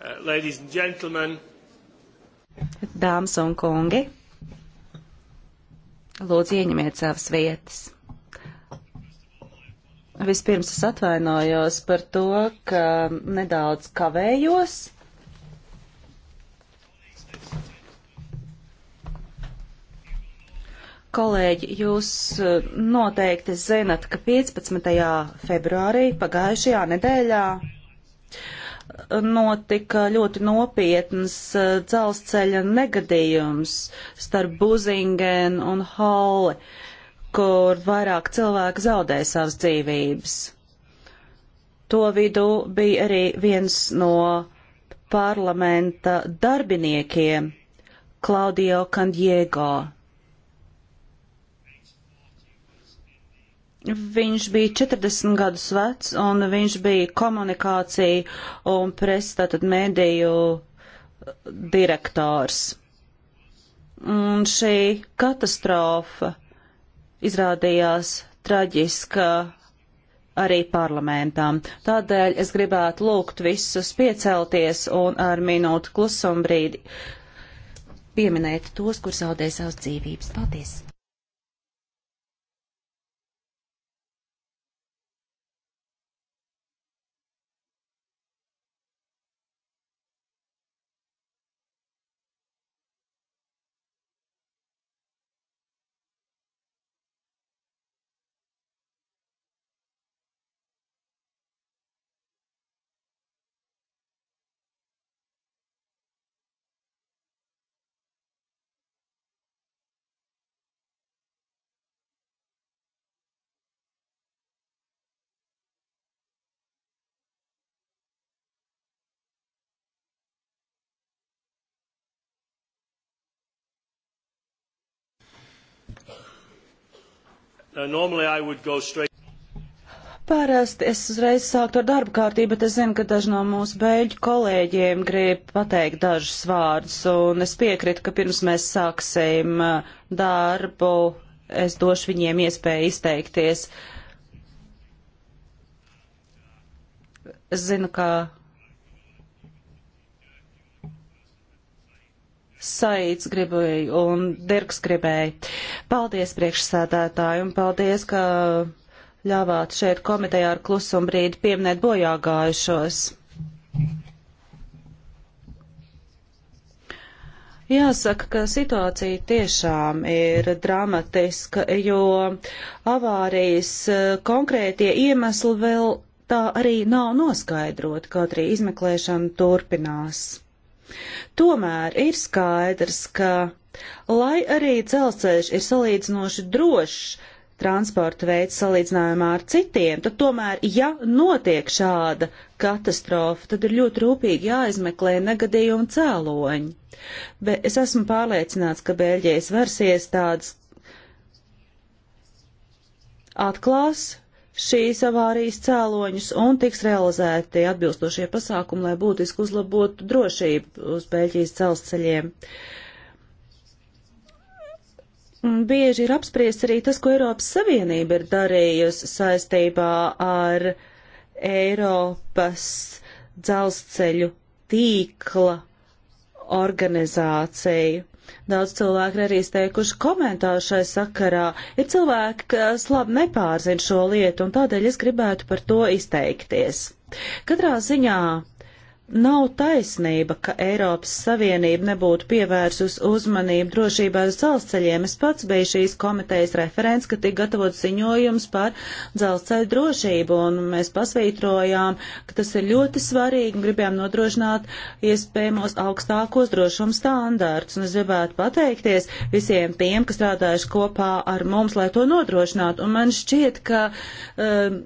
Uh, ladies and gentlemen. Dāmas un kungi, lūdzu ieņemiet savas vietas. Vispirms es atvainojos par to, ka nedaudz kavējos. Kolēģi, jūs uh, noteikti zinat, ka 15. februārī pagājušajā nedēļā notika ļoti nopietns eh, dzelzceļa negadījums starp Buzingen un Halli, kur vairāk cilvēku zaudēja savas dzīvības. To vidū bija arī viens no parlamenta darbiniekiem, Klaudio Kandiego. Viņš bija 40 gadus vecs, un viņš bija komunikācija un presa, tātad mēdīju uh, direktors. Un šī katastrofa izrādījās traģiska arī parlamentām. Tādēļ es gribētu lūgt visus piecelties un ar minūtu klusumbrīdi pieminēt tos, kur zaudēja savas dzīvības. Paldies! Uh, straight... Parasti es uzreiz sāktu ar darba kārtību, bet es zinu, ka daži no mūsu beļģu kolēģiem grib pateikt dažus vārdus, un es piekrītu, ka pirms mēs sāksim uh, darbu, es došu viņiem iespēju izteikties. Es zinu, ka Saīts gribēja un Dirks gribēja. Paldies priekšsēdētāji un paldies, ka ļāvāt šeit komitejā ar klusumu brīdi pieminēt bojāgājušos. Jāsaka, ka situācija tiešām ir dramatiska, jo avārijas eh, konkrētie iemesli vēl tā arī nav noskaidroti, kaut arī izmeklēšana turpinās. Tomēr ir skaidrs, ka, lai arī dzelzceļš ir salīdzinoši drošs transporta veids salīdzinājumā ar citiem, tad tomēr, ja notiek šāda katastrofa, tad ir ļoti rūpīgi jāizmeklē negadījuma cēloņi. Bet es esmu pārliecināts, ka Bēļģijas versijas tādas atklās šīs avārijas cēloņus un tiks realizēti atbilstošie pasākumi, lai būtiski uzlabotu drošību uz Beļģijas dzelzceļiem. Bieži ir apspriests arī tas, ko Eiropas Savienība ir darījusi saistībā ar Eiropas dzelzceļu tīkla organizāciju. Daudz cilvēku arī izteikuši komentāru šai sakarā. Ir cilvēki, kas labi nepārzina šo lietu, un tādēļ es gribētu par to izteikties. Katrā ziņā Nav taisnība, ka Eiropas Savienība nebūtu pievērsus uzmanību drošībai uz dzelzceļiem. Es pats biju šīs komitejas referents, ka tika gatavots ziņojums par dzelzceļu drošību, un mēs pasvītrojām, ka tas ir ļoti svarīgi un gribējām nodrošināt iespējamos augstākos drošuma standārts. Un es gribētu pateikties visiem tiem, kas strādājuši kopā ar mums, lai to nodrošinātu. Un man šķiet, ka. Um,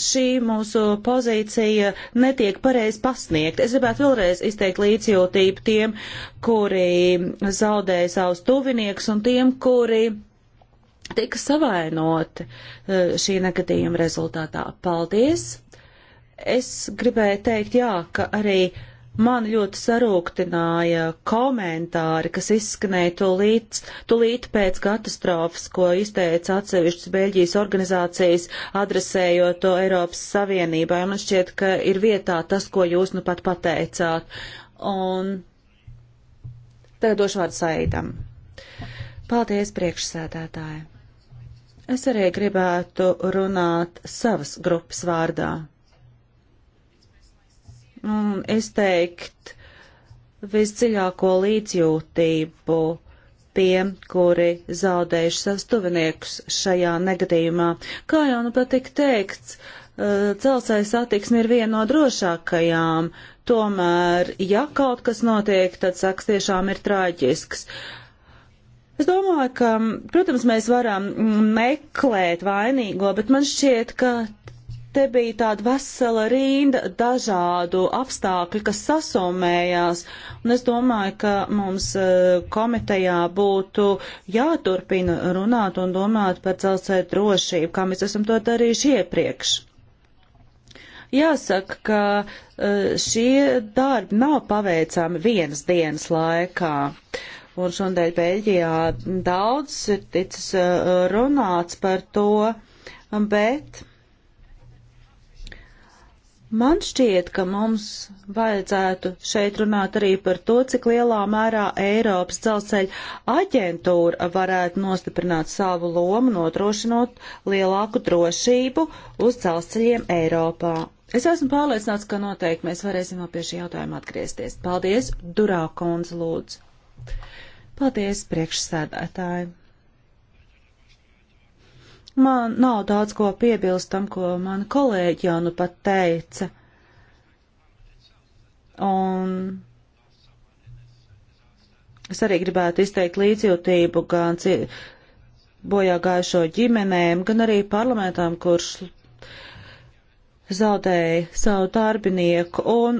šī mūsu pozīcija netiek pareizi pasniegt. Es gribētu vēlreiz izteikt līdzjūtību tiem, kuri zaudēja savus tuvinieks un tiem, kuri tika savainoti e, šī negadījuma rezultātā. Paldies! Es gribēju teikt, jā, ka arī uh, Man ļoti sarūktināja komentāri, kas izskanēja tūlīt, tūlīt pēc katastrofas, ko izteica atsevišķas Beļģijas organizācijas, adresējot to Eiropas Savienībai. Man šķiet, ka ir vietā tas, ko jūs nu pat pateicāt. Un tagad došu vārdu Saidam. Paldies, priekšsēdētāji. Es arī gribētu runāt savas grupas vārdā un es teikt visdziļāko līdzjūtību tiem, kuri zaudējuši savus tuviniekus šajā negadījumā. Kā jau nu patika teikts, eh, celsais attieksme ir viena no drošākajām, tomēr, ja kaut kas notiek, tad saks tiešām ir traģisks. Es domāju, ka, protams, mēs varam meklēt vainīgo, bet man šķiet, ka Te bija tāda vesela rinda dažādu apstākļu, kas sasomējās, un es domāju, ka mums e, komitejā būtu jāturpina runāt un domāt par dzelzceļa drošību, kā mēs esam to darījuši iepriekš. Jāsaka, ka e, šie darbi nav paveicami vienas dienas laikā. Un šodien Beļģijā daudz ir ticis e, runāts par to, bet Man šķiet, ka mums vajadzētu šeit runāt arī par to, cik lielā mērā Eiropas dzelzceļa aģentūra varētu nostiprināt savu lomu, nodrošinot lielāku drošību uz dzelzceļiem Eiropā. Es esmu pārliecināts, ka noteikti mēs varēsim vēl pie šī jautājuma atgriezties. Paldies, Durākons lūdzu. Paldies, priekšsēdētāji. Man nav daudz ko piebilst tam, ko mani kolēģi jau nu pat teica. Un es arī gribētu izteikt līdzjūtību gan bojā gājušo ģimenēm, gan arī parlamentām, kurš zaudēja savu darbinieku. Un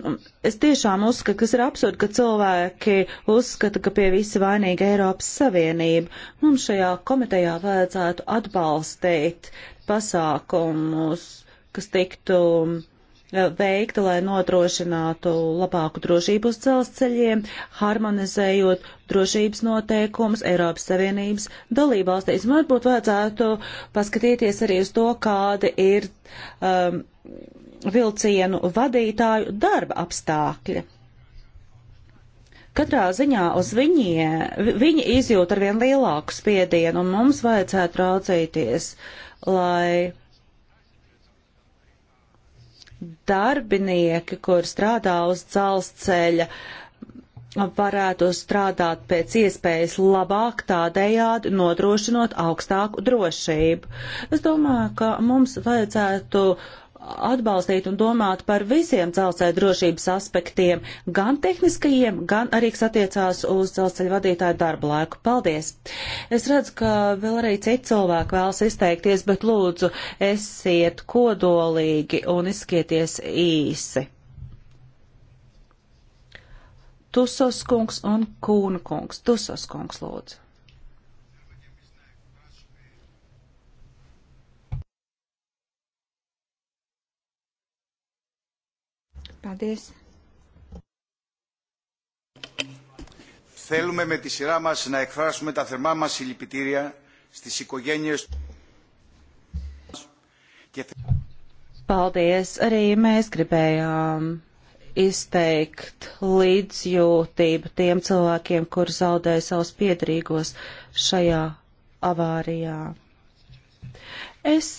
es tiešām uzskatu, kas ir absurdi, ka cilvēki uzskata, ka pie visa vainīga Eiropas Savienība. Mums šajā komitejā vajadzētu atbalstīt pasākumus, kas tiktu veikta, lai nodrošinātu labāku drošību uz dzelzceļiem, harmonizējot drošības noteikumus Eiropas Savienības dalībvalstīs. Varbūt vajadzētu paskatīties arī uz to, kāda ir um, vilcienu vadītāju darba apstākļi. Katrā ziņā uz viņiem, viņi izjūt arvien lielāku spiedienu, un mums vajadzētu raucīties, lai darbinieki, kur strādā uz dzelzceļa, varētu strādāt pēc iespējas labāk tādējādi nodrošinot augstāku drošību. Es domāju, ka mums vajadzētu uh, atbalstīt un domāt par visiem dzelzceļa drošības aspektiem, gan tehniskajiem, gan arī, kas attiecās uz dzelzceļa vadītāju darba laiku. Paldies! Es redzu, ka vēl arī citi cilvēki vēlas izteikties, bet lūdzu, esiet kodolīgi un izskieties īsi. Tusos kungs un Kūna kungs. Tusos kungs, lūdzu. Paldies! Θέλουμε με τη σειρά μας να εκφράσουμε τα θερμά μας συλληπιτήρια στις οικογένειες και Paldies! Arī mēs gribējām izteikt līdzjūtību tiem cilvēkiem, kur zaudēja savus piedrīgos šajā avārijā. Es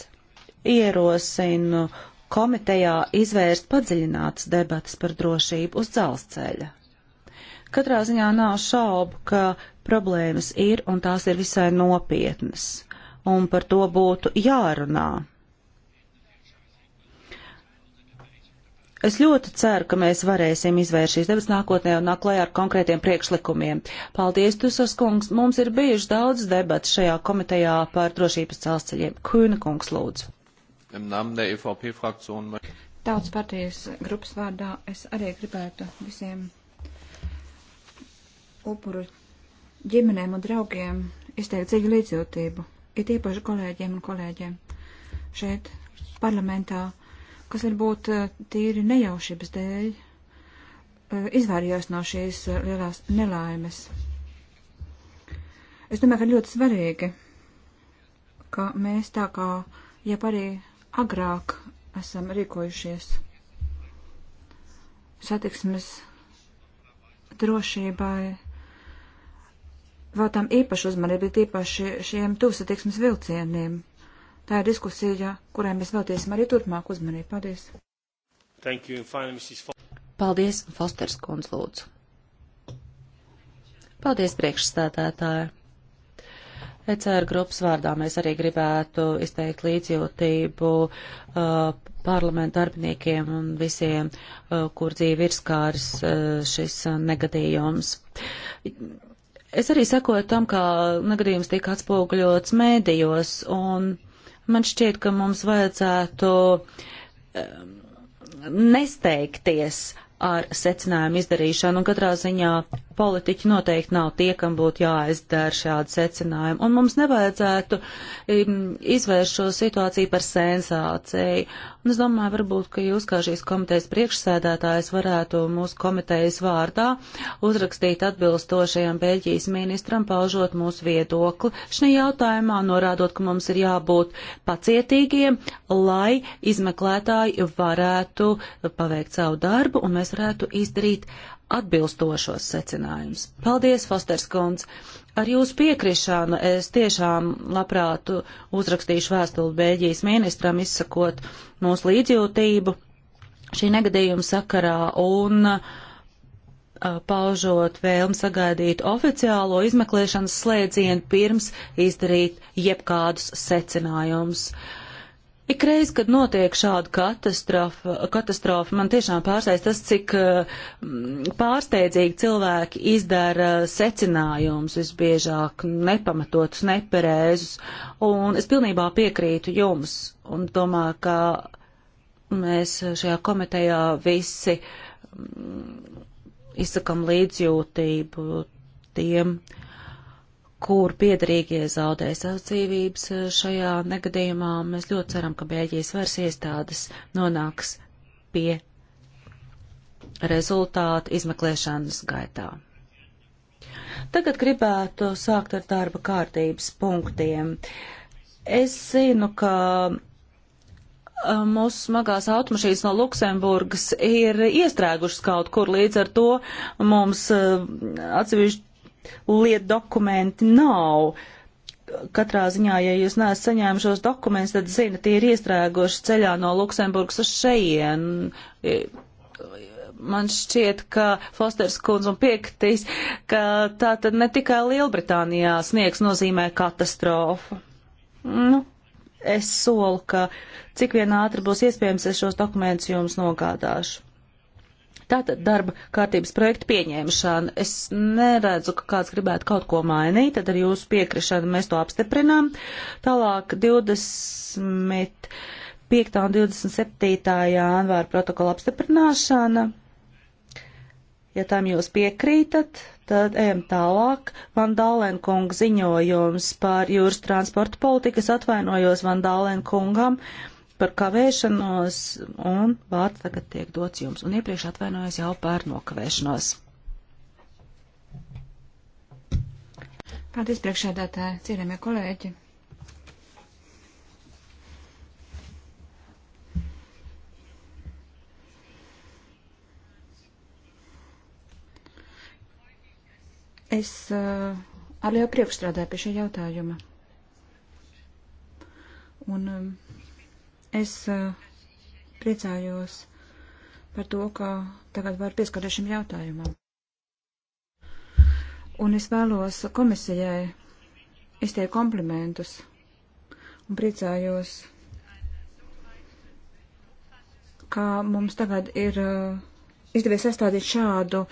ierosinu komitejā izvērst padziļinātas debatas par drošību uz dzelzceļa. Katrā ziņā nav šaubu, ka problēmas ir un tās ir visai nopietnas, un par to būtu jārunā. Es ļoti ceru, ka mēs varēsim izvērst šīs debes nākotnē un nāk klajā ar konkrētiem priekšlikumiem. Paldies, Tusas kungs! Mums ir bijuši daudz debats šajā komitejā par drošības celsceļiem. Kūna kungs, lūdzu! Im Namen der EVP-Fraktion. Tautas partijas grupas vārdā es arī gribētu visiem upuru ģimenēm un draugiem izteikt dziļu līdzjūtību, it īpaši kolēģiem un kolēģiem šeit parlamentā, kas varbūt eh, tīri nejaušības dēļ eh, izvairījās no šīs eh, lielās nelaimes. Es domāju, ka ļoti svarīgi, ka mēs tā kā, ja arī agrāk esam rīkojušies satiksmes drošībai. Veltām īpašu uzmanību, tīpaši šiem tūsatiksmes vilcieniem. Tā ir diskusija, kurai mēs veltīsim arī turpmāk uzmanību. Paldies! Thank you, finally, Mrs. Paldies, Fosters kundz lūdzu. Paldies, priekšstādātāji! ECR grupas vārdā mēs arī gribētu izteikt līdzjūtību uh, parlamentu darbiniekiem un visiem, uh, kur dzīvi ir skāris uh, šis uh, negadījums. Es arī sakoju tam, kā negadījums tika atspoguļots mēdījos, un man šķiet, ka mums vajadzētu uh, nesteigties ar secinājumu izdarīšanu, un katrā ziņā politiķi noteikti nav tie, kam būtu jāizdara šādi secinājumi. Un mums nevajadzētu um, izvērst šo situāciju par sensāciju Un es domāju, varbūt, ka jūs kā šīs komitejas priekšsēdētājs varētu mūsu komitejas vārdā uzrakstīt atbilstošajam Beļģijas ministram, paužot mūsu viedokli šajā jautājumā, norādot, ka mums ir jābūt pacietīgiem, lai izmeklētāji varētu paveikt savu darbu un mēs varētu izdarīt atbilstošos secinājumus. Paldies, Fosters Kunds! Ar jūsu piekrišanu es tiešām labprāt uzrakstīšu vēstuli Bēļģijas ministram, izsakot mūsu līdzjūtību šī negadījuma sakarā un uh, paužot vēlmu sagaidīt oficiālo izmeklēšanas slēdzienu pirms izdarīt jebkādus secinājumus. Uh, Ikreiz, kad notiek šāda katastrofa, katastrofa, man tiešām pārsteidz tas, cik mm, pārsteidzīgi cilvēki izdara secinājumus visbiežāk, nepamatotus, nepareizus, un es pilnībā piekrītu jums, un domāju, ka mēs šajā komitejā visi mm, izsakam līdzjūtību tiem, uh, kur piedarīgie zaudēja savas dzīvības eh, šajā negadījumā. Mēs ļoti ceram, ka Bēļģijas varas iestādes nonāks pie rezultātu izmeklēšanas gaitā. Tagad gribētu sākt ar darba kārtības punktiem. Es zinu, ka eh, mūsu smagās automašīnas no Luksemburgas ir iestrēgušas kaut kur, līdz ar to mums eh, atsevišķi lietu dokumenti nav. Katrā ziņā, ja jūs neesat saņēmuši šos dokumentus, tad zina, tie ir iestrēguši ceļā no Luksemburgas uz šeien. Man šķiet, ka Fosters kundze un piektīs, ka tā tad ne tikai Lielbritānijā sniegs nozīmē katastrofu. Nu, es solu, ka cik vien ātri būs iespējams, es šos dokumentus jums nogādāšu. Tātad darba kārtības projekta pieņemšana. Es neredzu, ka kāds gribētu kaut ko mainīt, tad ar jūsu piekrišanu mēs to apstiprinām. Tālāk 25. un 27. janvāra protokola apstiprināšana. Ja tam jūs piekrītat, tad ejam tālāk. Van Dālenkunga ziņojums par jūras transporta politikas atvainojos Van Dālenkungam. kungam par kavēšanos, un vārds tagad tiek dots jums. Un iepriekš atvainojos jau par nokavēšanos. Paldies, priekšēdētāji, cienījamie kolēģi. Es uh, ar lielu priekšstrādāju pie šī jautājuma. Un, um, Es eh, priecājos par to, ka tagad var pieskarties šim jautājumam. Un es vēlos komisijai izteikt komplimentus un priecājos, ka mums tagad ir eh, izdevies sastādīt šādu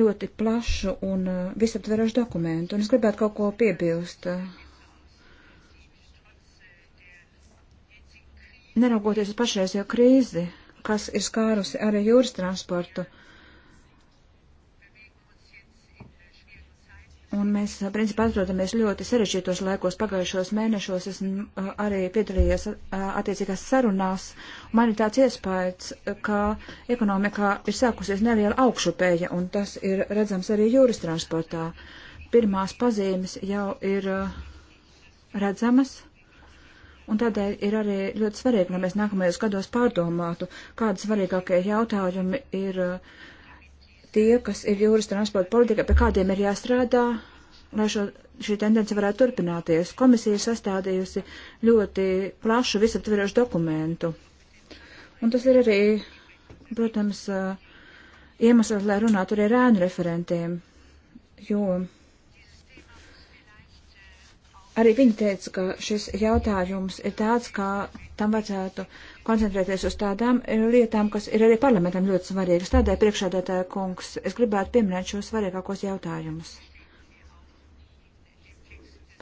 ļoti plašu un eh, visaptverošu dokumentu. Un es gribētu kaut ko piebilst neraugoties uz pašreizējo krīzi, kas ir skārusi arī jūras transportu. Un mēs, principā, atrodamies ļoti sarežģītos laikos. Pagājušos mēnešos esmu arī piedalījies attiecīgās sarunās. Man ir tāds iespējas, ka ekonomikā ir sākusies neliela augšupēja, un tas ir redzams arī jūras transportā. Pirmās pazīmes jau ir redzamas. Un tādēļ ir arī ļoti svarīgi, lai mēs nākamajos gados pārdomātu, kādi svarīgākie jautājumi ir uh, tie, kas ir jūras transporta politika, pie kādiem ir jāstrādā, lai šo, šī tendence varētu turpināties. Komisija ir sastādījusi ļoti plašu visaptverošu dokumentu. Un tas ir arī, protams, uh, iemesls, lai runātu arī ar ēnu referentiem, jo Arī viņi teica, ka šis jautājums ir tāds, kā tam vajadzētu koncentrēties uz tādām lietām, kas ir arī parlamentam ļoti svarīgas. Tādēļ, priekšādātāja kungs, es gribētu pieminēt šos svarīgākos jautājumus.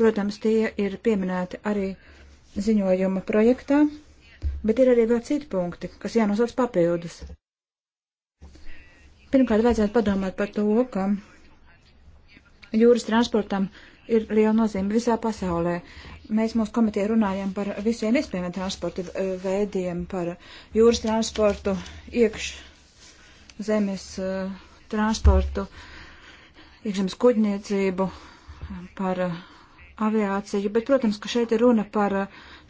Protams, tie ir pieminēti arī ziņojuma projektā, bet ir arī vēl citi punkti, kas jānosauc papildus. Pirmkārt, vajadzētu padomāt par to, ka jūras transportam ir liela nozīme visā pasaulē. Mēs mūsu komitē runājam par visiem iespējamiem transporta eh, veidiem, par jūras transportu, iekš zemes eh, transportu, iekšzemes kuģniecību, par eh, aviāciju, bet, protams, ka šeit ir runa par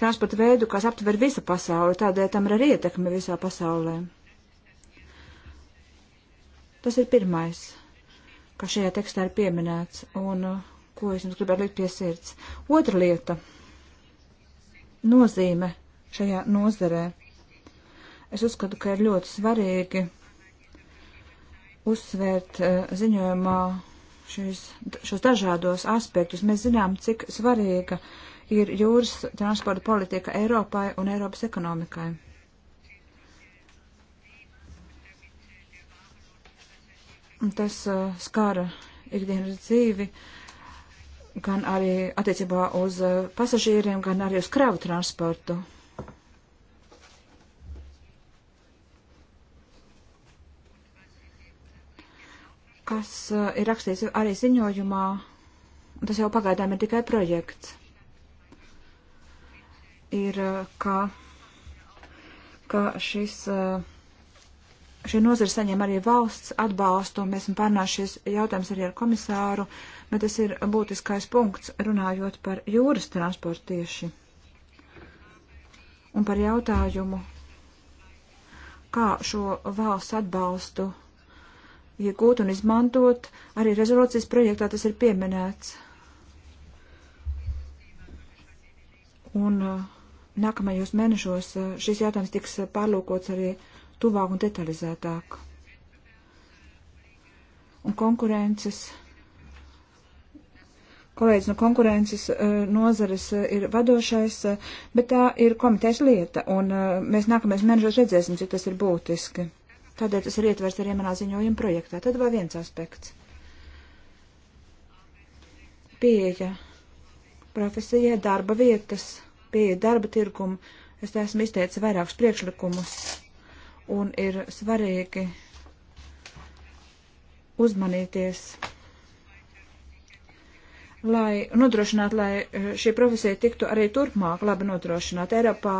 transporta veidu, kas aptver visu pasauli, tādēļ tam ir arī ietekme visā pasaulē. Tas ir pirmais, kas šajā tekstā ir pieminēts, un uh, ko es jums gribētu likt pie sirds. Otra lieta - nozīme šajā nozarē. Es uzskatu, ka ir ļoti svarīgi uzsvērt eh, ziņojumā šis, šos dažādos aspektus. Mēs zinām, cik svarīga ir jūras transporta politika Eiropai un Eiropas ekonomikai. Tas uh, eh, skara ikdienas dzīvi. Uh, gan arī attiecībā uz eh, pasažieriem, gan arī uz kravu transportu. Kas eh, ir rakstīts arī ziņojumā, tas jau pagaidām ir tikai projekts, ir, eh, ka, ka šis uh, šī nozara saņem arī valsts atbalstu, un mēs esam pārnāšies jautājums arī ar komisāru, bet tas ir būtiskais punkts runājot par jūras transportu tieši. Un par jautājumu, kā šo valsts atbalstu iegūt un izmantot, arī rezolūcijas projektā tas ir pieminēts. Un uh, nākamajos mēnešos uh, šis jautājums tiks uh, pārlūkots arī uh, tuvāk un detalizētāk. Un konkurences. Kolēģis no konkurences eh, nozares eh, ir vadošais, eh, bet tā ir komitejas lieta, un mēs nākamais mēnešos redzēsim, cik tas ir būtiski. Tādēļ tas ir ietvers arī manā ziņojuma projektā. Tad vēl viens aspekts. Pieeja profesijai, darba vietas, pieeja darba tirgumu. Es esmu izteicis vairākus priekšlikumus un ir svarīgi uzmanīties, lai nodrošinātu, lai eh, šī profesija tiktu arī turpmāk labi nodrošināta. Eiropā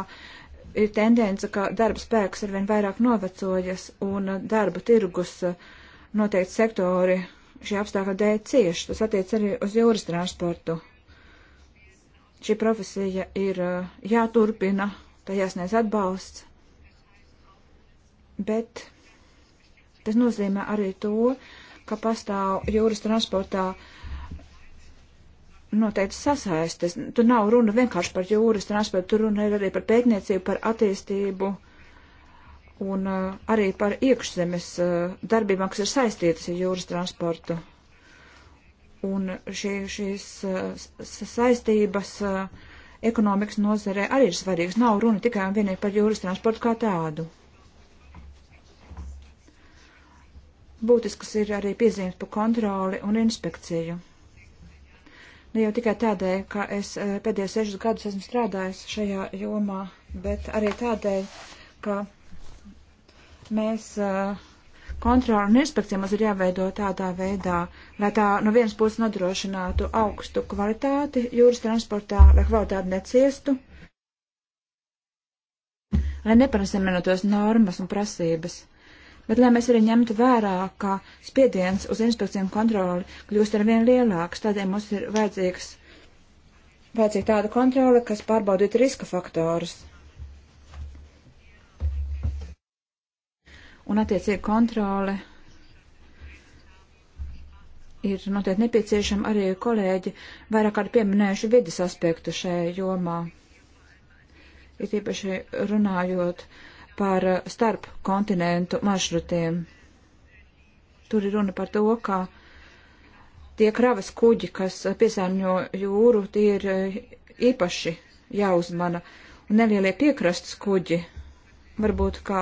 ir tendence, ka darba spēks arvien vairāk novecojas un darba tirgus eh, noteikti sektori šī apstākļa dēļ cieši. Tas attiec arī uz jūras transportu. Šī profesija ir eh, jāturpina, tā jāsniedz atbalsts bet tas nozīmē arī to, ka pastāv jūras transportā noteikti sasaistes. Tur nav runa vienkārši par jūras transportu, tur runa ir arī par pētniecību, par attīstību un uh, arī par iekšzemes uh, darbībām, kas ir saistītas ar jūras transportu. Un šī, šīs uh, saistības uh, ekonomikas nozarē arī ir svarīgas. Nav runa tikai un vienīgi par jūras transportu kā tādu. Būtisks ir arī piezīmes par kontroli un inspekciju. Ne jau tikai tādēļ, ka es eh, pēdējos sešus gadus esmu strādājis šajā jomā, bet arī tādēļ, ka mēs eh, kontroli un inspekcija mums ir jāveido tādā veidā, lai tā no vienas puses nodrošinātu augstu kvalitāti jūras transportā, lai kvalitāti neciestu, lai neparasamenot tos normas un prasības bet lai mēs arī ņemtu vērā, ka spiediens uz inspekcijām kontroli kļūst ar vien lielāks, tādēļ mums ir vajadzīgs, vajadzīga tāda kontrole, kas pārbaudītu riska faktorus. Un attiecīgi kontrole ir noteikti nepieciešama arī kolēģi vairāk kādi pieminējuši vidas aspektu šajā jomā. Ir tīpaši runājot uh, par eh, starp kontinentu maršrutiem. Tur ir runa par to, ka tie kravas kuģi, kas eh, piesārņo jūru, tie ir eh, īpaši jāuzmana. Un nelielie piekrastes kuģi, varbūt kā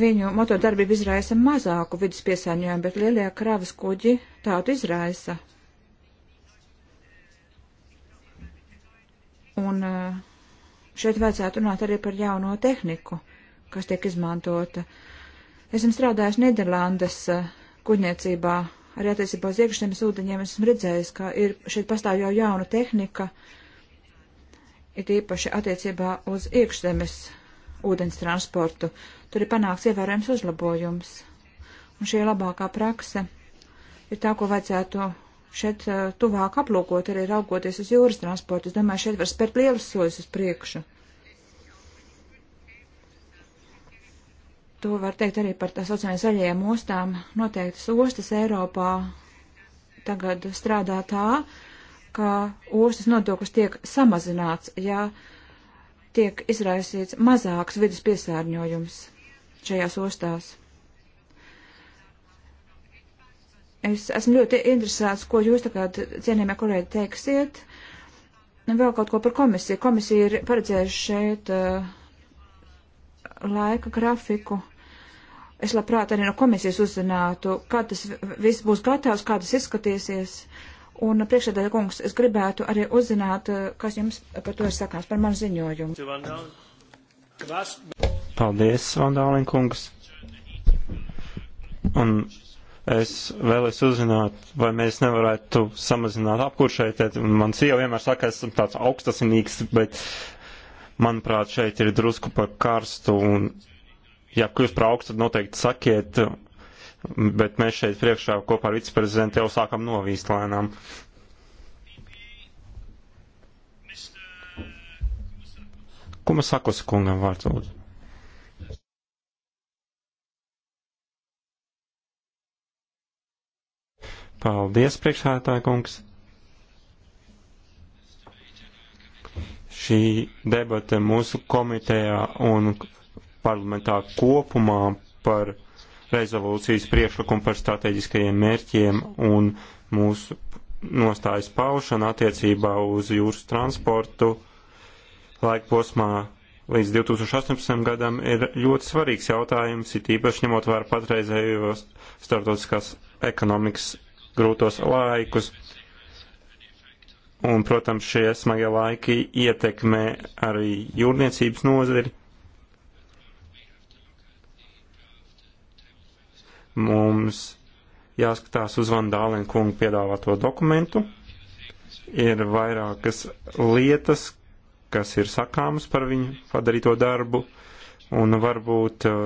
viņu motordarbība izraisa mazāku vidus piesārņojumu, bet lielie kravas kuģi tādu izraisa. Un uh, Šeit vajadzētu runāt arī par jauno tehniku, kas tiek izmantota. Esmu strādājis Nīderlandes eh, kuģniecībā, arī attiecībā uz iekšzemes ūdeņiem esmu redzējis, ka ir šeit pastāv jau jauna tehnika, it īpaši attiecībā uz iekšzemes ūdens transportu. Tur ir panāks ievērojams uzlabojums. Un šī labākā prakse ir tā, ko vajadzētu šeit tuvāk aplūkot, arī raugoties uz jūras transportu. Es domāju, šeit var spērt lielus soļus uz priekšu. To var teikt arī par tā saucamajām zaļajām ostām. Noteiktas ostas Eiropā tagad strādā tā, ka ostas nodoklis tiek samazināts, ja tiek izraisīts mazāks vidas piesārņojums šajās ostās. Es esmu ļoti interesēts, ko jūs tagad, cienījamie kolēģi, teiksiet. Vēl kaut ko par komisiju. Komisija ir paredzējuši šeit uh, laika grafiku. Es labprāt arī no komisijas uzzinātu, kā tas viss būs gatavs, kā tas izskatīsies. Un uh, priekšēdēļ, kungs, es gribētu arī uzzināt, uh, kas jums par to ir sakāms, par manu ziņojumu. Paldies, Vandālin kungs. Un Es vēlos uzzināt, vai mēs nevarētu samazināt apkuršēt. Man sieva vienmēr saka, es esmu tāds augstasinīgs, bet manuprāt, šeit ir drusku par karstu. Un, ja kļūst par augstu, tad noteikti sakiet, bet mēs šeit priekšā kopā ar viceprezidentu jau sākam novīst lēnām. Kumas Sakos kungam vārds lūdzu. Paldies, priekšsētāja kungs. Šī debata mūsu komitejā un parlamentā kopumā par rezolūcijas priekšlikumu par strateģiskajiem mērķiem un mūsu nostājas paušana attiecībā uz jūras transportu laika posmā līdz 2018. gadam ir ļoti svarīgs jautājums, it īpaši ņemot vērā patreizējos starptautiskās ekonomikas grūtos laikus. Un, protams, šie smagie laiki ietekmē arī jūrniecības nozari. Mums jāskatās uz Vandālēna kungu piedāvāto dokumentu. Ir vairākas lietas, kas ir sakāmas par viņu padarīto darbu, un varbūt eh,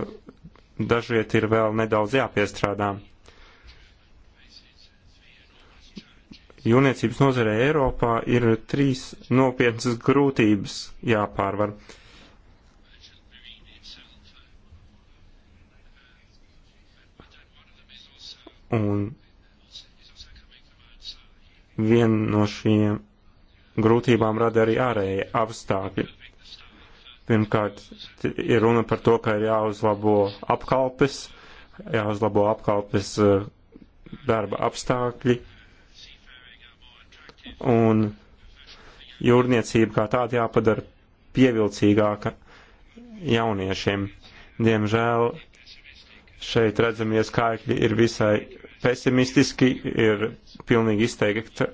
dažiet ir vēl nedaudz jāpiestrādā. jūniecības nozarē Eiropā ir trīs nopietnas grūtības jāpārvar. Un viena no šiem grūtībām rada arī ārējie apstākļi. Pirmkārt, ir runa par to, ka ir jāuzlabo apkalpes, jāuzlabo apkalpes eh, darba apstākļi, un jūrniecība kā tāda jāpadara pievilcīgāka jauniešiem. Diemžēl šeit redzamie skaitļi ir visai pesimistiski, ir pilnīgi izteikta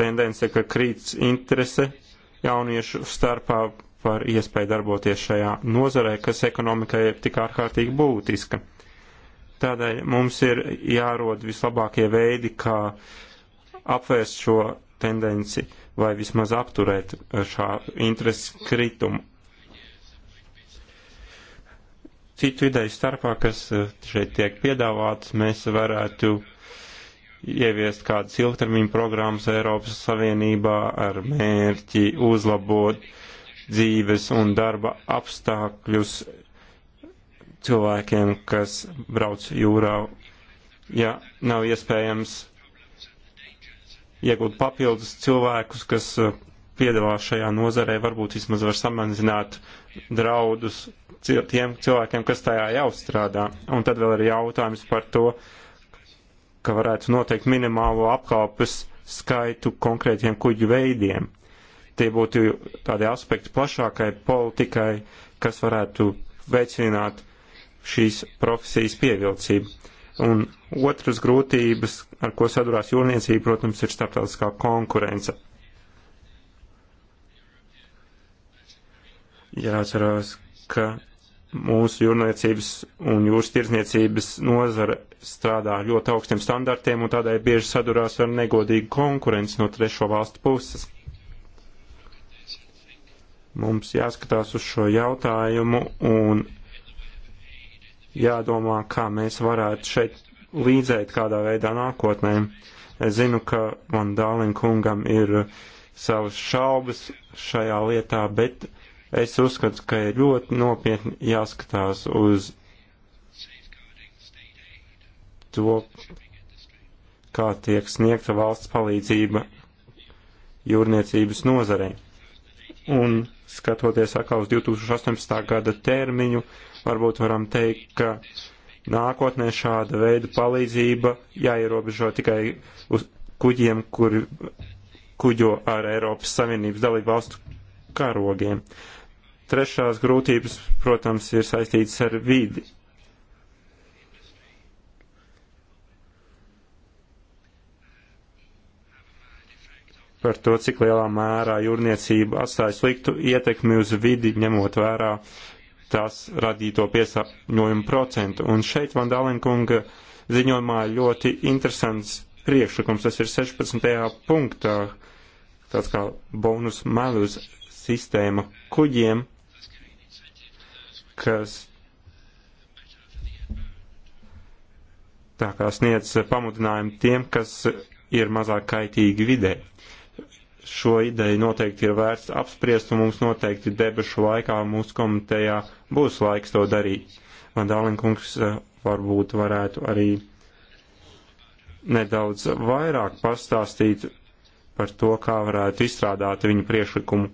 tendence, ka krīts interese jauniešu starpā par iespēju darboties šajā nozarē, kas ekonomikai ir tik ārkārtīgi būtiska. Tādēļ mums ir jārod vislabākie veidi, kā apvērst šo tendenci vai vismaz apturēt šā interesi kritumu. Citu ideju starpā, kas eh, šeit tiek piedāvāts, mēs varētu ieviest kādas ilgtermiņa programmas Eiropas Savienībā ar mērķi uzlabot dzīves un darba apstākļus cilvēkiem, kas brauc jūrā, ja nav iespējams iegūt papildus cilvēkus, kas eh, piedalās šajā nozarē, varbūt vismaz var samazināt draudus tiem cilvēkiem, kas tajā jau strādā. Un tad vēl ir jautājums par to, ka varētu noteikt minimālo apkalpes skaitu konkrētiem kuģu veidiem. Tie būtu tādi aspekti plašākai politikai, kas varētu veicināt šīs profesijas pievilcību. Un otras grūtības, ar ko sadurās jūrniecība, protams, ir starptautiskā konkurence. Jāatcerās, ka mūsu jūrniecības un jūras tirdzniecības nozara strādā ļoti augstiem standartiem un tādēļ bieži sadurās ar negodīgu konkurenci no trešo valstu puses. Mums jāskatās uz šo jautājumu un jādomā, kā mēs varētu šeit līdzēt kādā veidā nākotnē. Es zinu, ka man Dālin kungam ir savas šaubas šajā lietā, bet es uzskatu, ka ir ļoti nopietni jāskatās uz to, kā tiek sniegta valsts palīdzība jūrniecības nozarei. Un skatoties atkal uz 2018. gada termiņu, varbūt varam teikt, ka nākotnē šāda veida palīdzība jāierobežo tikai uz kuģiem, kur kuģo ar Eiropas Savienības dalību valstu karogiem. Trešās grūtības, protams, ir saistītas ar vidi. Par to, cik lielā mērā jūrniecība atstāja sliktu ietekmi uz vidi, ņemot vērā tās radīto piesārņojumu procentu. Un šeit Van Dalenkunga ziņojumā ļoti interesants priekšlikums, tas ir 16. punktā, tāds kā bonus melus sistēma kuģiem, kas tā kā sniedz pamudinājumu tiem, kas ir mazāk kaitīgi vidē. Uh, šo ideju noteikti ir vērts apspriest, un mums noteikti debešu laikā mūsu komitejā būs laiks to darīt. Man Dālinkungs eh, varbūt varētu arī nedaudz vairāk pastāstīt par to, kā varētu izstrādāt viņu priešlikumu.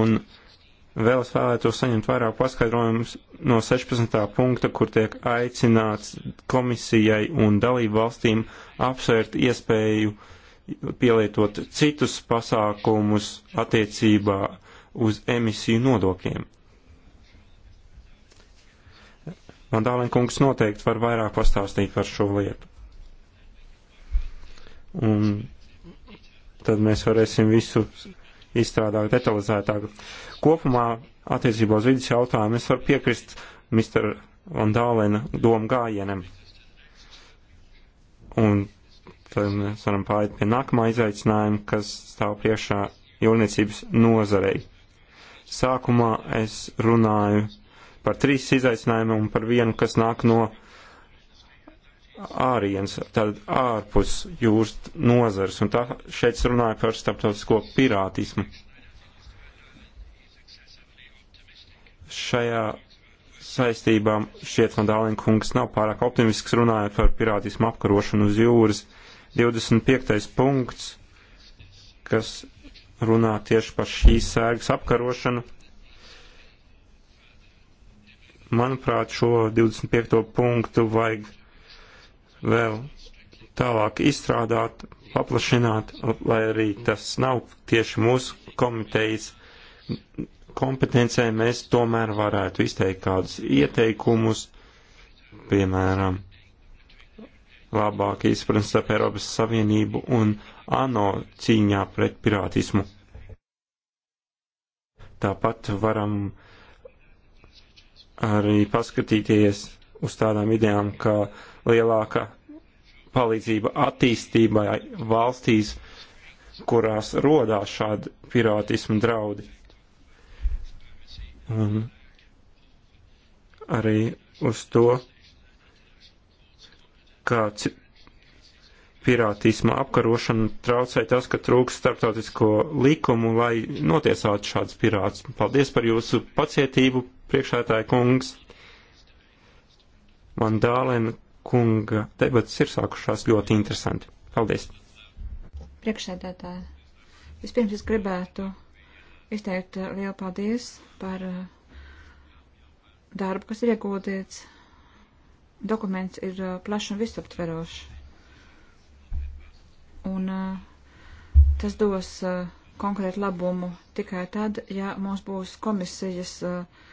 Un Vēl es vēlētos saņemt vairāk paskaidrojumus no 16. punkta, kur tiek aicināts komisijai un dalību valstīm apsvērt iespēju pielietot citus pasākumus attiecībā uz emisiju nodokļiem. Man Dālenkungs noteikti var vairāk pastāstīt par šo lietu. Un tad mēs varēsim visu izstrādāju detalizētāk. Kopumā attiecībā uz vidas jautājumu es varu piekrist Mr. Van Dālena domu gājienam. Un tad mēs varam pāriet pie nākamā izaicinājuma, kas stāv priekšā jūrniecības nozarei. Sākumā es runāju par trīs izaicinājumiem un par vienu, kas nāk no ārienes, tad ārpus jūras nozars, un tā šeit runāja par starptautisko pirātismu. Šajā saistībā šķiet man Dālinkungs nav pārāk optimisks runājot par pirātismu apkarošanu uz jūras. 25. punkts, kas runā tieši par šīs sērgas apkarošanu. Manuprāt, šo 25. punktu vajag vēl tālāk izstrādāt, paplašināt, lai arī tas nav tieši mūsu komitejas kompetencē, mēs tomēr varētu izteikt kādus ieteikumus, piemēram, labāk izpratnes starp Eiropas Savienību un ANO cīņā pret pirātismu. Tāpat varam arī paskatīties uz tādām idejām, ka uh, lielāka palīdzība attīstībai valstīs, kurās rodās šādi pirātismu draudi. Un arī uz to, kā pirātisma apkarošana traucē tas, ka trūks starptautisko likumu, lai notiesātu šāds pirāts. Paldies par jūsu pacietību, priekšētāja kungs. Man dālēna kunga debats ir sākušās ļoti interesanti. Paldies! Priekšsēdētāji, vispirms es gribētu izteikt lielu paldies par uh, darbu, kas ir iegūdīts. Dokuments ir uh, plašs un visaptverošs. Un uh, tas dos konkrētu labumu tikai tad, ja mums būs komisijas uh,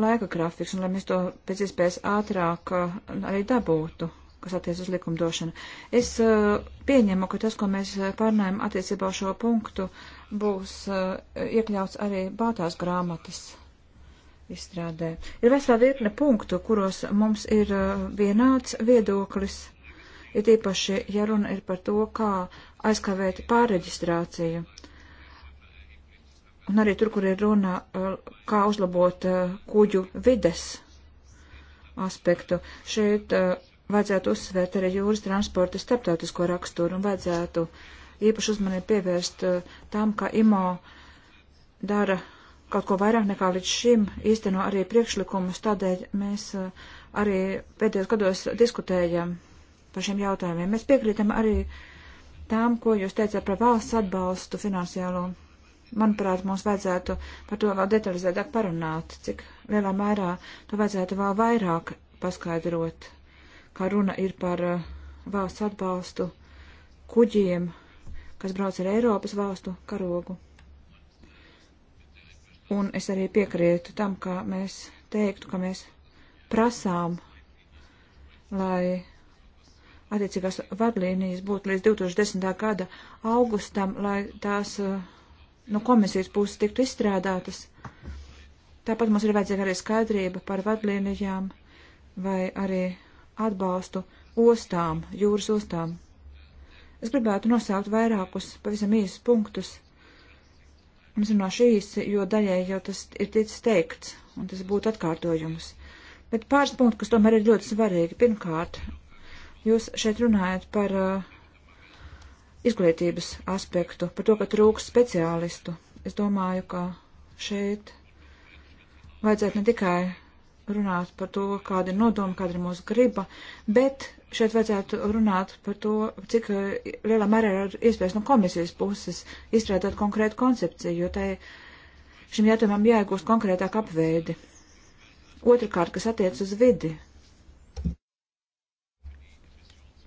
laika grafiks, un lai mēs to pēc iespējas ātrāk uh, arī dabūtu, kas attiec uz likumdošanu. Es uh, pieņemu, ka tas, ko mēs uh, pārnājam attiecībā uz šo punktu, būs iekļauts arī bātās grāmatas izstrādē. Ir vesela virkne punktu, kuros mums ir vienāds viedoklis, ir tīpaši, ja runa ir par to, kā aizkavēt pārreģistrāciju un arī tur, kur ir runa, eh, kā uzlabot eh, kuģu vides aspektu. Šeit eh, vajadzētu uzsvērt arī jūras transporta starptautisko raksturu un vajadzētu īpaši uzmanību pievērst tam, ka IMO dara kaut ko vairāk nekā līdz šim, īsteno arī priekšlikumus, tādēļ mēs arī pēdējos gados diskutējam par šiem jautājumiem. Mēs piekrītam arī tām, ko jūs teicāt par valsts atbalstu finansiālo manuprāt, mums vajadzētu par to vēl detalizētāk parunāt, cik lielā mērā to vajadzētu vēl vairāk paskaidrot, kā runa ir par eh, valsts atbalstu kuģiem, kas brauc ar Eiropas valstu karogu. Un es arī piekrītu tam, ka mēs teiktu, ka mēs prasām, lai attiecīgās vadlīnijas būtu līdz 2010. gada augustam, lai tās uh, no komisijas puses tiktu izstrādātas. Tāpat mums ir vajadzīga arī skaidrība par vadlīnijām vai arī atbalstu ostām, jūras ostām. Es gribētu nosaukt vairākus pavisam īsus punktus. Mums ir no šīs, jo daļai jau tas ir ticis teikts, un tas būtu atkārtojums. Bet pāris punkti, kas tomēr ir ļoti svarīgi. Pirmkārt, jūs šeit runājat par uh, izglītības aspektu, par to, ka trūks speciālistu. Es domāju, ka šeit vajadzētu ne tikai runāt par to, kāda ir nodoma, kāda ir mūsu griba, bet šeit vajadzētu runāt par to, cik eh, lielā mērā ir iespējas no komisijas puses izstrādāt konkrētu koncepciju, jo tai šim jautājumam jāiegūst konkrētāk apveidi. Otrakārt, kas attiec uz vidi.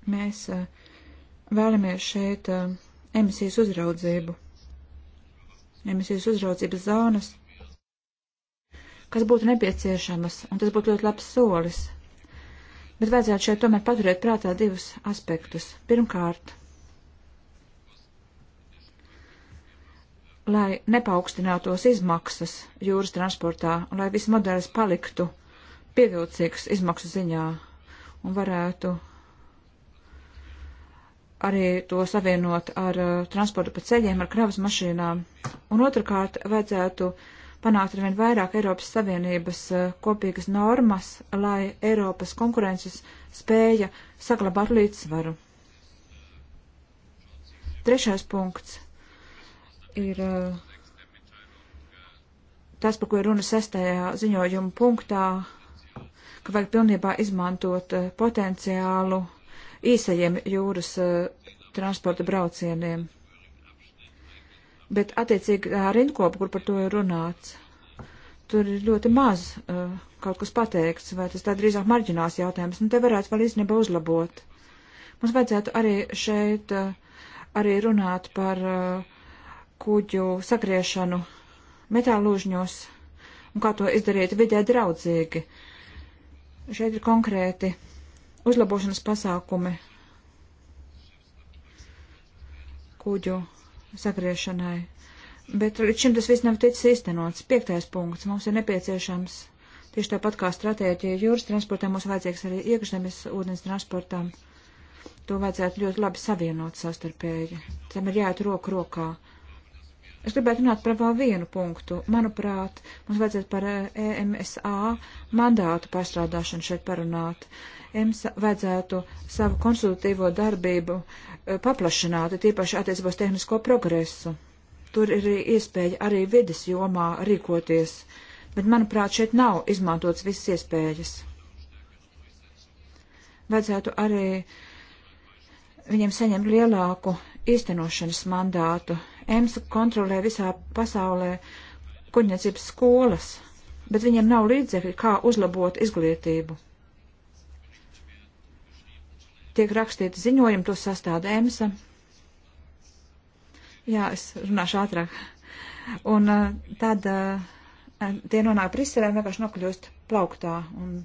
Mēs uh, vēlamies šeit eh, emisijas uzraudzību, emisijas uzraudzības zonas, kas būtu nepieciešamas, un tas būtu ļoti labs solis. Bet vajadzētu šeit tomēr paturēt prātā divus aspektus. Pirmkārt, lai nepaukstinātos izmaksas jūras transportā, un lai viss modelis paliktu pievilcīgs izmaksu ziņā un varētu arī to savienot ar uh, transportu pa ceļiem, ar kravas mašīnām. Un otrkārt, vajadzētu panākt arvien vairāk Eiropas Savienības uh, kopīgas normas, lai Eiropas konkurences spēja saglabāt līdzsvaru. Trešais punkts ir uh, tas, par ko ir runa sestajā ziņojuma punktā, ka vajag pilnībā izmantot uh, potenciālu īsajiem jūras uh, transporta braucieniem. Bet attiecīgi rindkopa, kur par to ir runāts, tur ir ļoti maz uh, kaut kas pateikts, vai tas tā drīzāk marģināls jautājums, nu te varētu vēl īstenībā uzlabot. Mums vajadzētu arī šeit uh, arī runāt par kuģu sagriešanu metālūžņos un kā to izdarīt vidē draudzīgi. Šeit ir konkrēti uzlabošanas pasākumi kuģu sagriešanai. Bet līdz šim tas viss nav ticis īstenots. Piektais punkts. Mums ir nepieciešams tieši tāpat kā stratēģija jūras transportā, mums vajadzīgs arī iekšzemes ūdens transportām. To vajadzētu ļoti labi savienot sastarpēji. Tam ir jāiet roku rokā. Es gribētu runāt par vēl vienu punktu. Manuprāt, mums vajadzētu par EMSA eh, e mandātu pārstrādāšanu šeit parunāt. Uh, EMSA vajadzētu savu konsultatīvo darbību e, paplašināt, tīpaši attiecībos tehnisko progresu. Tur ir iespēja arī vidas jomā rīkoties, bet, manuprāt, šeit nav izmantots visas iespējas. Vajadzētu arī viņiem saņemt lielāku īstenošanas mandātu. EMSA kontrolē visā pasaulē kuģniecības skolas, bet viņiem nav līdzekļi, kā uzlabot izglītību tiek rakstīti ziņojumi, to sastāda EMSA. Jā, es runāšu ātrāk. Un eh, tad eh, tie nonāk Briselē un vienkārši nokļūst plauktā. Un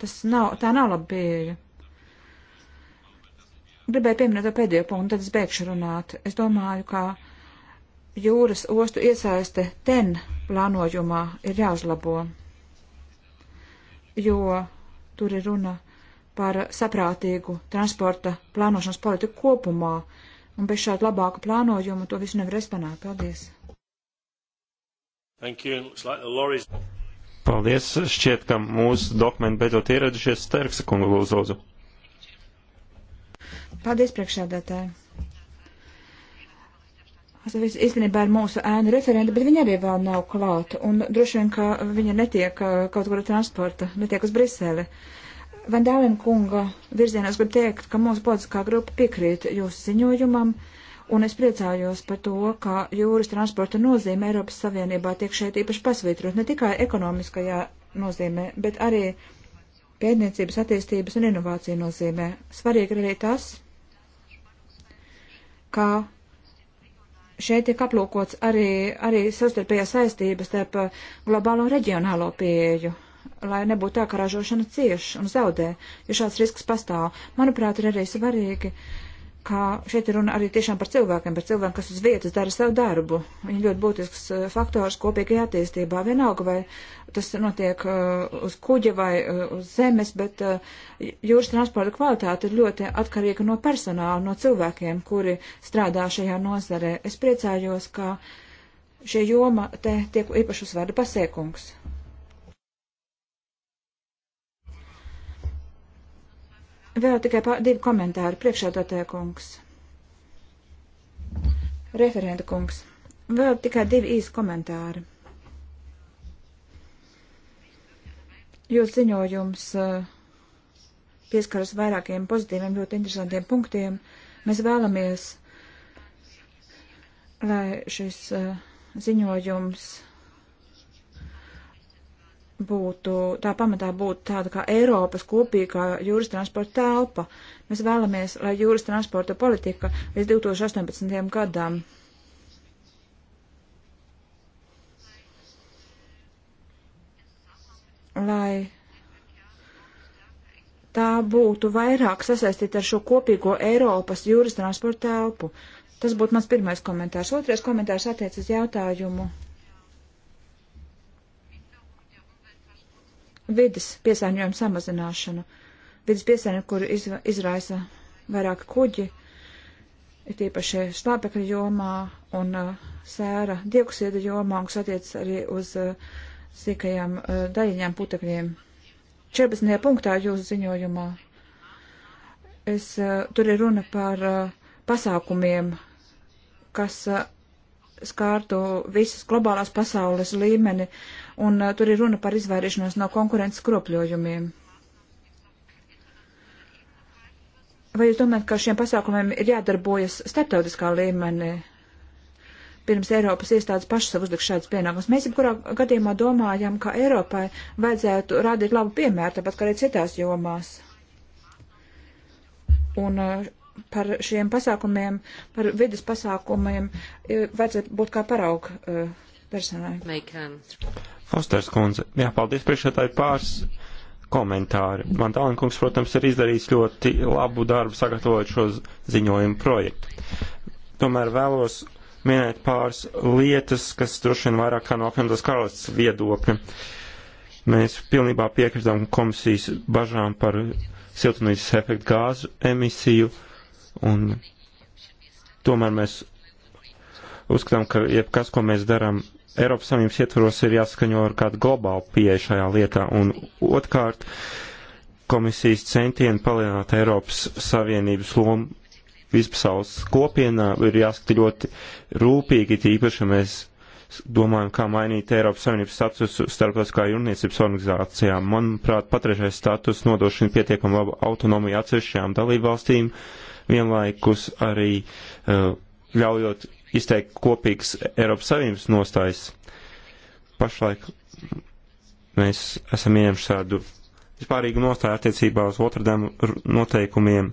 tas nav, tā nav laba pieeja. Gribēju pieminēt to pēdējo punktu, tad es beigšu runāt. Es domāju, ka jūras ostu iesaiste ten plānojumā ir jāuzlabo, jo tur ir runa par saprātīgu transporta plānošanas politiku kopumā, un bez šāda labāka plānojuma to visu nevar panākt. Paldies! Like Paldies! Šķiet, ka mūsu dokumenti beidzot ieradušies Sterksa kunga lūzozu. Paldies, priekšsēdētāji! Es īstenībā ir mūsu ēnu referenta, bet viņa arī vēl nav klāta, un droši vien, ka viņa netiek eh, kaut kur transporta, netiek uz Briseli. Uh, Vandālina kunga virzienos gribu teikt, ka mūsu politiskā grupa piekrīt jūsu ziņojumam, un es priecājos par to, ka jūras transporta nozīme Eiropas Savienībā tiek šeit īpaši pasvītrot ne tikai ekonomiskajā nozīmē, bet arī pētniecības attīstības un inovāciju nozīmē. Svarīgi ir arī tas, ka šeit tiek aplūkots arī, arī savstarpējā saistības starp globālo un reģionālo pieeju lai nebūtu tā, ka ražošana cieš un zaudē, jo šāds risks pastāv. Manuprāt, ir arī svarīgi, ka šeit ir runa arī tiešām par cilvēkiem, par cilvēkiem, kas uz vietas dara savu darbu. Viņi ļoti būtisks eh, faktors kopīgajā attīstībā. Vienalga, vai tas notiek uh, uz kuģa vai uh, uz zemes, bet uh, jūras transporta kvalitāte ir ļoti atkarīga no personāla, no cilvēkiem, kuri strādā šajā nozarē. Es priecājos, ka šie joma te tiek īpaši uzsvērta pasiekungs. Vēl tikai pār, divi komentāri priekšādātāja kungs. Referenta kungs. Vēl tikai divi īsi komentāri. Jūsu ziņojums eh, pieskaras vairākiem pozitīviem, ļoti interesantiem punktiem. Mēs vēlamies, lai šis eh, ziņojums būtu, tā pamatā būtu tāda kā Eiropas kopīgā jūras transporta telpa. Mēs vēlamies, lai jūras transporta politika līdz 2018. gadam lai tā būtu vairāk sasaistīta ar šo kopīgo Eiropas jūras transporta telpu. Tas būtu mans pirmais komentārs. Otrais komentārs attiecas jautājumu vidas piesārņojumu samazināšanu. Vidas piesārņojumu, kur izra izraisa vairāk kuģi, ir tīpaši slāpekļa jomā un uh, sēra dioksīda jomā, un kas attiec arī uz uh, sīkajām uh, daļiņām putekļiem. 14. punktā jūsu ziņojumā es, uh, tur ir runa par uh, pasākumiem, kas uh, skārtu visas globālās pasaules līmeni un uh, tur ir runa par izvairīšanos no konkurences kropļojumiem. Vai jūs domājat, ka šiem pasākumiem ir jādarbojas starptautiskā līmenī? Pirms Eiropas iestādes pašas sev uzliek šādas pienākumus. Mēs jebkurā gadījumā domājam, ka Eiropai vajadzētu rādīt labu piemēru, tāpat kā arī citās jomās. Un uh, par šiem pasākumiem, par vidas pasākumiem uh, vajadzētu būt kā parauga uh, personai. Um, Fosters kundze, jā, paldies priekšētāji pāris komentāri. Man Dalenkungs, protams, ir izdarījis ļoti labu darbu sagatavojot šo ziņojumu projektu. Tomēr vēlos minēt pāris lietas, kas droši vien vairāk kā no apvienotās karalists viedokļa. Mēs pilnībā piekritām komisijas bažām par siltumnīcas efektu gāzu emisiju, un tomēr mēs uzskatām, ka jebkas, ko mēs darām Eiropas Savienības ietvaros ir jāskaņo ar kādu globālu pieeju šajā lietā. Un otrkārt, komisijas centieni palielināt Eiropas Savienības lomu vispasaules kopienā ir jāskata ļoti rūpīgi, tīpaši, ja mēs domājam, kā mainīt Eiropas Savienības statusu starptautiskā jūrniecības organizācijā. Manuprāt, patreizais status nodošana pietiekam labu autonomiju atsevišķajām dalībvalstīm, vienlaikus arī uh, ļaujot izteikt kopīgas Eiropas Savienības nostājas. Pašlaik mēs esam ieņemši tādu vispārīgu nostāju attiecībā uz otrdēm noteikumiem.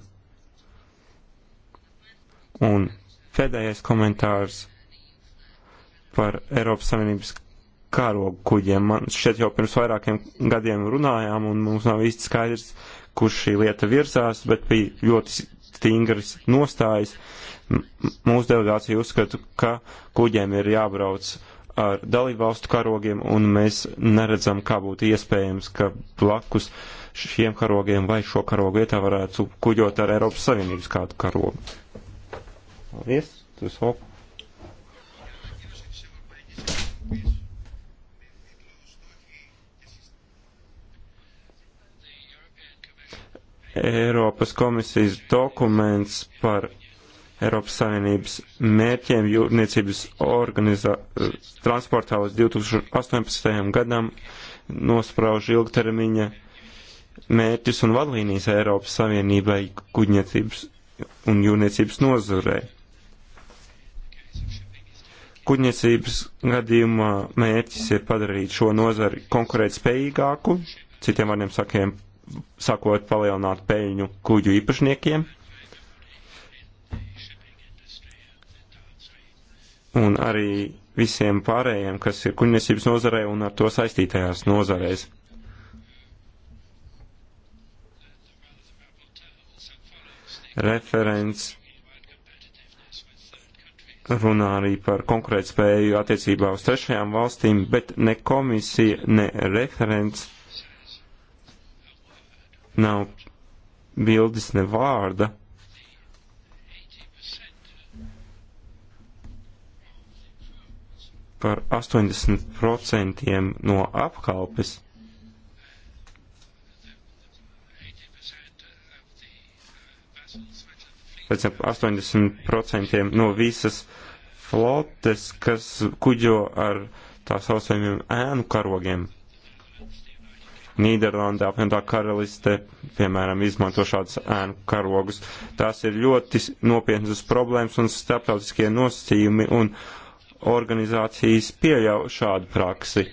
Un pēdējais komentārs par Eiropas Savienības karogu kuģiem. Man šeit jau pirms vairākiem gadiem runājām, un mums nav īsti skaidrs, kur šī lieta virzās, bet bija ļoti stingras nostājas. Mūsu delegācija uzskata, ka kuģiem ir jābrauc ar dalībvalstu karogiem, un mēs neredzam, kā būtu iespējams, ka blakus šiem karogiem vai šo karogu vietā varētu kuģot ar Eiropas Savienības kādu karogu. Paldies! Jūs hop! Thank you. Eiropas komisijas dokuments par Eiropas Savienības mērķiem jūrniecības organizā, transportā uz 2018. gadam nosprauž ilgtermiņa mērķus un vadlīnijas Eiropas Savienībai kuģniecības un jūrniecības nozarē. Kuģniecības gadījumā mērķis ir padarīt šo nozari konkurētspējīgāku, citiem vārdiem sakiem, sakot, palielināt peļņu kuģu īpašniekiem. Un arī visiem pārējiem, kas ir kuģniecības nozarē un ar to saistītajās nozarēs. Referents runā arī par konkurētspēju attiecībā uz trešajām valstīm, bet ne komisija, ne referents nav bildes ne vārda. Par 80% no apkalpes. Pēc tam 80% no visas flotes, kas kuģo ar tā saucamiem ēnu karogiem. Nīderlanda, apvienotā karaliste, piemēram, izmanto šādus ēnu karogus. Tās ir ļoti nopietnas problēmas un starptautiskie nosacījumi un organizācijas pieļauj šādu praksi.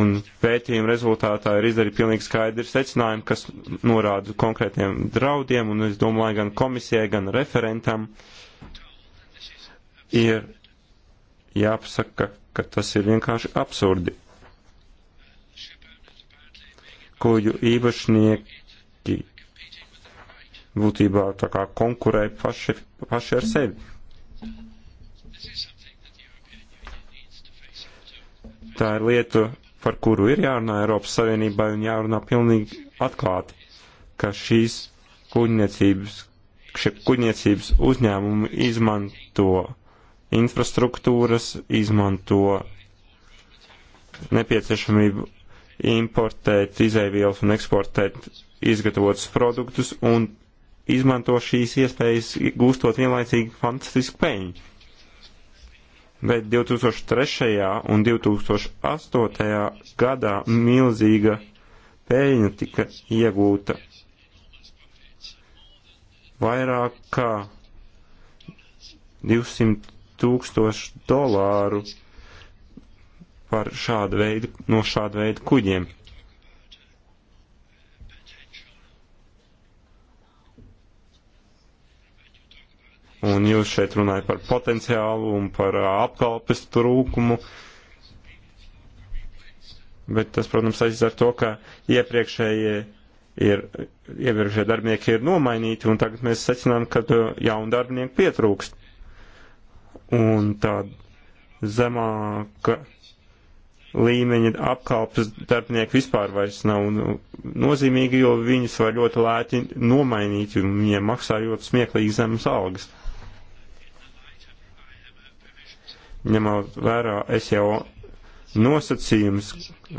Un pētījuma rezultātā ir izdarīti pilnīgi skaidri secinājumi, kas norāda konkrētiem draudiem, un es domāju, gan komisijai, gan referentam ir jāpasaka, ka tas ir vienkārši absurdi kuģu īpašnieki būtībā tā kā konkurē paši, paši ar sevi. Tā ir lieta, par kuru ir jārunā Eiropas Savienībai un jārunā pilnīgi atklāti, ka šīs kuģniecības, šie kuģniecības uzņēmumi izmanto infrastruktūras, izmanto nepieciešamību importēt izēvielas un eksportēt izgatavotus produktus un izmanto šīs iespējas, gūstot vienlaicīgi fantastisku peļņu. Bet 2003. un 2008. gadā milzīga peļņa tika iegūta vairāk kā 200 tūkstošu dolāru par šādu veidu, no šādu veidu kuģiem. Un jūs šeit runājat par potenciālu un par uh, apkalpes trūkumu. Bet tas, protams, aizies ar to, ka iepriekšējie ir, iepriekšējie darbinieki ir nomainīti, un tagad mēs secinām, ka uh, jaunu darbinieku pietrūkst. Un tā zemāka līmeņa apkalpes darbinieki vispār vairs nav nu, nozīmīgi, jo viņus var ļoti lēti nomainīt, jo viņiem maksājot smieklīgi zemes algas. Ņemot vērā, es jau nosacījums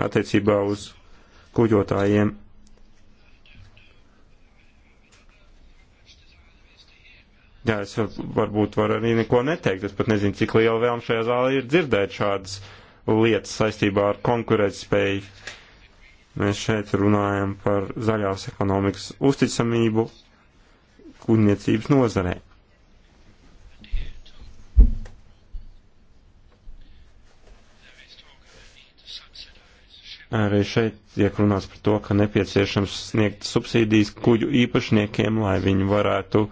attiecībā uz kuģotājiem. Jā, es varbūt varu arī neko neteikt, es pat nezinu, cik liela vēlme šajā zālē ir dzirdēt šādas uh, lietas saistībā ar konkurētspēju. Mēs šeit runājam par zaļās ekonomikas uzticamību kuģniecības nozarē. Arī šeit tiek runāts par to, ka nepieciešams sniegt subsīdijas kuģu īpašniekiem, lai viņi varētu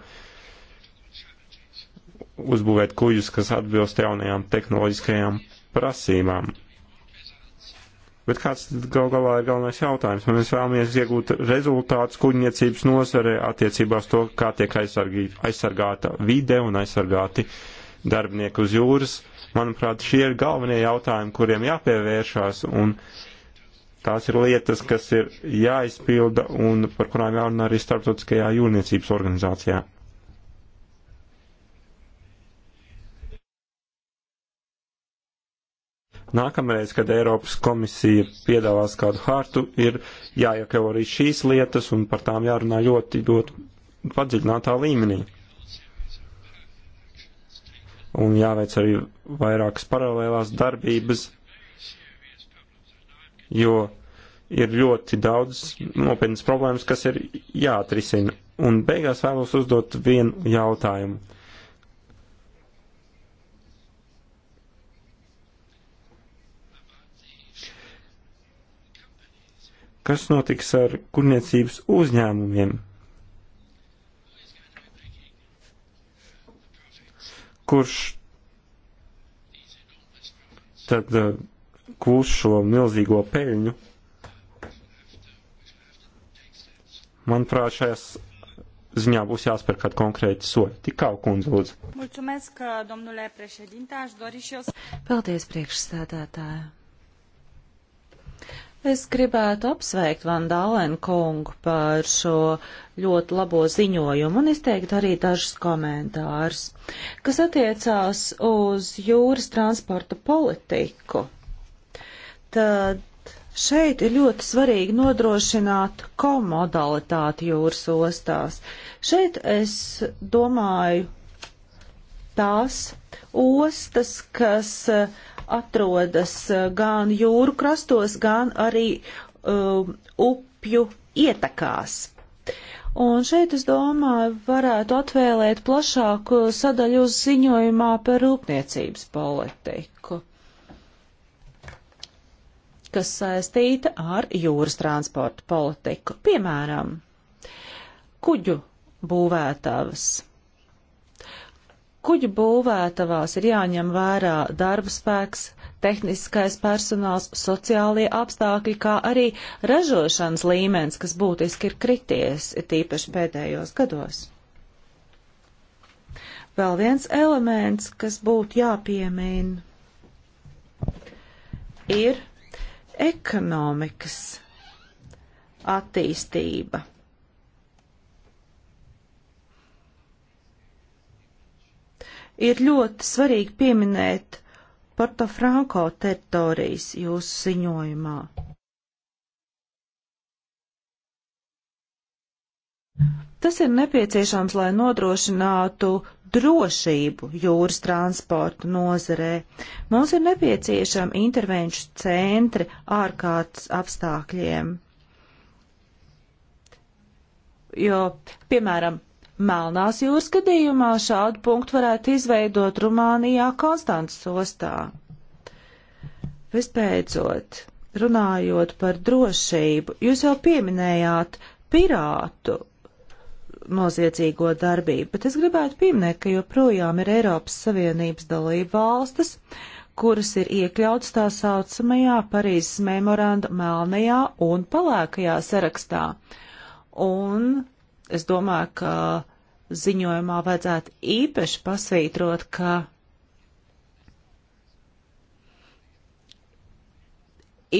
uzbūvēt kuģus, kas atbilst jaunajām tehnoloģiskajām prasībām. Bet kāds gal galā ir galvenais jautājums? Vai mēs vēlamies iegūt rezultātus kuģniecības nozarē attiecībā uz to, kā tiek aizsargīt, aizsargāta vide un aizsargāti darbinieki uz jūras? Manuprāt, šie ir galvenie jautājumi, kuriem jāpievēršās, un tās ir lietas, kas ir jāizpilda un par kurām jārunā arī starptautiskajā jūrniecības organizācijā. nākamreiz, kad Eiropas komisija piedāvās kādu hartu, ir jāiekļau arī šīs lietas un par tām jārunā ļoti, ļoti padziļinātā līmenī. Un jāveic arī vairākas paralēlās darbības, jo ir ļoti daudz nopietnas problēmas, kas ir jāatrisina. Un beigās vēlos uzdot vienu jautājumu kas notiks ar kurniecības uzņēmumiem, kurš tad kūs eh, šo milzīgo peļņu. Manuprāt, šajās ziņā būs jāspēr kādi konkrēti soļi. Tikā, kundze, lūdzu. Mulțumesc, domnule președinte, aș dori și eu să... Paldies, priekšsēdētāji. Es gribētu apsveikt Vandālēnu kungu par šo ļoti labo ziņojumu un izteikt arī dažus komentārus, kas attiecās uz jūras transporta politiku. Tad šeit ir ļoti svarīgi nodrošināt komodalitāti jūras ostās. Šeit es domāju tās ostas, kas uh, atrodas eh, gan jūru krastos, gan arī uh, upju ietekās. Un šeit, es domāju, varētu atvēlēt plašāku sadaļu uz ziņojumā par rūpniecības politiku, kas saistīta ar jūras transporta politiku, piemēram, kuģu būvētavas. Kuģu būvētavās ir jāņem vērā darba spēks, tehniskais personāls, sociālie apstākļi, kā arī ražošanas līmenis, kas būtiski ir krities, ir tīpaši pēdējos gados. Vēl viens elements, kas būtu jāpiemin, ir ekonomikas attīstība. Ir ļoti svarīgi pieminēt Porto Franko teritorijas jūsu ziņojumā. Tas ir nepieciešams, lai nodrošinātu drošību jūras transportu nozarē. Mums ir nepieciešama intervenču centri ārkārtas apstākļiem. Jo, piemēram, Melnās jūras gadījumā šādu punktu varētu izveidot Rumānijā Konstantas ostā. Vispēcot, runājot par drošību, jūs jau pieminējāt pirātu noziedzīgo darbību, bet es gribētu pieminēt, ka joprojām ir Eiropas Savienības dalība valstis, kuras ir iekļautas tā saucamajā Parīzes memoranda melnajā un palēkajā sarakstā. Un es domāju, ka ziņojumā vajadzētu īpaši pasvītrot, ka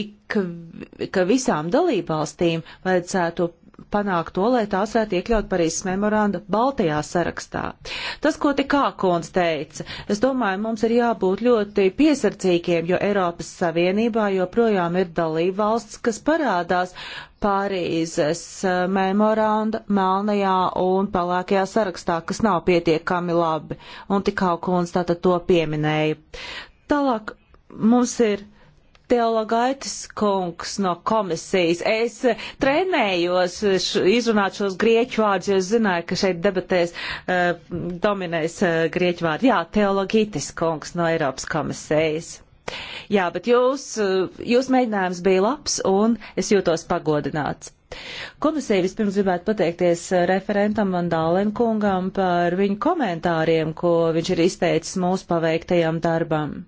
ik, ka visām dalībvalstīm vajadzētu panākt to, lai tās varētu iekļaut Parīzes memoranda Baltajā sarakstā. Tas, ko tikā kons teica, es domāju, mums ir jābūt ļoti piesardzīgiem, jo Eiropas Savienībā joprojām ir dalība valsts, kas parādās Parīzes eh, memoranda melnajā un pelēkajā sarakstā, kas nav pietiekami labi, un tikā kons tātad to pieminēja. Tālāk mums ir Teologaitis kungs no komisijas. Es eh, trenējos eh, š, izrunāt šos grieķu vārdus, jo es zināju, ka šeit debatēs uh, dominēs uh, grieķu vārdi. Jā, Teologītis kungs no Eiropas komisijas. Jā, bet jūs, uh, jūs mēģinājums bija labs un es jūtos pagodināts. Komisija vispirms gribētu pateikties referentam un Dālen kungam par viņu komentāriem, ko viņš ir izteicis mūsu paveiktajam darbam.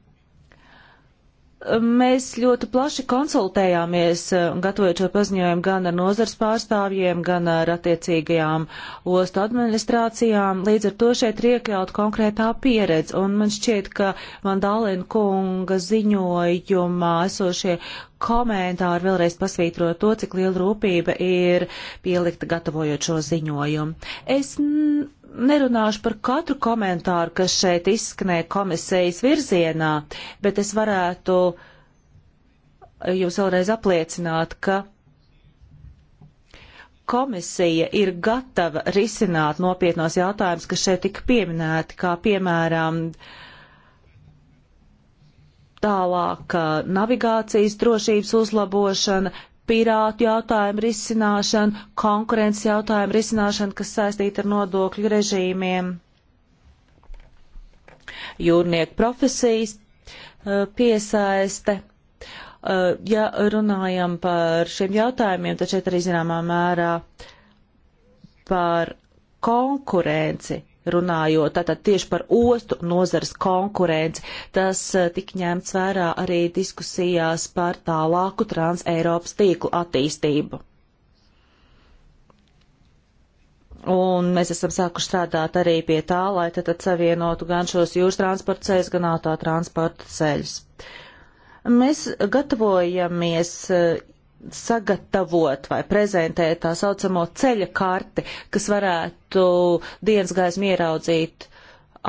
Mēs ļoti plaši konsultējāmies, eh, gatavojot šo paziņojumu gan ar nozars pārstāvjiem, gan ar attiecīgajām ostu administrācijām. Līdz ar to šeit ir iekļaut konkrētā pieredze, un man šķiet, ka Vandālina kunga ziņojumā esošie komentāri vēlreiz pasvītro to, cik liela rūpība ir pielikta gatavojot šo ziņojumu. Es nerunāšu par katru komentāru, kas šeit izskanē komisijas virzienā, bet es varētu jums vēlreiz apliecināt, ka komisija ir gatava risināt nopietnos jautājumus, kas šeit tika pieminēti, kā piemēram tālāk navigācijas drošības uzlabošana, pirātu jautājumu risināšanu, konkurences jautājumu risināšanu, kas saistīta ar nodokļu režīmiem. Jūrnieku profesijas uh, piesaiste. Uh, ja runājam par šiem jautājumiem, tad šeit arī zināmā mērā par konkurenci runājot tātad tieši par ostu nozars konkurenci. Tas eh, tik ņemts vērā arī diskusijās par tālāku Trans-Eiropas tīklu attīstību. Un mēs esam sākuši strādāt arī pie tā, lai tad savienotu gan šos jūras transporta ceļus, gan auto transporta ceļus. Mēs gatavojamies eh, sagatavot vai prezentēt tā saucamo ceļa karti, kas varētu dienas gaismu ieraudzīt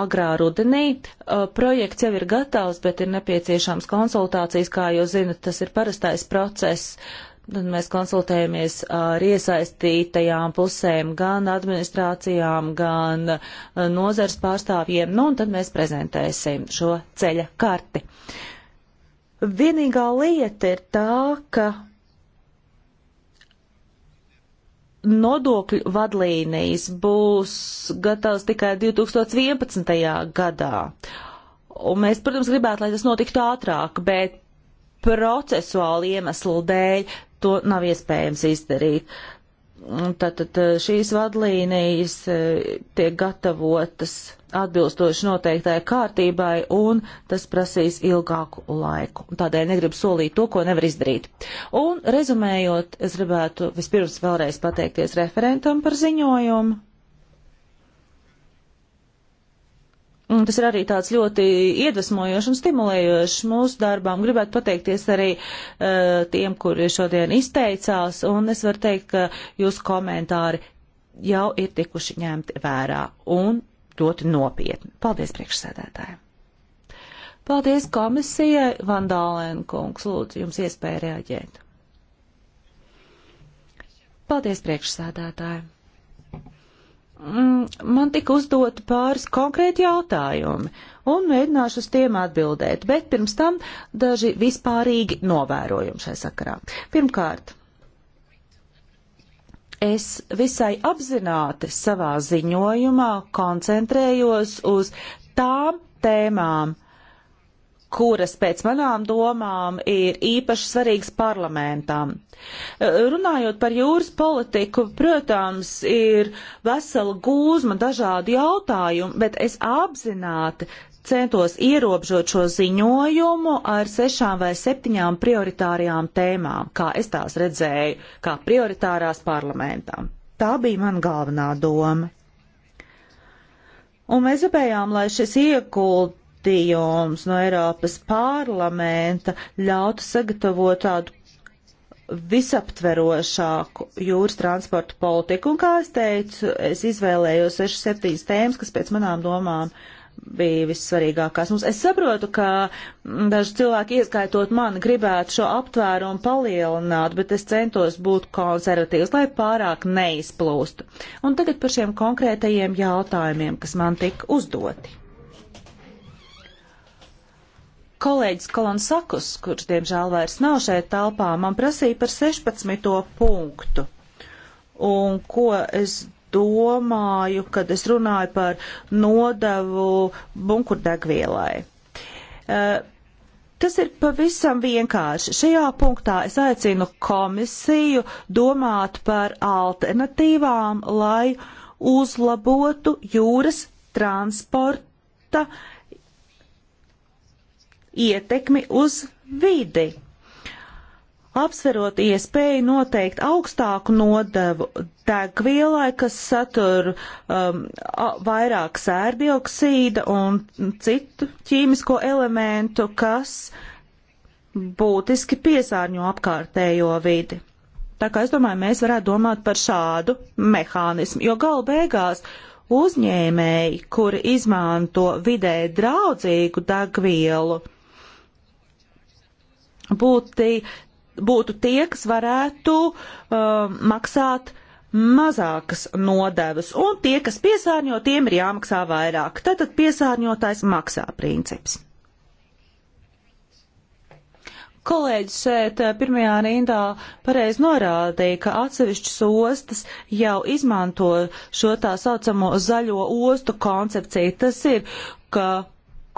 agrā rudenī. Projekts jau ir gatavs, bet ir nepieciešams konsultācijas, kā jūs zinat, tas ir parastais process. Tad mēs konsultējamies ar iesaistītajām pusēm, gan administrācijām, gan nozars pārstāvjiem, nu un tad mēs prezentēsim šo ceļa karti. Vienīgā lieta ir tā, ka nodokļu vadlīnijas būs gatavs tikai 2011. gadā. Un mēs, protams, gribētu, lai tas notiktu ātrāk, bet procesuāli iemeslu dēļ to nav iespējams izdarīt. Tātad eh, šīs vadlīnijas eh, tiek gatavotas atbilstoši noteiktai kārtībai, un tas prasīs ilgāku laiku. Tādēļ negribu solīt to, ko nevar izdarīt. Un rezumējot, es gribētu vispirms vēlreiz pateikties referentam par ziņojumu. Un mm, tas ir arī tāds ļoti iedvesmojošs un stimulējošs mūsu darbām. Gribētu pateikties arī uh, tiem, kuri šodien izteicās, un es varu teikt, ka jūsu komentāri jau ir tikuši ņemti vērā un ļoti nopietni. Paldies priekšsēdētājiem! Paldies komisijai, Vandālēna kungs, lūdzu, jums iespēja reaģēt. Paldies priekšsēdētājiem! Mm, man tika uzdot pāris konkrēti jautājumi, un mēģināšu uz tiem atbildēt, bet pirms tam daži vispārīgi novērojumi šai sakarā. Pirmkārt, es visai apzināti savā ziņojumā koncentrējos uz tām tēmām, kuras pēc manām domām ir īpaši svarīgas parlamentām. E, runājot par jūras politiku, protams, ir vesela gūzma dažādu jautājumu, bet es apzināti centos ierobežot šo ziņojumu ar sešām vai septiņām prioritārijām tēmām, kā es tās redzēju, kā prioritārās parlamentām. Tā bija man galvenā doma. Un mēs gribējām, lai šis ieguldījums skatījums no Eiropas parlamenta ļautu sagatavot tādu visaptverošāku jūras transporta politiku. Un, kā es teicu, es izvēlējos 6-7 tēmas, kas pēc manām domām bija vissvarīgākās mums. Es saprotu, ka daži cilvēki, ieskaitot mani, gribētu šo aptvērumu palielināt, bet es centos būt konservatīvs, lai pārāk neizplūstu. Un tagad par šiem konkrētajiem jautājumiem, kas man tika uzdoti kolēģis Kolonsakus, kurš diemžēl vairs nav šeit telpā, man prasīja par 16. punktu. Un ko es domāju, kad es runāju par nodevu bunkurdegvielai? Uh, Tas ir pavisam vienkārši. Šajā punktā es aicinu komisiju domāt par alternatīvām, lai uzlabotu jūras transporta uh, ietekmi uz vidi. Apsverot iespēju noteikt augstāku nodevu degvielai, kas satur um, vairāk sērdioksīda un citu ķīmisko elementu, kas būtiski piesārņo apkārtējo vidi. Tā kā es domāju, mēs varētu domāt par šādu mehānismu, jo galu beigās uzņēmēji, kuri izmanto vidē draudzīgu degvielu, būti, būtu tie, kas varētu uh, maksāt mazākas nodevas, un tie, kas piesārņo, tiem ir jāmaksā vairāk. Tātad piesārņotājs maksā princips. Kolēģis šeit eh, pirmajā rindā pareiz norādīja, ka atsevišķas ostas jau izmanto šo tā saucamo zaļo ostu koncepciju. Tas ir, ka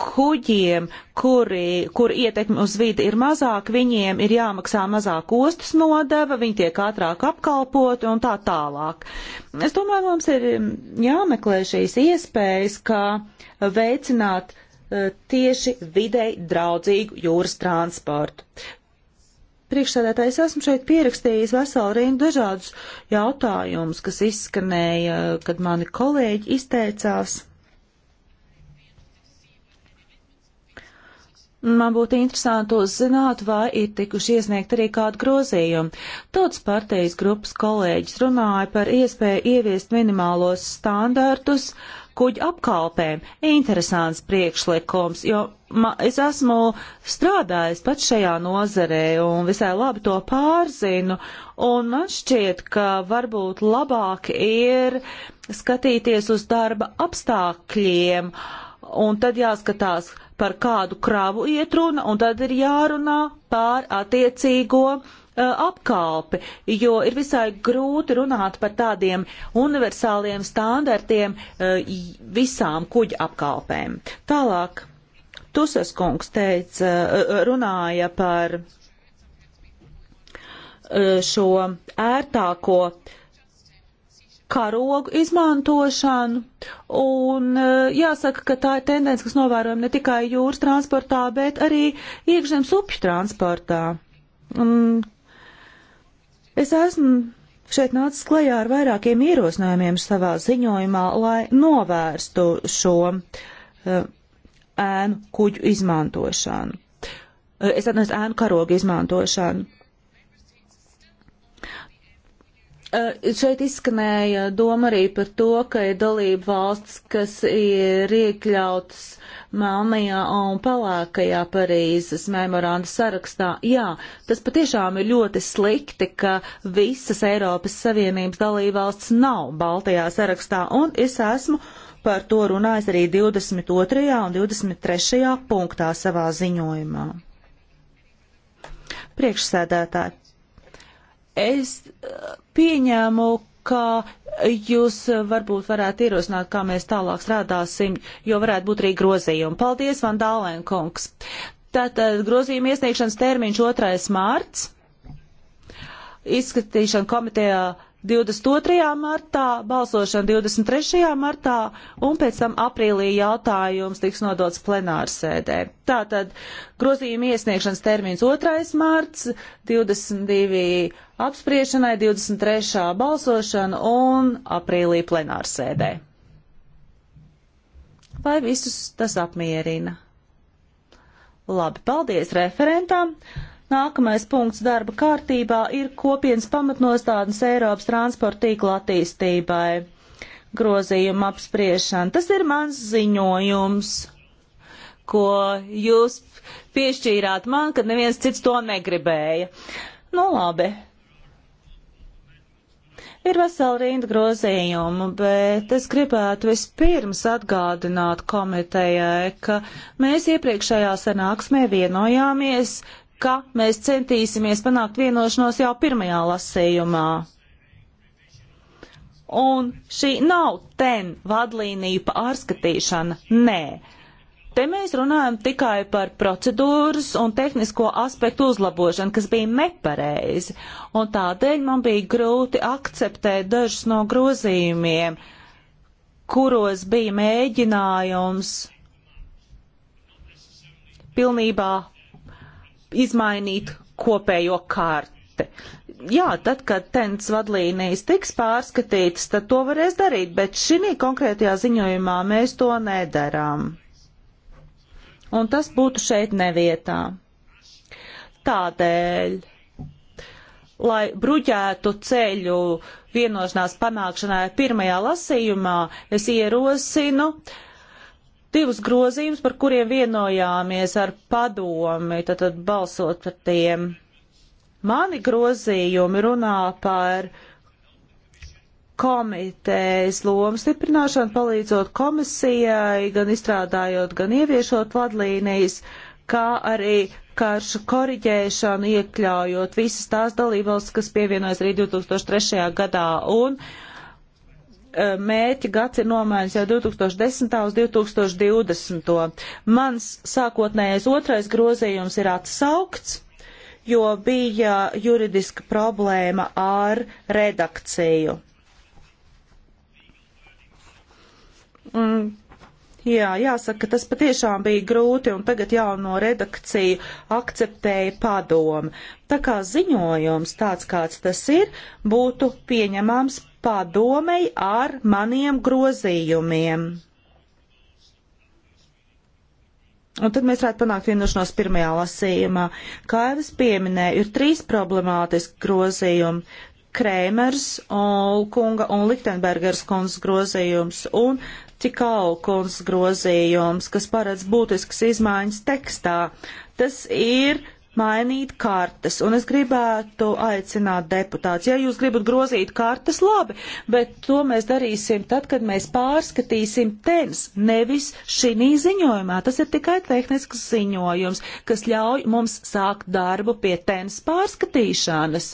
kuģiem, kuri, kur ietekme uz vidi ir mazāk, viņiem ir jāmaksā mazāk ostas nodeva, viņi tiek ātrāk apkalpoti un tā tālāk. Es domāju, mums ir mm, jāmeklē šīs iespējas, kā veicināt uh, tieši videi draudzīgu jūras transportu. Priekšsēdētājs esmu šeit pierakstījis veselu rindu dažādus jautājumus, kas izskanēja, kad mani kolēģi izteicās. Man būtu interesanti uzzināt, vai ir tikuši iesniegt arī kādu grozījumu. Tautas partijas grupas kolēģis runāja par iespēju ieviest minimālos standartus kuģu apkalpēm. Interesants priekšlikums, jo ma, es esmu strādājis pat šajā nozarē un visai labi to pārzinu, un man šķiet, ka varbūt labāk ir skatīties uz darba apstākļiem. Uh, un tad jāskatās, par kādu kravu iet runa, un tad ir jārunā pār attiecīgo uh, apkalpi, jo ir visai grūti runāt par tādiem universāliem standartiem uh, visām kuģa apkalpēm. Tālāk, Tusas kungs teica, uh, runāja par šo ērtāko uh, karogu izmantošanu, un e, jāsaka, ka tā ir tendence, kas novērojama ne tikai jūras transportā, bet arī iekšzemes upju transportā. Un es esmu šeit nācis klajā ar vairākiem ierosinājumiem savā ziņojumā, lai novērstu šo uh, ēnu kuģu izmantošanu. E, es atnesu ēnu karogu izmantošanu. Eh, šeit izskanēja doma arī par to, ka ir dalība valsts, kas ir iekļautas melnajā un pelēkajā Parīzes memoranda sarakstā. Jā, tas patiešām ir ļoti slikti, ka visas Eiropas Savienības dalība valsts nav baltajā sarakstā, un es esmu par to runājis arī 22. un 23. punktā savā ziņojumā. Priekšsēdētāji. Es eh, pieņēmu, ka jūs eh, varbūt varētu ierosināt, kā mēs tālāk strādāsim, jo varētu būt arī grozījumi. Paldies, Van Dālenkungs. Tātad grozījuma iesniegšanas termiņš 2. mārts. Izskatīšana komitejā 22. martā, balsošana 23. martā un pēc tam aprīlī jautājums tiks nodots plenārsēdē. Tātad grozījuma iesniegšanas termins 2. marts, 22. apspriešanai, 23. balsošana un aprīlī plenārsēdē. Vai visus tas apmierina? Labi, paldies referentam! Nākamais punkts darba kārtībā ir kopienas pamatnostādnes Eiropas transporta tīkla attīstībai. Grozījuma apspriešana. Tas ir mans ziņojums, ko jūs piešķīrāt man, kad neviens cits to negribēja. Nu labi. Ir vesela rinda grozījumu, bet es gribētu vispirms atgādināt komitejai, ka mēs iepriekšējā sanāksmē vienojāmies ka mēs centīsimies panākt vienošanos jau pirmajā lasējumā. Un šī nav ten vadlīnija pārskatīšana, nē. Te mēs runājam tikai par procedūras un tehnisko aspektu uzlabošanu, kas bija nepareizi, un tādēļ man bija grūti akceptēt dažus no grozījumiem, kuros bija mēģinājums pilnībā izmainīt kopējo kārtu. Jā, tad, kad tents vadlīnijas tiks pārskatītas, tad to varēs darīt, bet šī konkrētajā ziņojumā mēs to nedarām. Un tas būtu šeit nevietā. Tādēļ lai bruģētu ceļu vienošanās panākšanai pirmajā lasījumā, es ierosinu divus grozījumus, par kuriem vienojāmies ar padomi, tad, tad balsot par tiem. Mani grozījumi runā par komitejas lomu stiprināšanu, palīdzot komisijai, gan izstrādājot, gan ieviešot vadlīnijas, kā arī karšu koriģēšanu, iekļaujot visas tās dalībvalstis, kas pievienojas arī 2003. gadā. Un, uh, Eh, mērķa gads ir nomainīts jau 2010. uz 2020. Mans sākotnējais otrais grozījums ir atsaukts, jo bija juridiska problēma ar redakciju. Mm. Jā, jāsaka, tas patiešām bija grūti, un tagad jauno redakciju akceptēja padomu. Tā kā ziņojums tāds, kāds tas ir, būtu pieņemams padomei ar maniem grozījumiem. Un tad mēs varētu panākt vienošanos pirmajā lasījumā. Kā jau es pieminēju, ir trīs problemātiski grozījumi. Krēmers, Olkunga un Lichtenbergers kundzes grozījums un Tikau kundzes grozījums, kas paredz būtiskas izmaiņas tekstā. Tas ir mainīt kartes. Un es gribētu aicināt deputāts, ja jūs gribat grozīt kartes, labi, bet to mēs darīsim tad, kad mēs pārskatīsim tens, nevis šī ziņojumā. Tas ir tikai tehnisks ziņojums, kas ļauj mums sākt darbu pie tens pārskatīšanas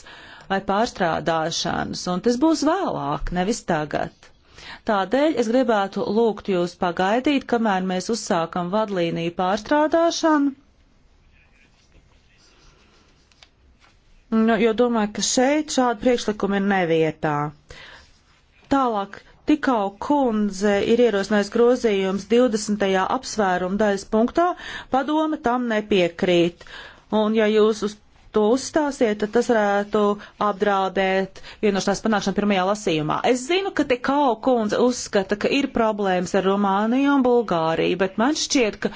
vai pārstrādāšanas, un tas būs vēlāk, nevis tagad. Tādēļ es gribētu lūgt jūs pagaidīt, kamēr mēs uzsākam vadlīniju pārstrādāšanu nu, jo domāju, ka šeit šādi priekšlikumi ir nevietā. Tālāk. Tikau kundze ir ierosinājis grozījums 20. apsvērumu daļas punktā, padome tam nepiekrīt. Un ja jūs uz to uzstāsiet, tad tas varētu apdraudēt vienošanās panākšanu pirmajā lasījumā. Es zinu, ka te Kau kundze uzskata, ka ir problēmas ar Rumāniju un Bulgāriju, bet man šķiet, ka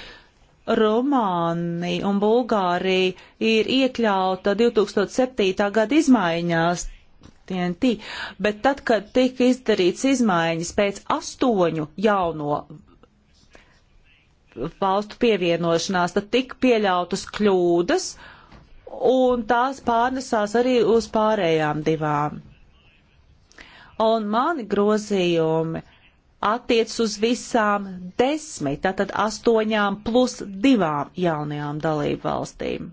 Rumānija un Bulgārija ir iekļauta 2007. gada izmaiņās TNT, bet tad, kad tika izdarīts izmaiņas pēc astoņu jauno valstu pievienošanās, tad tika pieļautas kļūdas, un tās pārnesās arī uz pārējām divām. Un mani grozījumi attiec uz visām desmit, tātad astoņām plus divām jaunajām dalību valstīm.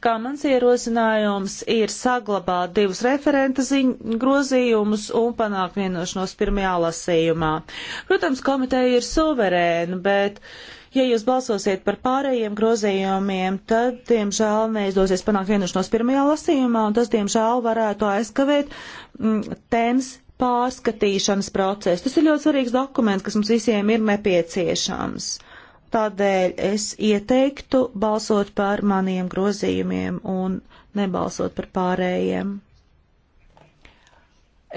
Kā mans ierosinājums ir saglabāt divus referenta ziņ, grozījumus un panākt vienošanos pirmajā lasījumā. Protams, komiteja ir suverēna, bet ja jūs balsosiet par pārējiem grozījumiem, tad, diemžēl, neizdosies panākt vienošanos pirmajā lasījumā, un tas, diemžēl, varētu aizkavēt mm, tēmas pārskatīšanas process. Tas ir ļoti svarīgs dokuments, kas mums visiem ir nepieciešams. Tādēļ es ieteiktu balsot par maniem grozījumiem un nebalsot par pārējiem.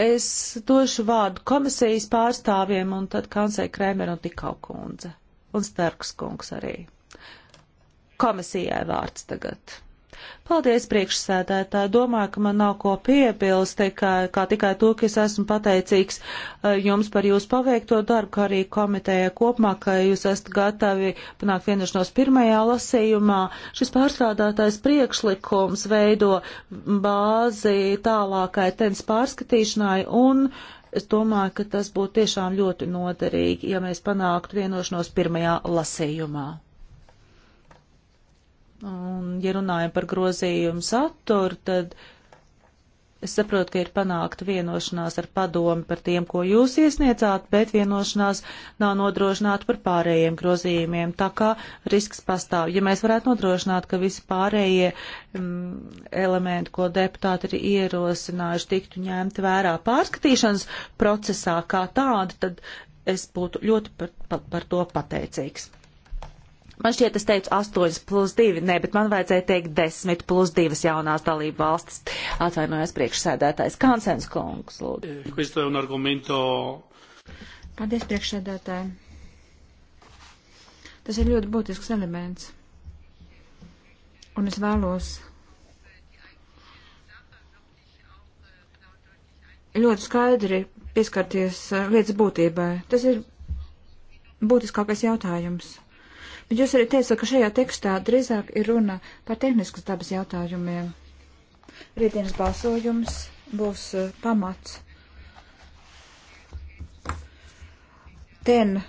Es došu vārdu komisijas pārstāvjiem un tad kancei Krēmer un Tikau kundze un Starks kungs arī. Komisijai vārds tagad. Paldies, priekšsēdētāji. Domāju, ka man nav ko piebilst, tikai, kā tikai to, ka es esmu pateicīgs eh, jums par jūsu paveikto darbu, kā arī komitēja kopumā, ka jūs esat gatavi panākt vienošanos pirmajā lasījumā. Šis pārstrādātais priekšlikums veido bāzi tālākai tens pārskatīšanai un es domāju, ka tas būtu tiešām ļoti noderīgi, ja mēs panāktu vienošanos pirmajā lasījumā. Un, ja runājam par grozījumu saturu, tad es saprotu, ka ir panākta vienošanās ar padomi par tiem, ko jūs iesniedzāt, bet vienošanās nav nodrošināta par pārējiem grozījumiem. Tā kā risks pastāv. Ja mēs varētu nodrošināt, ka visi pārējie mm, elementi, ko deputāti ir ierosinājuši, tiktu ņemti vērā pārskatīšanas procesā kā tāda, tad es būtu ļoti par, par, par to pateicīgs. Man šķiet, es teicu 8 plus 2, nē, bet man vajadzēja teikt 10 plus 2 jaunās dalību valstis. Atvainojos priekšsēdētājs Kansens kungs, lūdzu. Eh, Paldies priekšsēdētājiem. Tas ir ļoti būtisks elements. Un es vēlos ļoti skaidri pieskarties eh, lietas būtībai. Tas ir būtiskākais jautājums bet jūs arī teicat, ka šajā tekstā drīzāk ir runa par tehniskas dabas jautājumiem. Rītdienas balsojums būs eh, pamats. Ten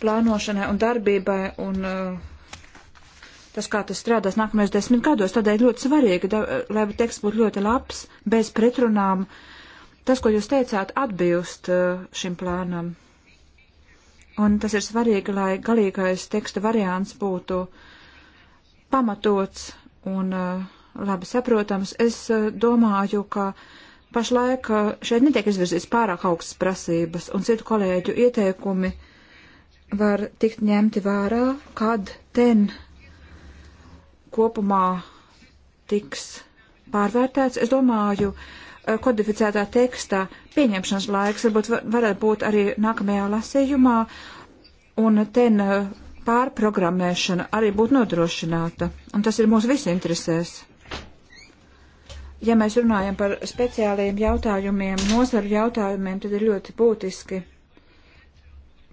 plānošanai un darbībai un eh, tas, kā tas strādās nākamajos desmit gados, tādēļ ļoti svarīgi, lai teksts būtu ļoti labs, bez pretrunām. Tas, ko jūs teicāt, atbilst eh, šim plānam un tas ir svarīgi, lai galīgais teksta variants būtu pamatots un uh, labi saprotams. Es uh, domāju, ka pašlaik uh, šeit netiek izvirzīts pārāk augstas prasības, un citu kolēģu ieteikumi var tikt ņemti vērā, kad ten kopumā tiks pārvērtēts. Es domāju, uh, Eh, kodificētā tekstā pieņemšanas laiks varbūt varētu būt arī nākamajā lasījumā, un ten eh, pārprogrammēšana arī būtu nodrošināta, un tas ir mūsu visi interesēs. Ja mēs runājam par speciāliem jautājumiem, nozaru jautājumiem, tad ir ļoti būtiski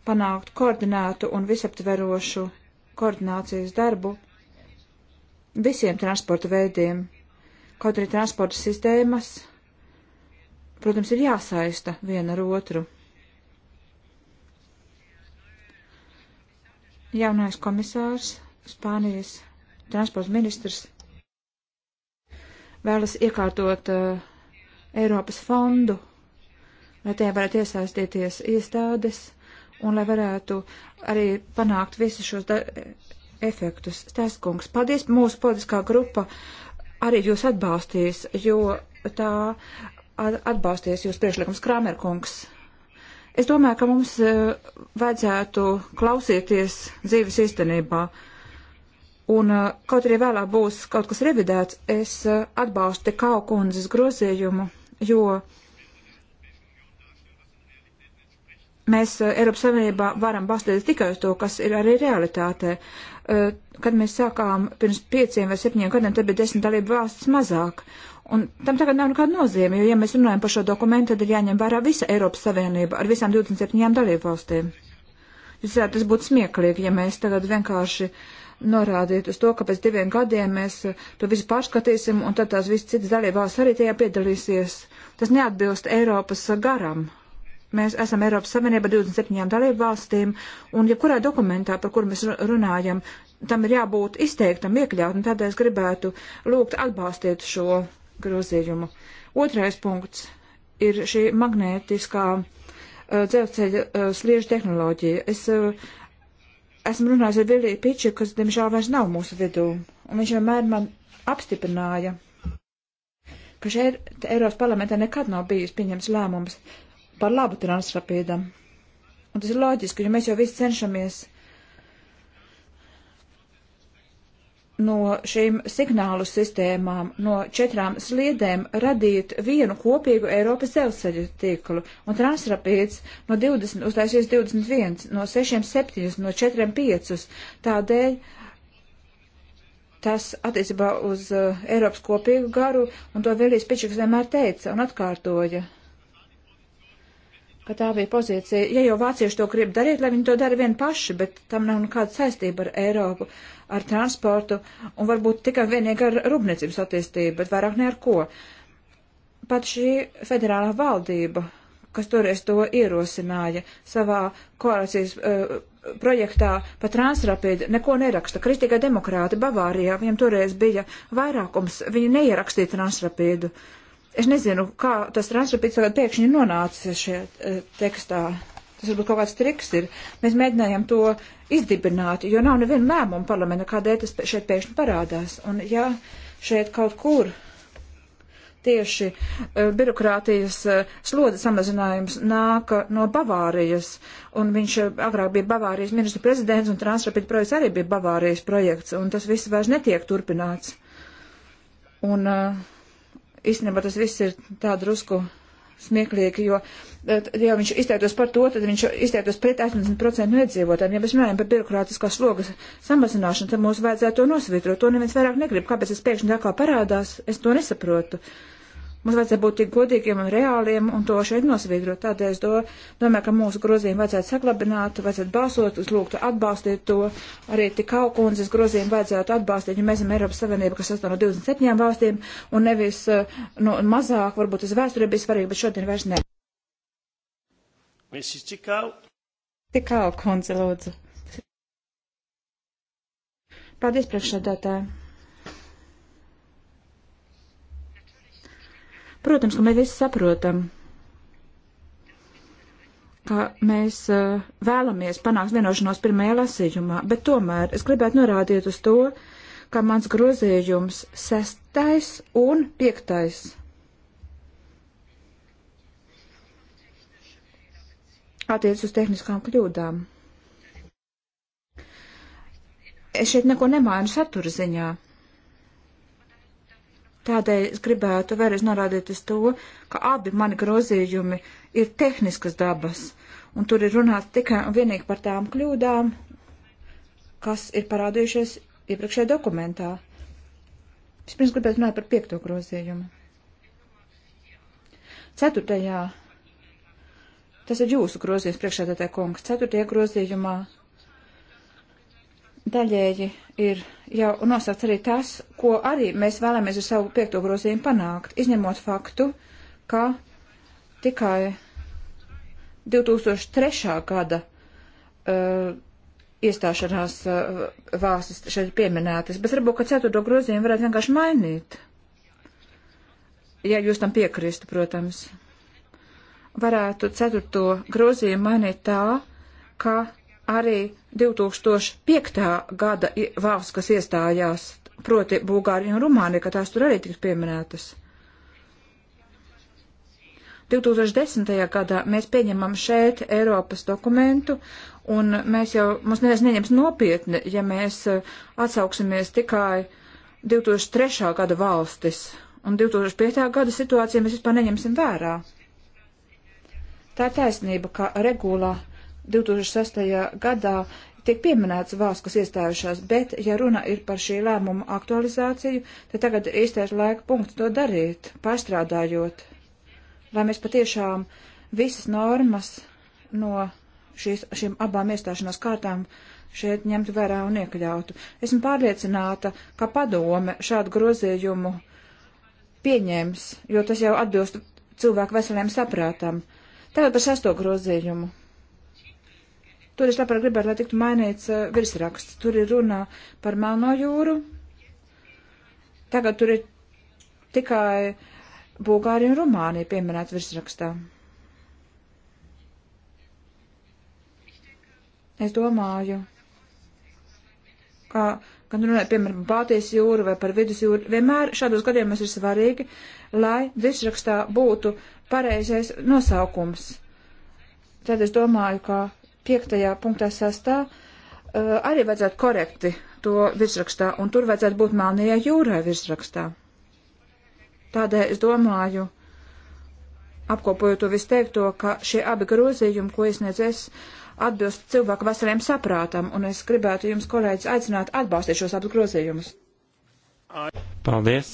panākt koordinātu un visaptverošu koordinācijas darbu visiem transporta veidiem, kaut arī transporta sistēmas protams, ir jāsaista viena ar otru. Jaunais komisārs, Spānijas transports ministrs vēlas iekārtot uh, Eiropas fondu, lai tajā varētu iesaistīties iestādes un lai varētu arī panākt visus šos efektus. Stēskungs, paldies, mūsu politiskā grupa arī jūs atbalstīs, jo tā atbalsties jūs priekšlikums Kramerkungs. Es domāju, ka mums e, vajadzētu klausīties dzīves īstenībā. Un e, kaut arī vēlāk būs kaut kas revidēts, es e, atbalstu te kaukundzes grozījumu, jo mēs Eiropas Savienībā varam balstīties tikai uz to, kas ir arī realitātē. Kad mēs sākām pirms pieciem vai septiņiem gadiem, tad bija desmit dalību valsts mazāk. Un tam tagad nav nekāda nozīme, jo, ja mēs runājam par šo dokumentu, tad ir jāņem vērā visa Eiropas Savienība ar visām 27 dalībvalstīm. Jūs zināt, tas būtu smieklīgi, ja mēs tagad vienkārši norādītu uz to, ka pēc diviem gadiem mēs to visu pārskatīsim, un tad tās visas citas dalībvalstis arī tajā piedalīsies. Tas neatbilst Eiropas garam. Mēs esam Eiropas Savienība 27 dalībvalstīm, un jebkurā ja dokumentā, par kur mēs runājam, tam ir jābūt izteiktam, iekļautam, tādēļ es gribētu lūgt atbalstīt šo grozījumu. Otrais punkts ir šī magnētiskā uh, dzelzceļa uh, sliežu tehnoloģija. Es uh, esmu runājis ar Viliju Piču, kas, diemžēl, vairs nav mūsu vidū, un viņš vienmēr man apstiprināja, ka šeit Eiropas parlamentā nekad nav bijis pieņems lēmums par labu transrapīdam. Un tas ir loģiski, jo mēs jau visi cenšamies no šīm signālu sistēmām, no četrām sliedēm radīt vienu kopīgu Eiropas dzelzceļu tīklu, un transrapīts no 20 uztaisīs 21, no 6 7, no 4 5. Tādēļ tas attiecībā uz uh, Eiropas kopīgu garu, un to Vilijas Pičiks vienmēr teica un atkārtoja ka tā bija pozīcija. Ja jau vācieši to grib darīt, lai viņi to dara vien paši, bet tam nav nekāda saistība ar Eiropu, ar transportu un varbūt tikai vienīgi ar rūpniecības attīstību, bet vairāk ne ar ko. Pat šī federālā valdība, kas toreiz to ierosināja savā koalīcijas uh, projektā pa transrapīdu, neko neraksta. Kristīgai demokrāti Bavārijā, viņiem toreiz bija vairākums, viņi neierakstīja transrapīdu. Uh, Es nezinu, kā tas transkripts tagad pēkšņi nonācis šajā e, tekstā. Tas varbūt kaut kāds triks ir. Mēs mēģinājām to izdibināt, jo nav neviena lēmuma parlamenta, kādēļ tas šeit pēkšņi parādās. Un ja šeit kaut kur tieši uh, birokrātijas uh, e, sloda samazinājums nāk no Bavārijas, un viņš uh, agrāk bija Bavārijas ministra prezidents, un Transrapid projekts arī bija Bavārijas projekts, un tas viss vairs netiek turpināts. Un uh, īstenībā tas viss ir tā drusku smieklīgi, jo, eh, ja viņš izteiktos par to, tad viņš izteiktos pret 80% no iedzīvotājiem. Ja mēs runājam par birokrātiskās slogas samazināšanu, tad mums vajadzētu to nosvitrot. To neviens vairāk negrib. Kāpēc tas pēkšņi tā kā parādās, es to nesaprotu. Uh, Mums vajadzētu būt tik godīgiem un reāliem un to šeit nosvītrot. Tādēļ es do, domāju, ka mūsu grozījumu vajadzētu saglabināt, vajadzētu balsot, uz lūgtu atbalstīt to. Arī tik augundzes grozījumu vajadzētu atbalstīt, jo mēs esam Eiropas Savienība, kas sastāv no 27 valstīm un nevis nu, mazāk, varbūt uz vēsturē bija svarīgi, bet šodien vairs ne. Mrs. Tikau. Tikau, kundze, lūdzu. Paldies, priekšsēdētāji. Protams, ka mēs visi saprotam, ka mēs eh, vēlamies panākt vienošanos pirmajā lasījumā, bet tomēr es gribētu norādīt uz to, ka mans grozījums sestais un piektais attiec uz tehniskām kļūdām. Es šeit neko nemainu satura ziņā. Tādēļ es gribētu vēlreiz norādīt uz to, ka abi mani grozījumi ir tehniskas dabas, un tur ir runāts tikai un vienīgi par tām kļūdām, kas ir parādījušies iepriekšējā dokumentā. Vispirms gribētu runāt par piekto grozījumu. Ceturtajā, tas ir jūsu grozījums priekšēdētāja kungs, ceturtajā grozījumā daļēji ir jau nosauc arī tas, ko arī mēs vēlamies ar savu piekto grozījumu panākt, izņemot faktu, ka tikai 2003. gada uh, iestāšanās uh, valstis šeit pieminētas, bet varbūt, ka ceturto grozījumu varētu vienkārši mainīt. Ja jūs tam piekristu, protams. Varētu ceturto grozījumu mainīt tā, ka arī 2005. gada valsts, kas iestājās, proti Bulgārija un Rumānija, ka tās tur arī tiks pieminētas. 2010. gadā mēs pieņemam šeit Eiropas dokumentu, un mēs jau, mums neviens neņems nopietni, ja mēs eh, atsauksimies tikai 2003. gada valstis, un 2005. gada situāciju mēs vispār neņemsim vērā. Tā ir taisnība, ka regulā 2006. gadā tiek pieminēts valsts, kas iestājušās, bet, ja runa ir par šī lēmuma aktualizāciju, tad tagad īstais laika punkts to darīt, pārstrādājot, lai mēs patiešām visas normas no šīs, šīm abām iestāšanās kārtām šeit ņemtu vērā un iekļautu. Esmu pārliecināta, ka padome šādu grozījumu pieņems, jo tas jau atbilst cilvēku veseliem saprātam. Tagad par sesto grozījumu. Tur es labāk gribētu, lai tiktu mainīts uh, virsraksts. Tur ir runa par Melno jūru. Tagad tur ir tikai Bulgārija un Rumānija pieminēt virsrakstā. Es domāju, ka, kad runājam piemēram par Baltijas jūru vai par vidus jūru, vienmēr šādos gadījumos ir svarīgi, lai virsrakstā būtu pareizais nosaukums. Tad es domāju, ka piektajā punktā sastā eh, arī vajadzētu korekti to virsrakstā, un tur vajadzētu būt Melnajai jūrai virsrakstā. Tādēļ es domāju, apkopojot to visu teikto, ka šie abi grozījumi, ko iesniedz es, atbilst cilvēku veseliem saprātam, un es gribētu jums, kolēģis, aicināt atbalstīt šos abus grozījumus. Paldies!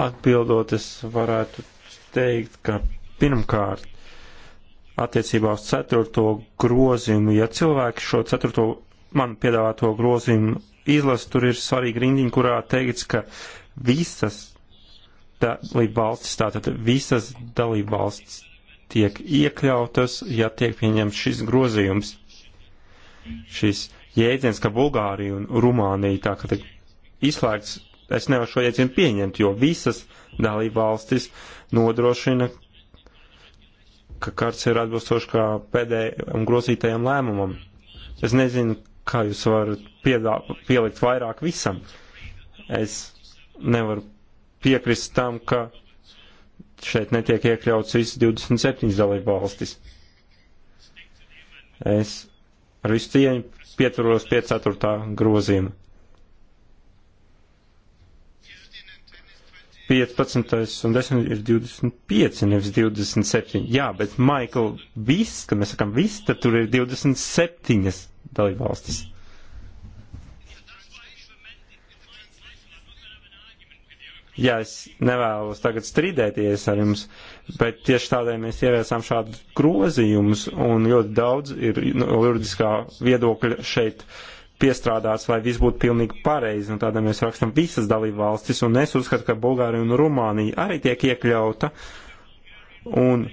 Atbildot, es varētu teikt, ka pirmkārt attiecībā uz ceturto grozījumu. Ja cilvēki šo ceturto man piedāvāto grozījumu izlasa, tur ir svarīga rindiņa, kurā teikts, ka visas dalība valstis, tātad visas dalība valstis tiek iekļautas, ja tiek pieņemts šis grozījums. Šis jēdziens, ka Bulgārija un Rumānija tā kā tiek izslēgts, es nevaru šo jēdzienu pieņemt, jo visas dalība valstis nodrošina, ka karts ir atbilstoši kā pēdējiem grozītajam lēmumam. Es nezinu, kā jūs varat piedā, pielikt vairāk visam. Es nevaru piekrist tam, ka šeit netiek iekļauts visas 27 dalība valstis. Es ar visu cieņu pieturos pie 4. grozījuma. 15. un 10. ir 25, nevis 27. Jā, bet, Maikl, viss, kad mēs sakam viss, tad tur ir 27 dalībvalstis. Jā, es nevēlos tagad strīdēties ar jums, bet tieši tādēļ mēs ieviesām šādu grozījumus, un ļoti daudz ir no nu, juridiskā viedokļa šeit uh, piestrādāts, lai viss būtu pilnīgi pareizi, un tādā mēs rakstam visas dalību valstis, un es uzskatu, ka Bulgārija un Rumānija arī tiek iekļauta, un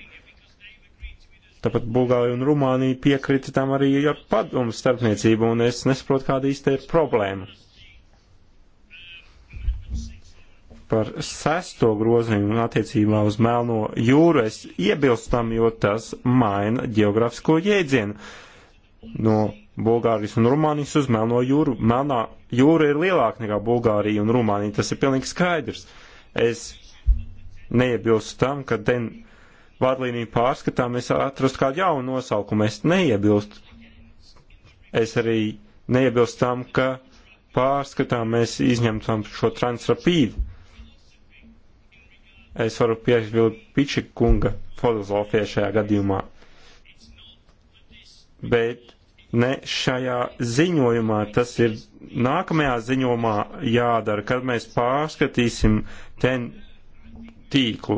tāpat Bulgārija un Rumānija piekrita tam arī ar padomu starpniecību, un es nesaprotu, kāda īsti ir problēma. Par sesto grozījumu attiecībā uz Melno jūru es iebilstu tam, jo tas maina geografisko jēdzienu no Bulgārijas un Rumānijas uz Melno jūru. Melnā jūra ir lielāka nekā Bulgārija un Rumānija, tas ir pilnīgi skaidrs. Es neiebilstu tam, ka ten vārdlīniju pārskatā mēs atrastu kādu jaunu nosaukumu. Es neiebilstu. Es arī neiebilstu tam, ka pārskatā mēs izņemtam šo transrapīdu. Es varu piebilst Pičik kunga filozofijai šajā gadījumā. Bet ne šajā ziņojumā, tas ir nākamajā ziņojumā jādara, kad mēs pārskatīsim ten tīklu.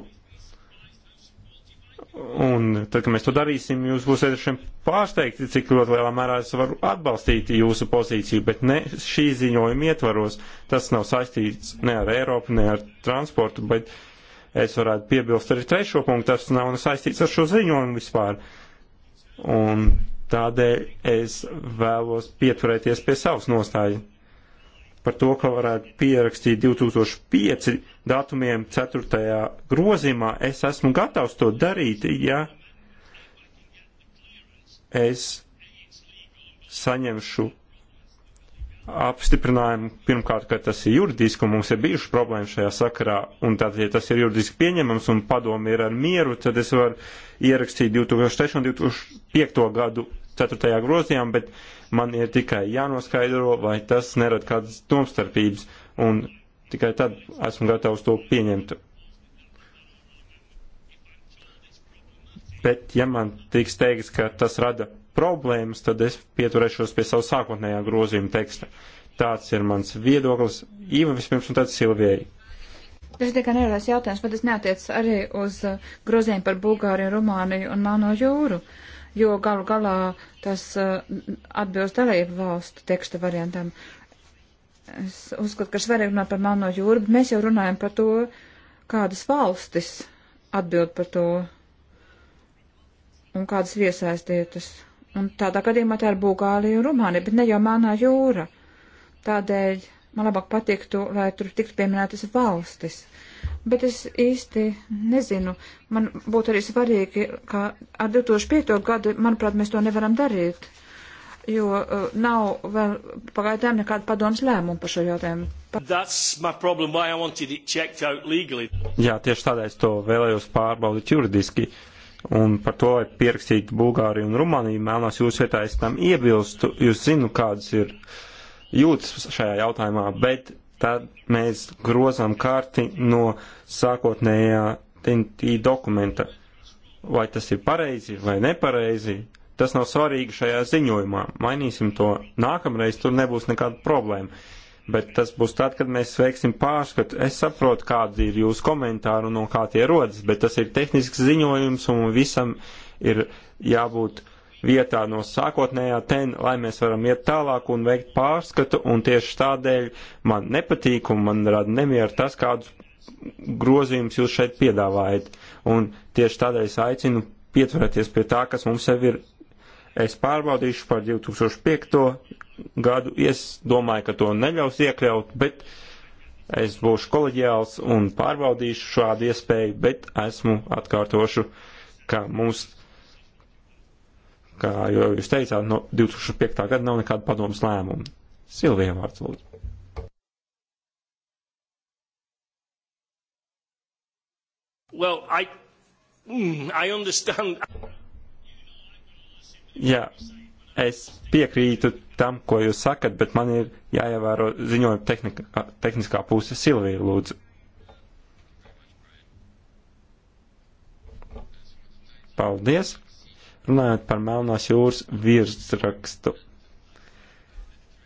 Un tad, kad mēs to darīsim, jūs būsiet ar šiem pārsteigti, cik ļoti lielā mērā es varu atbalstīt jūsu pozīciju, bet ne šī ziņojuma ietvaros. Tas nav saistīts ne ar Eiropu, ne ar transportu, bet es varētu piebilst arī trešo punktu, tas nav saistīts ar šo ziņojumu vispār. Un Tādēļ es vēlos pieturēties pie savas nostājas par to, ka varētu pierakstīt 2005 datumiem 4. grozījumā. Es esmu gatavs to darīt, ja es saņemšu apstiprinājumu pirmkārt, ka tas ir juridiski un mums ir bijušas problēmas šajā sakarā, un tad, ja tas ir juridiski pieņemams un padomi ir ar mieru, tad es varu ierakstīt 2003 un 2005 gadu 4. grozījām, bet man ir tikai jānoskaidro, vai tas nerada kādas domstarpības, un tikai tad esmu gatavs to pieņemt. Bet, ja man tiks teiks, ka tas rada problēmas, tad es pieturēšos pie savu sākotnējā grozījuma teksta. Tāds ir mans viedoklis. Īva vispirms un tad Silvijai. Tas tikai nevarēs jautājums, bet tas neatiec arī uz uh, grozījumu par Bulgāriju, Rumāniju un Melno jūru, jo galu galā tas uh, atbilst dalību valstu teksta variantam. Es uzskatu, ka svarīgi runāt par Melno jūru, bet mēs jau runājam par to, kādas valstis atbild par to un kādas viesaistietas. Un tādā gadījumā tā ir Bulgārija un Rumānija, bet ne jau Melnā jūra. Tādēļ man labāk patiktu, lai tur tiktu pieminētas valstis. Bet es īsti nezinu, man būtu arī svarīgi, ka ar 2005. gadu, manuprāt, mēs to nevaram darīt, jo uh, nav vēl pagaidām nekāda padomas lēmuma par šo jautājumu. Problem, Jā, tieši tādēļ es to vēlējos pārbaudīt juridiski. Uh, un par to, vai pierakstīt Bulgāriju un Rumāniju, mēlnās jūs vietā es tam iebilstu, jūs zinu, kādas ir jūtas šajā jautājumā, bet tad mēs grozām karti no sākotnējā TNT dokumenta. Vai tas ir pareizi vai nepareizi, tas nav svarīgi šajā ziņojumā. Mainīsim to. Nākamreiz tur nebūs nekāda problēma bet tas būs tad, kad mēs veiksim pārskatu. Es saprotu, kādi ir jūsu komentāri un no kā tie rodas, bet tas ir tehnisks ziņojums un visam ir jābūt vietā no sākotnējā ten, lai mēs varam iet tālāk un veikt pārskatu, un tieši tādēļ man nepatīk un man rada nemieru tas, kādus grozījumus jūs šeit piedāvājat. Un tieši tādēļ es aicinu pieturēties pie tā, kas mums jau ir. Es pārbaudīšu par 2005 gadu. Es domāju, ka to neļaus iekļaut, bet es būšu koleģiāls un pārbaudīšu šādu iespēju, bet esmu atkārtošu, ka mums, kā jau jūs teicāt, no 2005. gada nav nekāda padomas lēmuma. Silvija vārds lūdzu. Well, I, mm, I understand. Jā, Es piekrītu tam, ko jūs sakat, bet man ir jāievēro ziņojuma tehnika, tehniskā puse. Silvija, lūdzu. Paldies! Runājot par Melnās jūras virsrakstu.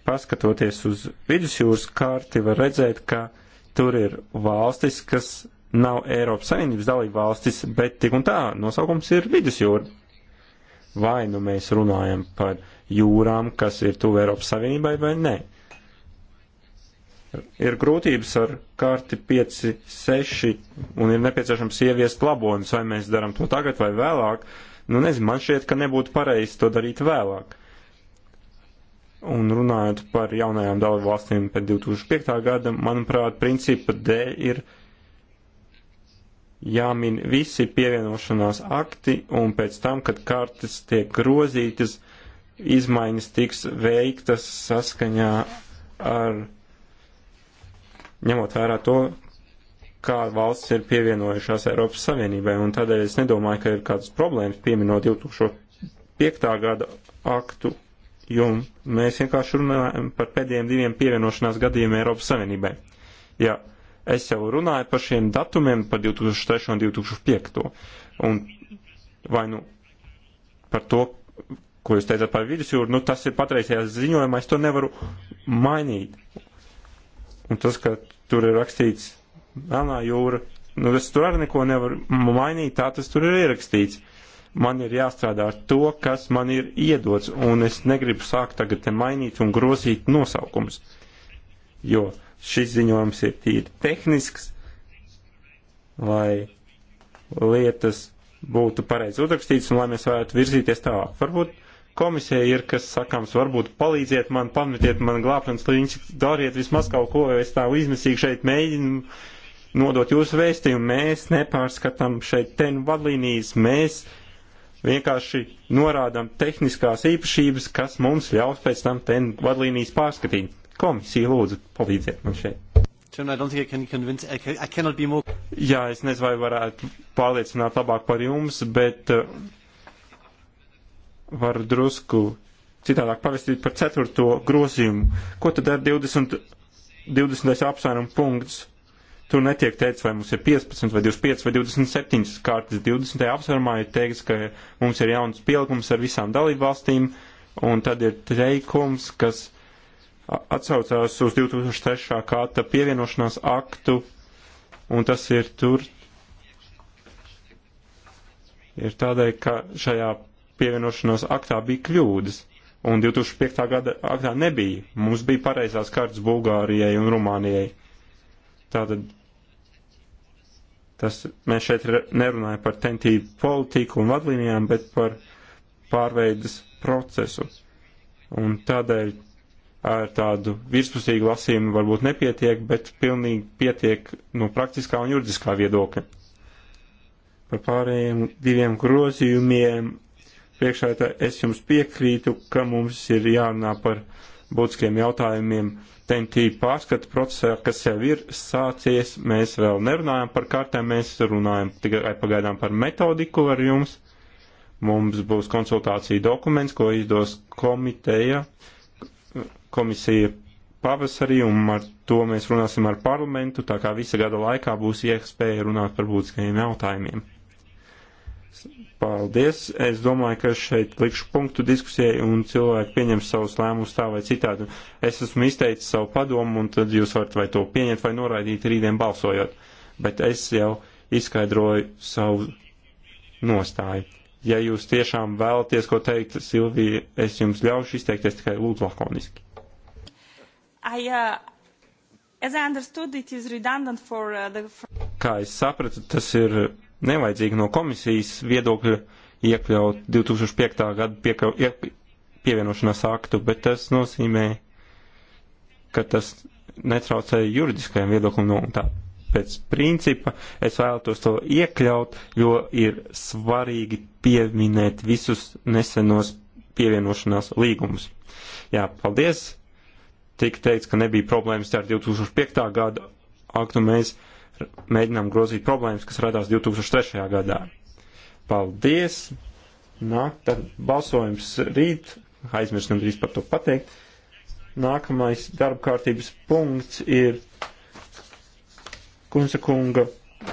Paskatoties uz vidusjūras karti, var redzēt, ka tur ir valstis, kas nav Eiropas Savienības dalība valstis, bet tik un tā nosaukums ir vidusjūra. Vai nu mēs runājam par jūrām, kas ir tuvu Eiropas Savienībai, vai nē. Ir grūtības ar karti 5, 6, un ir nepieciešams ieviest labojumus, vai mēs darām to tagad vai vēlāk. Nu, nezinu, man šķiet, ka nebūtu pareizi to darīt vēlāk. Un runājot par jaunajām dalību valstīm pēc 2005. gada, manuprāt, principa dēļ ir jāmin visi pievienošanās akti, un pēc tam, kad kartes tiek grozītas, izmaiņas tiks veiktas saskaņā ar ņemot vērā to, kā valsts ir pievienojušās Eiropas Savienībai, un tādēļ es nedomāju, ka ir kādas problēmas pieminot 2005. gada aktu, jo mēs vienkārši runājam par pēdējiem diviem pievienošanās gadījumiem Eiropas Savienībai. Jā, Es jau runāju par šiem datumiem, par 2003 un 2005. Un vai nu par to, ko jūs teicāt par vidusjūru, nu tas ir patreizajā ziņojumā, es to nevaru mainīt. Un tas, ka tur ir rakstīts melnā jūra, nu es tur arī neko nevaru mainīt, tā tas tur ir ierakstīts. Man ir jāstrādā ar to, kas man ir iedots, un es negribu sākt tagad te mainīt un grozīt nosaukums. Jo šis ziņojums ir tīri tehnisks, lai lietas būtu pareizi uzrakstītas un lai mēs varētu virzīties tālāk. Varbūt komisija ir kas sakāms, varbūt palīdziet man, pametiet man glābšanas līnķi, dariet vismaz kaut ko, es tā izmisīgi šeit mēģinu nodot jūsu vēstījumu. Mēs nepārskatām šeit ten vadlīnijas, mēs vienkārši norādām tehniskās īpašības, kas mums ļaus pēc tam ten vadlīnijas pārskatīt. Komisija lūdzu palīdziet man šeit. Jā, es nezinu, vai varētu pārliecināt labāk par jums, bet eh, varu drusku citādāk pavestīt par ceturto grozījumu. Ko tad ar 20, 20. apsvērumu punkts? Tur netiek teikts, vai mums ir 15, vai 25, vai 27 kārtas. 20. apsvērumā ir teikts, ka mums ir jauns pielikums ar visām dalībvalstīm, un tad ir teikums, kas atsaucās uz 2003. kāda pievienošanās aktu, un tas ir tur, ir tādēļ, ka šajā pievienošanās aktā bija kļūdas, un 2005. gada aktā nebija. Mums bija pareizās kartas Bulgārijai un Rumānijai. Tātad tas, mēs šeit nerunājam par tentību politiku un vadlīnijām, bet par pārveidas procesu. Un tādēļ ar tādu virspusīgu lasījumu varbūt nepietiek, bet pilnīgi pietiek no praktiskā un juridiskā viedokļa. Par pārējiem diviem grozījumiem priekšā es jums piekrītu, ka mums ir jārunā par būtiskiem jautājumiem TNT pārskatu procesā, kas jau ir sācies. Mēs vēl nerunājam par kārtēm, mēs runājam tikai pagaidām par metodiku ar jums. Mums būs konsultācija dokuments, ko izdos komiteja komisija pavasarī, un ar to mēs runāsim ar parlamentu, tā kā visa gada laikā būs iespēja runāt par būtiskajiem jautājumiem. Paldies! Es domāju, ka šeit likšu punktu diskusijai un cilvēki pieņems savus lēmumus tā vai citādi. Es esmu izteicis savu padomu, un tad jūs varat vai to pieņemt vai noraidīt rītdien balsojot. Bet es jau izskaidroju savu nostāju. Ja jūs tiešām vēlaties ko teikt, Silvija, es jums ļaušu izteikties tikai lūdzu lakoniski. I, uh, as I understood, it is redundant for uh, the... Kā es sapratu, tas ir nevajadzīgi no komisijas viedokļa iekļaut 2005. gada piekau, iek, pievienošanās aktu, bet tas nozīmē, ka tas netraucēja juridiskajam viedoklim no nu, tā. Pēc principa es vēlētos to iekļaut, jo ir svarīgi pieminēt visus nesenos pievienošanās līgumus. Jā, paldies! tika teikts, ka nebija problēmas ar 2005. gada aktu, mēs mēģinām grozīt problēmas, kas radās 2003. gadā. Paldies! Nāk, tad balsojums rīt, aizmirst gandrīz par to pateikt. Nākamais darba kārtības punkts ir Kunze kunga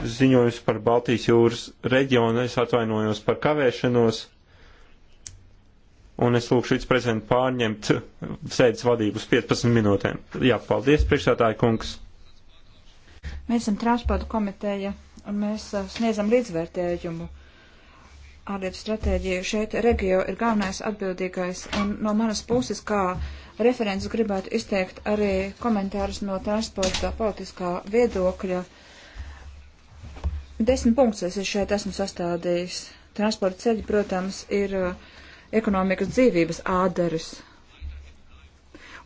ziņojums par Baltijas jūras reģionu. Es atvainojos par kavēšanos un es lūkšu viceprezidentu pārņemt sēdes vadību uz 15 minūtēm. Jā, paldies, priekšsētāji kungs. Mēs esam transporta komiteja, un mēs uh, sniedzam līdzvērtējumu ārlietu stratēģiju. Šeit regio ir galvenais atbildīgais, un no manas puses kā referents gribētu izteikt arī komentārus no transporta politiskā viedokļa. Desmit punktus es šeit esmu sastādījis. Transporta ceļi, protams, ir uh, ekonomikas dzīvības āderis.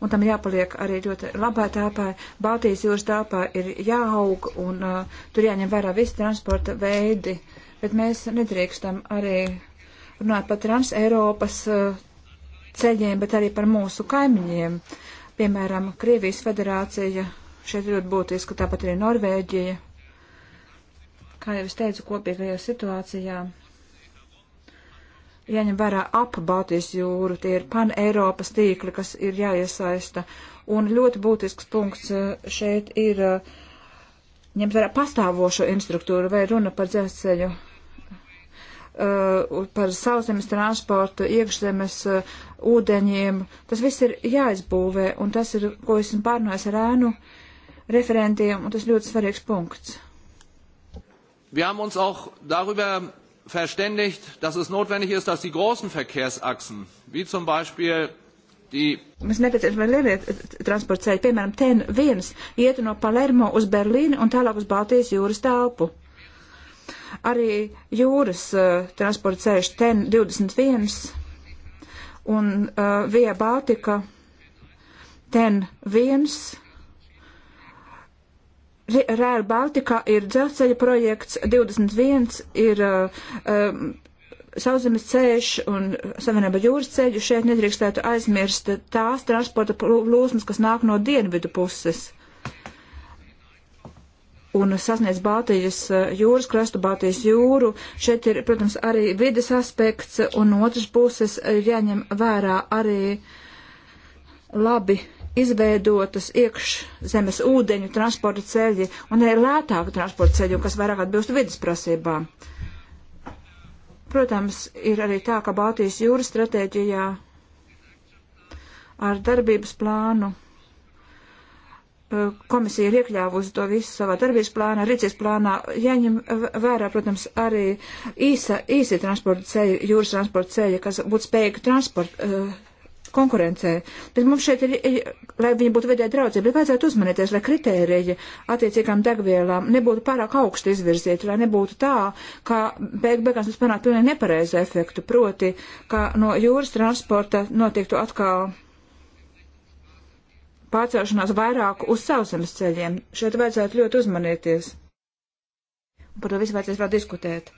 Un tam jāpaliek arī ļoti labai telpai. Baltijas jūras telpā ir jāaug un uh, tur jāņem vērā visi transporta veidi, bet mēs nedrīkstam arī runāt par trans-Eiropas uh, ceļiem, bet arī par mūsu kaimiņiem. Piemēram, Krievijas federācija šeit ļoti būtiska, tāpat arī Norvēģija. Kā jau es teicu, kopīgajā situācijā jāņem vērā ap Baltijas jūru, tie ir pan-Eiropas tīkli, kas ir jāiesaista. Un ļoti būtisks punkts eh, šeit ir eh, ņemt vērā pastāvošo infrastruktūru vai runa par dzelzceļu, eh, par sauszemes transportu, iekšzemes ūdeņiem. Tas viss ir jāizbūvē, un tas ir, ko esmu pārnājis ar ēnu referentiem, un tas ļoti svarīgs punkts. Wir haben uns auch darüber verständigt, dass es notwendig ist, dass die großen Verkehrsachsen, wie zum Beispiel die Mēs nepieciešam lielie eh, transportceļi, piemēram, TEN 1 ietu no Palermo uz Berlīni un tālāk uz Baltijas jūras telpu. Arī jūras uh, transporta ceļš TEN 21 un uh, Via Baltika TEN 1 Rēra Baltika ir dzelzceļa projekts, 21 ir uh, um, sauszemes ceļš un savienība jūras ceļu. Šeit nedrīkstētu aizmirst tās transporta plūsmas, kas nāk no dienvidu puses un sasniedz Baltijas uh, jūras krastu, Baltijas jūru. Šeit ir, protams, arī vides aspekts, un no otras puses jāņem vērā arī labi izveidotas iekšzemes ūdeņu transporta ceļi un arī lētāku transporta ceļu, kas vairāk atbilst vidas prasībām. Protams, ir arī tā, ka Baltijas jūras stratēģijā ar darbības plānu e, komisija ir iekļāvusi to visu savā darbības plānā, rīcības plānā, jaņem vērā, protams, arī īsa, īsi transporta ceļi, jūras transporta ceļi, kas būtu spējīgi transport, uh, konkurencē. Bet mums šeit ir, lai viņi būtu vidē draudzīgi, bet vajadzētu uzmanīties, lai kritērija attiecīgām degvielām nebūtu pārāk augsti izvirzīti, lai nebūtu tā, ka beig beigās mēs panāktu pilnīgi nepareizu efektu, proti, ka no jūras transporta notiktu atkal pārcelšanās vairāk uz sauszemes ceļiem. Šeit vajadzētu ļoti uzmanieties. Par to visu vajadzēs vēl diskutēt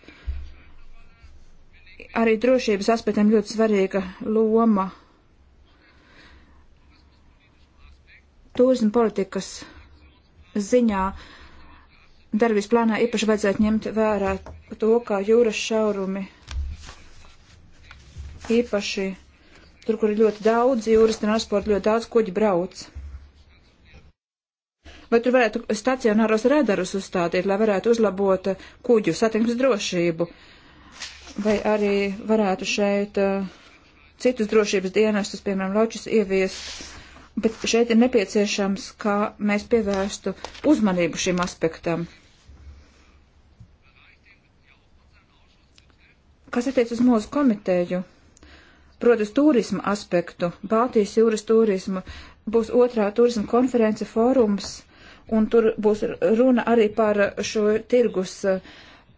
arī drošības aspektam ļoti svarīga loma turismu politikas ziņā darbības plānā īpaši vajadzētu ņemt vērā to, kā jūras šaurumi īpaši tur, kur ir ļoti daudz jūras transporta, ļoti daudz kuģi brauc. Vai tur varētu stacionāros radarus uzstādīt, lai varētu uzlabot kuģu satiksmes drošību? Vai arī varētu šeit uh, citus drošības dienestus, piemēram, loķus ieviest? bet šeit ir nepieciešams, kā mēs pievērstu uzmanību šim aspektam. Kas attiec uz mūsu komiteju? Protams, turisma aspektu, Baltijas jūras turismu, būs otrā turisma konference fórums, un tur būs runa arī par šo tirgus uh,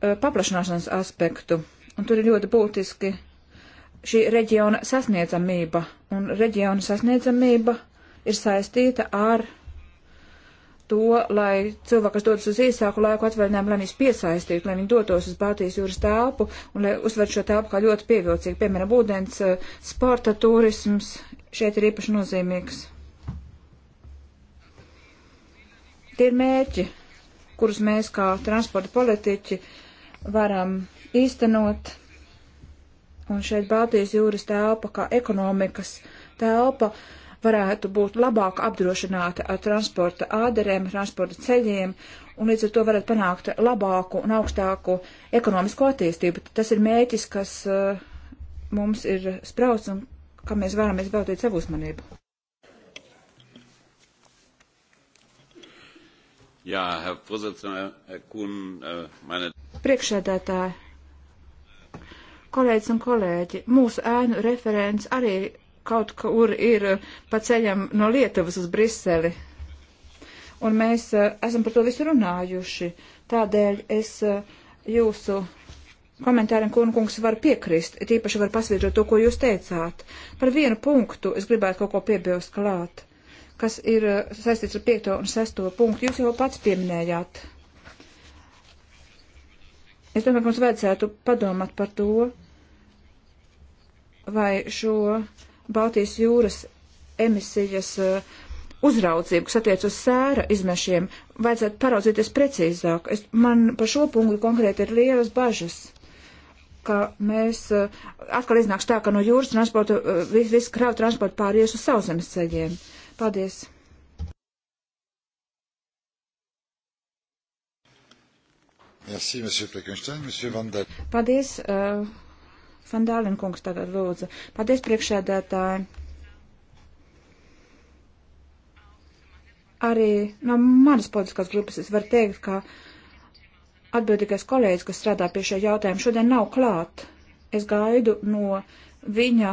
paplašināšanas aspektu. Un tur ir ļoti būtiski šī reģiona sasniedzamība, un reģiona sasniedzamība uh, ir saistīta ar to, lai cilvēki, kas dodas uz īsāku laiku atvaļinājumu, lai viņus piesaistītu, lai viņi dotos uz Baltijas jūras telpu un lai uzver šo telpu kā ļoti pievilcīgu. Piemēram, ūdens eh, sporta turisms šeit ir īpaši nozīmīgs. Tie ir mērķi, kurus mēs kā transporta politiķi varam īstenot. Un šeit Baltijas jūras telpa kā ekonomikas telpa. Uh, varētu būt labāk apdrošināta ar transporta āderēm, transporta ceļiem, un līdz ar to varētu panākt labāku un augstāku ekonomisko attīstību. Tas ir mēķis, kas uh, mums ir sprauts un kam mēs vēlamies veltīt savu uzmanību. Jā, Herr Vorsitzender, Herr Kuhn, äh, meine. Priekšsēdētāji, kolēģis un kolēģi, mūsu ēnu referents arī kaut kur ir eh, pa ceļam no Lietuvas uz Briseli. Un mēs eh, esam par to visu runājuši. Tādēļ es eh, jūsu komentāriem, ko kungs var piekrist, tīpaši var pasvītrot to, ko jūs teicāt. Par vienu punktu es gribētu kaut ko piebilst klāt, kas ir saistīts ar piekto un sesto punktu. Jūs jau pats pieminējāt. Es domāju, ka mums vajadzētu padomāt par to, vai šo Baltijas jūras emisijas eh, uzraudzību, kas attiec uz sēra izmešiem, vajadzētu paraudzīties precīzāk. Es, man par šo punktu konkrēti ir lielas bažas ka mēs eh, atkal iznāks tā, ka no jūras transporta eh, viss vis kravu transporta pāries uz sauszemes ceļiem. Paldies! Merci, monsieur Plekenstein, monsieur Vandal. Paldies, uh, Fandālinkungs tagad lūdzu. Paldies priekšēdētāji. Arī no manas politiskās grupas es varu teikt, ka atbildīgais kolēģis, kas strādā pie šie jautājumi, šodien nav klāt. Es gaidu no viņa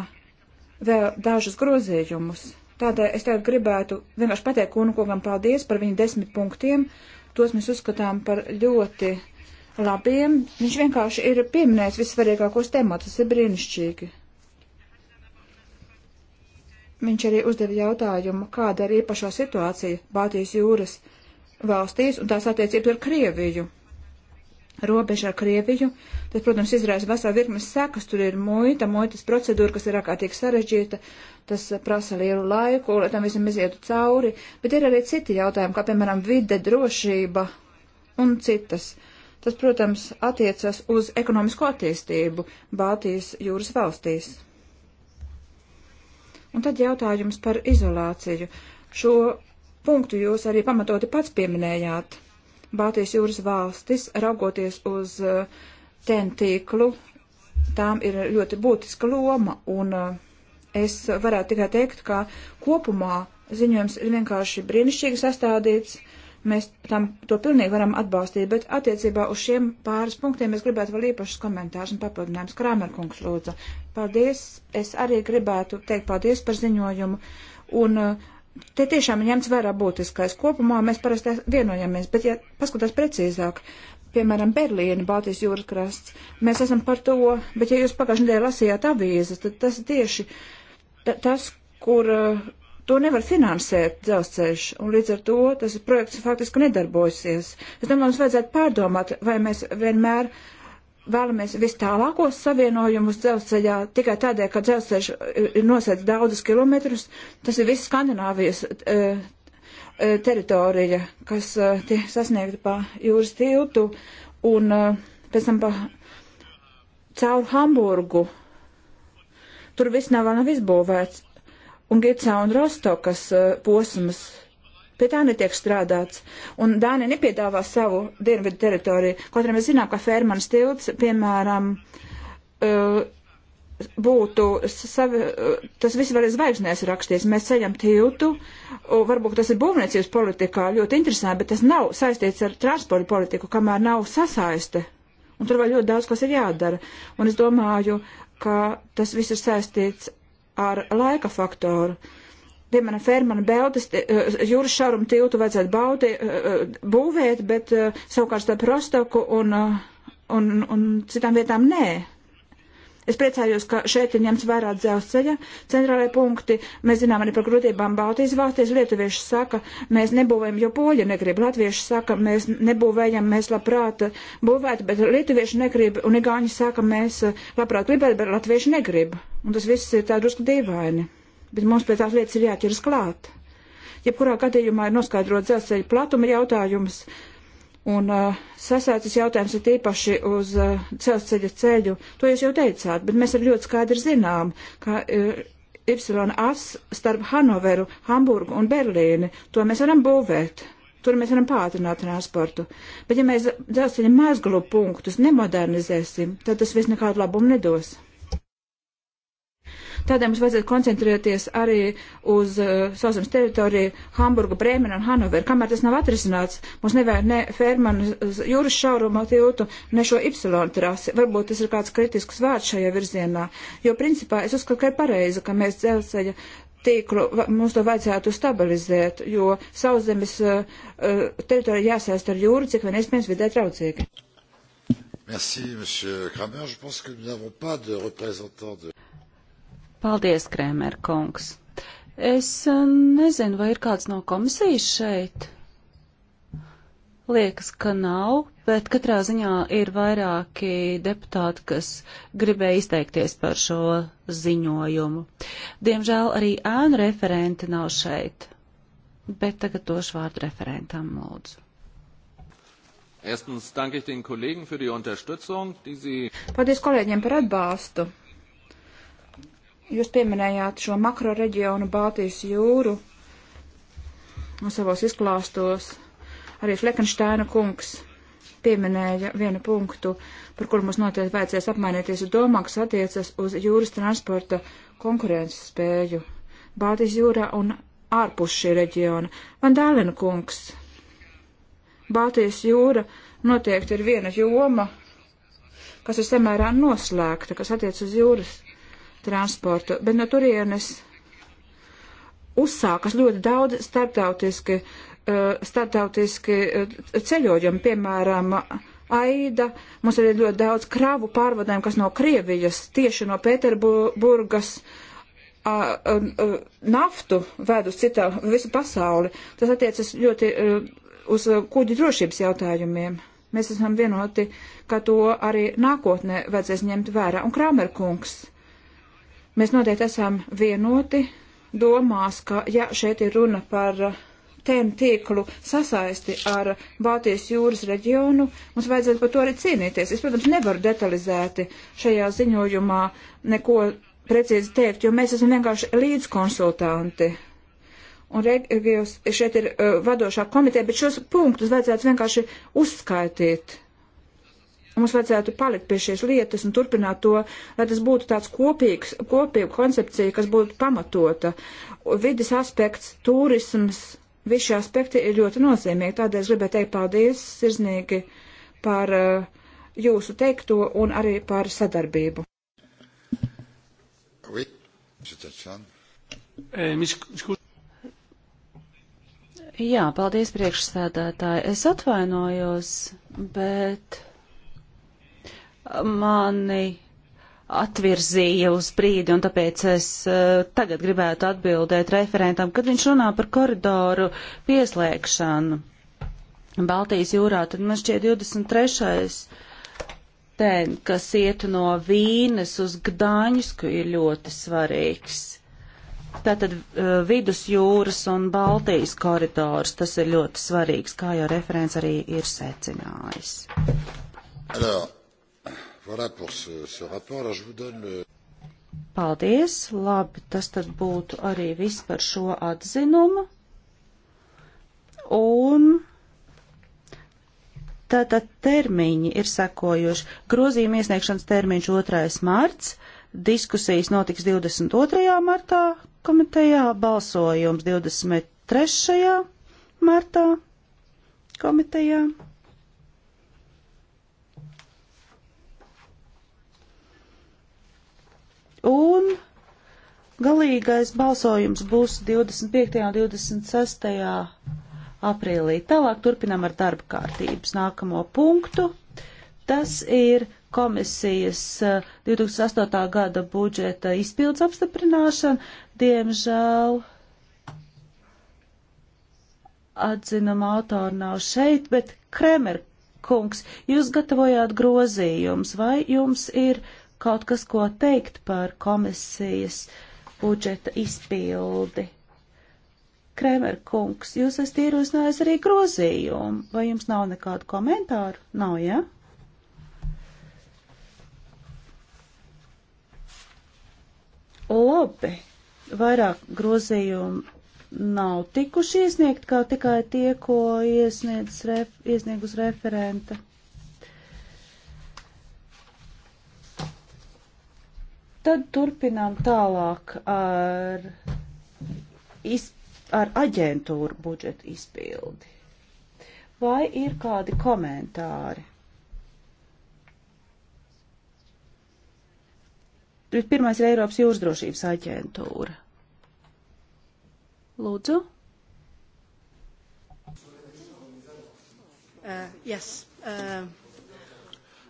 vēl dažus grozījumus. Tādēļ es tagad gribētu vienkārši pateikt Kūnu kungam paldies par viņu desmit punktiem. Tos mēs uzskatām par ļoti labiem. Viņš vienkārši ir pieminējis vissvarīgākos tematus, tas ir brīnišķīgi. Viņš arī uzdeva jautājumu, kāda ir īpašā situācija Baltijas jūras valstīs un tās attiecības ar Krieviju. Robeža ar Krieviju, tas, protams, izraisa veselu virknes sekas, tur ir muita, muitas procedūra, kas ir ārkārtīgi sarežģīta, tas prasa lielu laiku, lai tam visam izietu cauri, bet ir arī citi jautājumi, kā piemēram vide, drošība un citas. Uh, Tas, protams, attiecas uz ekonomisko attīstību Baltijas jūras valstīs. Un tad jautājums par izolāciju. Šo punktu jūs arī pamatoti pats pieminējāt. Baltijas jūras valstis, raugoties uz uh, tentīklu, tām ir ļoti būtiska loma, un uh, es varētu tikai teikt, ka kopumā ziņojums ir vienkārši brīnišķīgi sastādīts. Mēs tam to pilnīgi varam atbalstīt, bet attiecībā uz šiem pāris punktiem es gribētu vēl īpašus komentārus un papildinājumus. Krāmerkungs lūdzu. Paldies. Es arī gribētu teikt paldies par ziņojumu. Un uh, te tiešām ņemts vērā būtiskais. Kopumā mēs parasti vienojamies, bet ja paskatās precīzāk, piemēram, Berlīna, Baltijas jūras krasts. Mēs esam par to, bet ja jūs pagājušajā nedēļā lasījāt avīzes, tad tas tieši tas, kur uh, To nevar finansēt dzelzceļš, un līdz ar to tas projekts faktiski nedarbosies. Es domāju, mums vajadzētu pārdomāt, vai mēs vienmēr vēlamies vis tālākos savienojumus dzelzceļā, tikai tādēļ, ka dzelzceļš ir nosēdz daudzus kilometrus. Tas ir viss Skandināvijas e, e teritorija, kas e, tiek sasniegta pa jūras tiltu un e, pēc tam pa caur Hamburgu. Tur viss nav, nav izbūvēts un Gicā un Rostokas eh, posmas. Pie tā netiek strādāts. Un Dāni nepiedāvā savu dienvidu teritoriju. Kaut arī mēs zinām, ka Fērmanas tilts, piemēram, eh, būtu, savi, eh, tas viss var zvaigznēs rakstīts. Mēs ceļam tiltu, varbūt tas ir būvniecības politikā ļoti interesanti, bet tas nav saistīts ar transportu politiku, kamēr nav sasaiste. Un tur vēl ļoti daudz, kas ir jādara. Un es domāju, ka tas viss ir saistīts ar laika faktoru. Piemēram, Fermana Beltas eh, eh, jūras šarumu tiltu vajadzētu baudi, eh, būvēt, bet savukārt starp Rostoku un, un, un citām vietām nē. Es priecājos, ka šeit ir ņemts vērā dzelzceļa centrālai punkti. Mēs zinām arī par grūtībām Baltijas valstīs. Lietuvieši saka, mēs nebūvējam, jo poļi negrib. Latvieši saka, mēs nebūvējam, mēs labprāt būvētu, bet lietuvieši negrib. Un igāņi saka, mēs labprāt gribētu, bet latvieši negrib. Un tas viss ir tā drusku dīvaini. Bet mums pie tās lietas ir jāķeras klāt. Jebkurā gadījumā ir noskaidrot dzelzceļa platuma jautājums. Uh, Un uh, sasācis jautājums ir tīpaši uz uh, celsceļa ceļu. To jūs jau teicāt, bet mēs arī ļoti skaidri zinām, ka uh, Y as starp Hanoveru, Hamburgu un Berlīni, to mēs varam būvēt. Tur mēs varam pātrināt transportu. Bet ja mēs dzelzceļa mēzglu punktus nemodernizēsim, tad tas viss nekādu labumu nedos. Tādēļ mums vajadzētu koncentrēties arī uz uh, sauszemes teritoriju Hamburgu, Brēmenu un Hanoveru. Kamēr tas nav atrisināts, mums nevajag ne Fermanas eh, jūras šaurumu tiltu, ne šo Y trasi. Varbūt tas ir kāds kritisks vārds šajā virzienā, jo principā es uzskatu, ka ir pareizi, ka mēs dzelzceļa tīklu mums to vajadzētu stabilizēt, jo sauszemes uh, teritorija jāsēst ar jūru, cik vien iespējams vidē traucīgi. Merci, Monsieur Kramer. Je pense que nous n'avons pas de représentant de. Paldies, Krēmer kungs. Es eh, nezinu, vai ir kāds no komisijas šeit. Liekas, ka nav, bet katrā ziņā ir vairāki deputāti, kas gribēja izteikties par šo ziņojumu. Diemžēl arī ēnu referenti nav šeit, bet tagad došu vārdu referentam lūdzu. Erstens danke ich den Kollegen für die Unterstützung, die sie. Paldies kolēģiem par atbalstu. Jūs pieminējāt šo makro reģionu Baltijas jūru savos izklāstos. Arī Fleckensteina kungs pieminēja vienu punktu, par kuru mums noteikti vajadzēs apmainīties ar domām, kas attiecas uz jūras transporta konkurences spēju Baltijas jūrā un ārpus šī reģiona. Van Dālina kungs. Baltijas jūra noteikti ir viena joma, kas ir samērā noslēgta, kas attiec uz jūras transportu, bet no turienes uzsākas ļoti daudz starptautiski, uh, starptautiski uh, ceļojumi, piemēram, Aida, mums ir ļoti daudz kravu pārvadājumu, kas no Krievijas, tieši no Pēterburgas, naftu ved uz citā visu pasauli. Tas attiecas ļoti uh, uz kuģu drošības jautājumiem. Mēs esam vienoti, ka to arī nākotnē vajadzēs ņemt vērā. Un Kramerkungs Mēs noteikti esam vienoti domās, ka ja šeit ir runa par uh, tēm tīklu sasaisti ar Baltijas jūras reģionu, mums vajadzētu par to arī cīnīties. Es, protams, nevaru detalizēti šajā ziņojumā neko precīzi teikt, jo mēs esam vienkārši līdzkonsultanti. Un reģions šeit ir uh, vadošā komiteja, bet šos punktus vajadzētu vienkārši uzskaitīt. Mums vajadzētu palikt pie šīs lietas un turpināt to, lai tas būtu tāds kopīgs, kopīga koncepcija, kas būtu pamatota. Vides aspekts, turisms, visi šie aspekti ir ļoti nozīmīgi. Tādēļ es gribēju teikt paldies sirsnīgi par uh, jūsu teikto un arī par sadarbību. Oui, eh, Jā, paldies priekšsēdētāji. Es atvainojos, bet mani atvirzīja uz brīdi, un tāpēc es uh, tagad gribētu atbildēt referentam, kad viņš runā par koridoru pieslēgšanu Baltijas jūrā, tad man šķiet 23. ten, kas iet no Vīnes uz Gdaņsku, ir ļoti svarīgs. Tātad uh, vidusjūras un Baltijas koridors, tas ir ļoti svarīgs, kā jau referents arī ir secinājis. Alors, Voilà pour ce, ce rapport. Alors, je vous donne le... Euh, Paldies! Labi, tas tad būtu arī viss par šo atzinumu. Un tātad termiņi ir sekojuši. Grozījuma iesniegšanas termiņš 2. marts, diskusijas notiks 22. martā komitejā, balsojums 23. martā komitejā. Un galīgais balsojums būs 25. un 26. aprīlī. Tālāk turpinam ar darba kārtības nākamo punktu. Tas ir komisijas 2008. gada budžeta izpildes apstiprināšana, diemžēl atzinuma autora nav šeit, bet Kremer kungs, jūs gatavojāt grozījums, vai jums ir kaut kas, ko teikt par komisijas budžeta izpildi. Kremer kungs, jūs esat ierosinājis arī grozījumu, vai jums nav nekādu komentāru? Nav, ja? Labi, vairāk grozījumu nav tikuši iesniegt, kā tikai tie, ko iesniedz ref, iesniegus referenta. Tad turpinām tālāk ar, iz, ar aģentūru budžetu izpildi. Vai ir kādi komentāri? Pirmais ir Eiropas jūras drošības aģentūra. Lūdzu. Uh, yes, uh...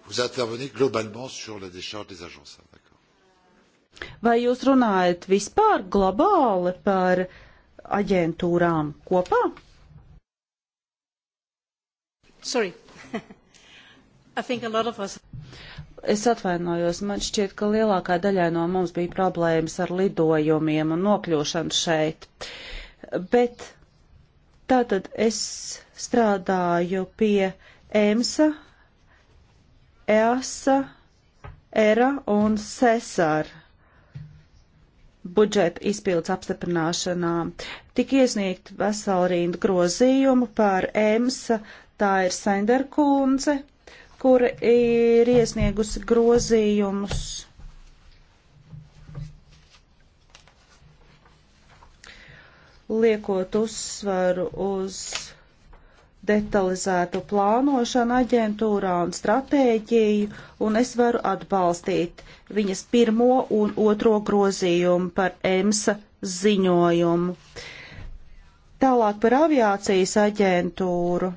Vous intervenez globalement sur la décharge des agences. Vai jūs runājat vispār globāli par aģentūrām kopā? Sorry. I think a lot of us Es atvainojos, man šķiet, ka lielākā daļai no mums bija problēmas ar lidojumiem un nokļūšanu šeit. Bet tātad es strādāju pie EMSA, EASA, ERA un SESAR budžeta izpildes apstiprināšanā. Tik iesniegt veselu rindu grozījumu par EMSA, tā ir Senderkundze, kur ir iesniegusi grozījumus. Liekot uzsvaru uz detalizētu plānošanu aģentūrā un stratēģiju, un es varu atbalstīt viņas pirmo un otro grozījumu par EMSA ziņojumu. Tālāk par aviācijas aģentūru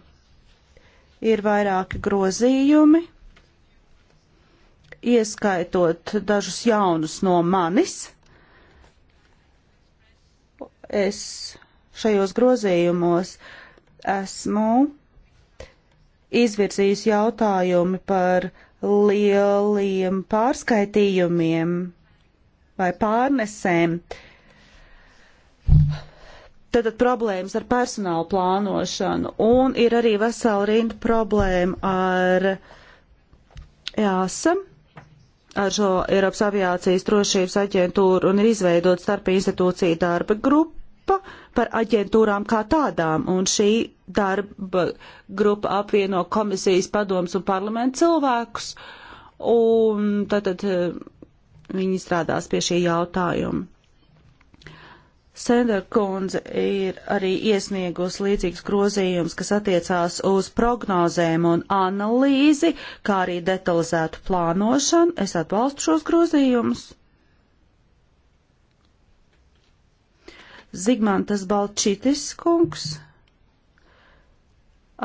ir vairāki grozījumi, ieskaitot dažus jaunus no manis. Es šajos grozījumos uh, esmu izvirzījis jautājumi par lieliem pārskaitījumiem vai pārnesēm. Tātad problēmas ar personālu plānošanu un ir arī vesela rinda problēma ar EASA, ar šo Eiropas aviācijas drošības aģentūru un ir izveidot starp institūciju darba grupu grupa par aģentūrām kā tādām, un šī darba grupa apvieno komisijas padoms un parlamentu cilvēkus, un tātad eh, viņi strādās pie šī jautājuma. Sender kundze ir arī iesniegusi līdzīgs grozījums, kas attiecās uz prognozēm un analīzi, kā arī detalizētu plānošanu. Es atbalstu šos grozījumus. Zigmantas Balčītis kungs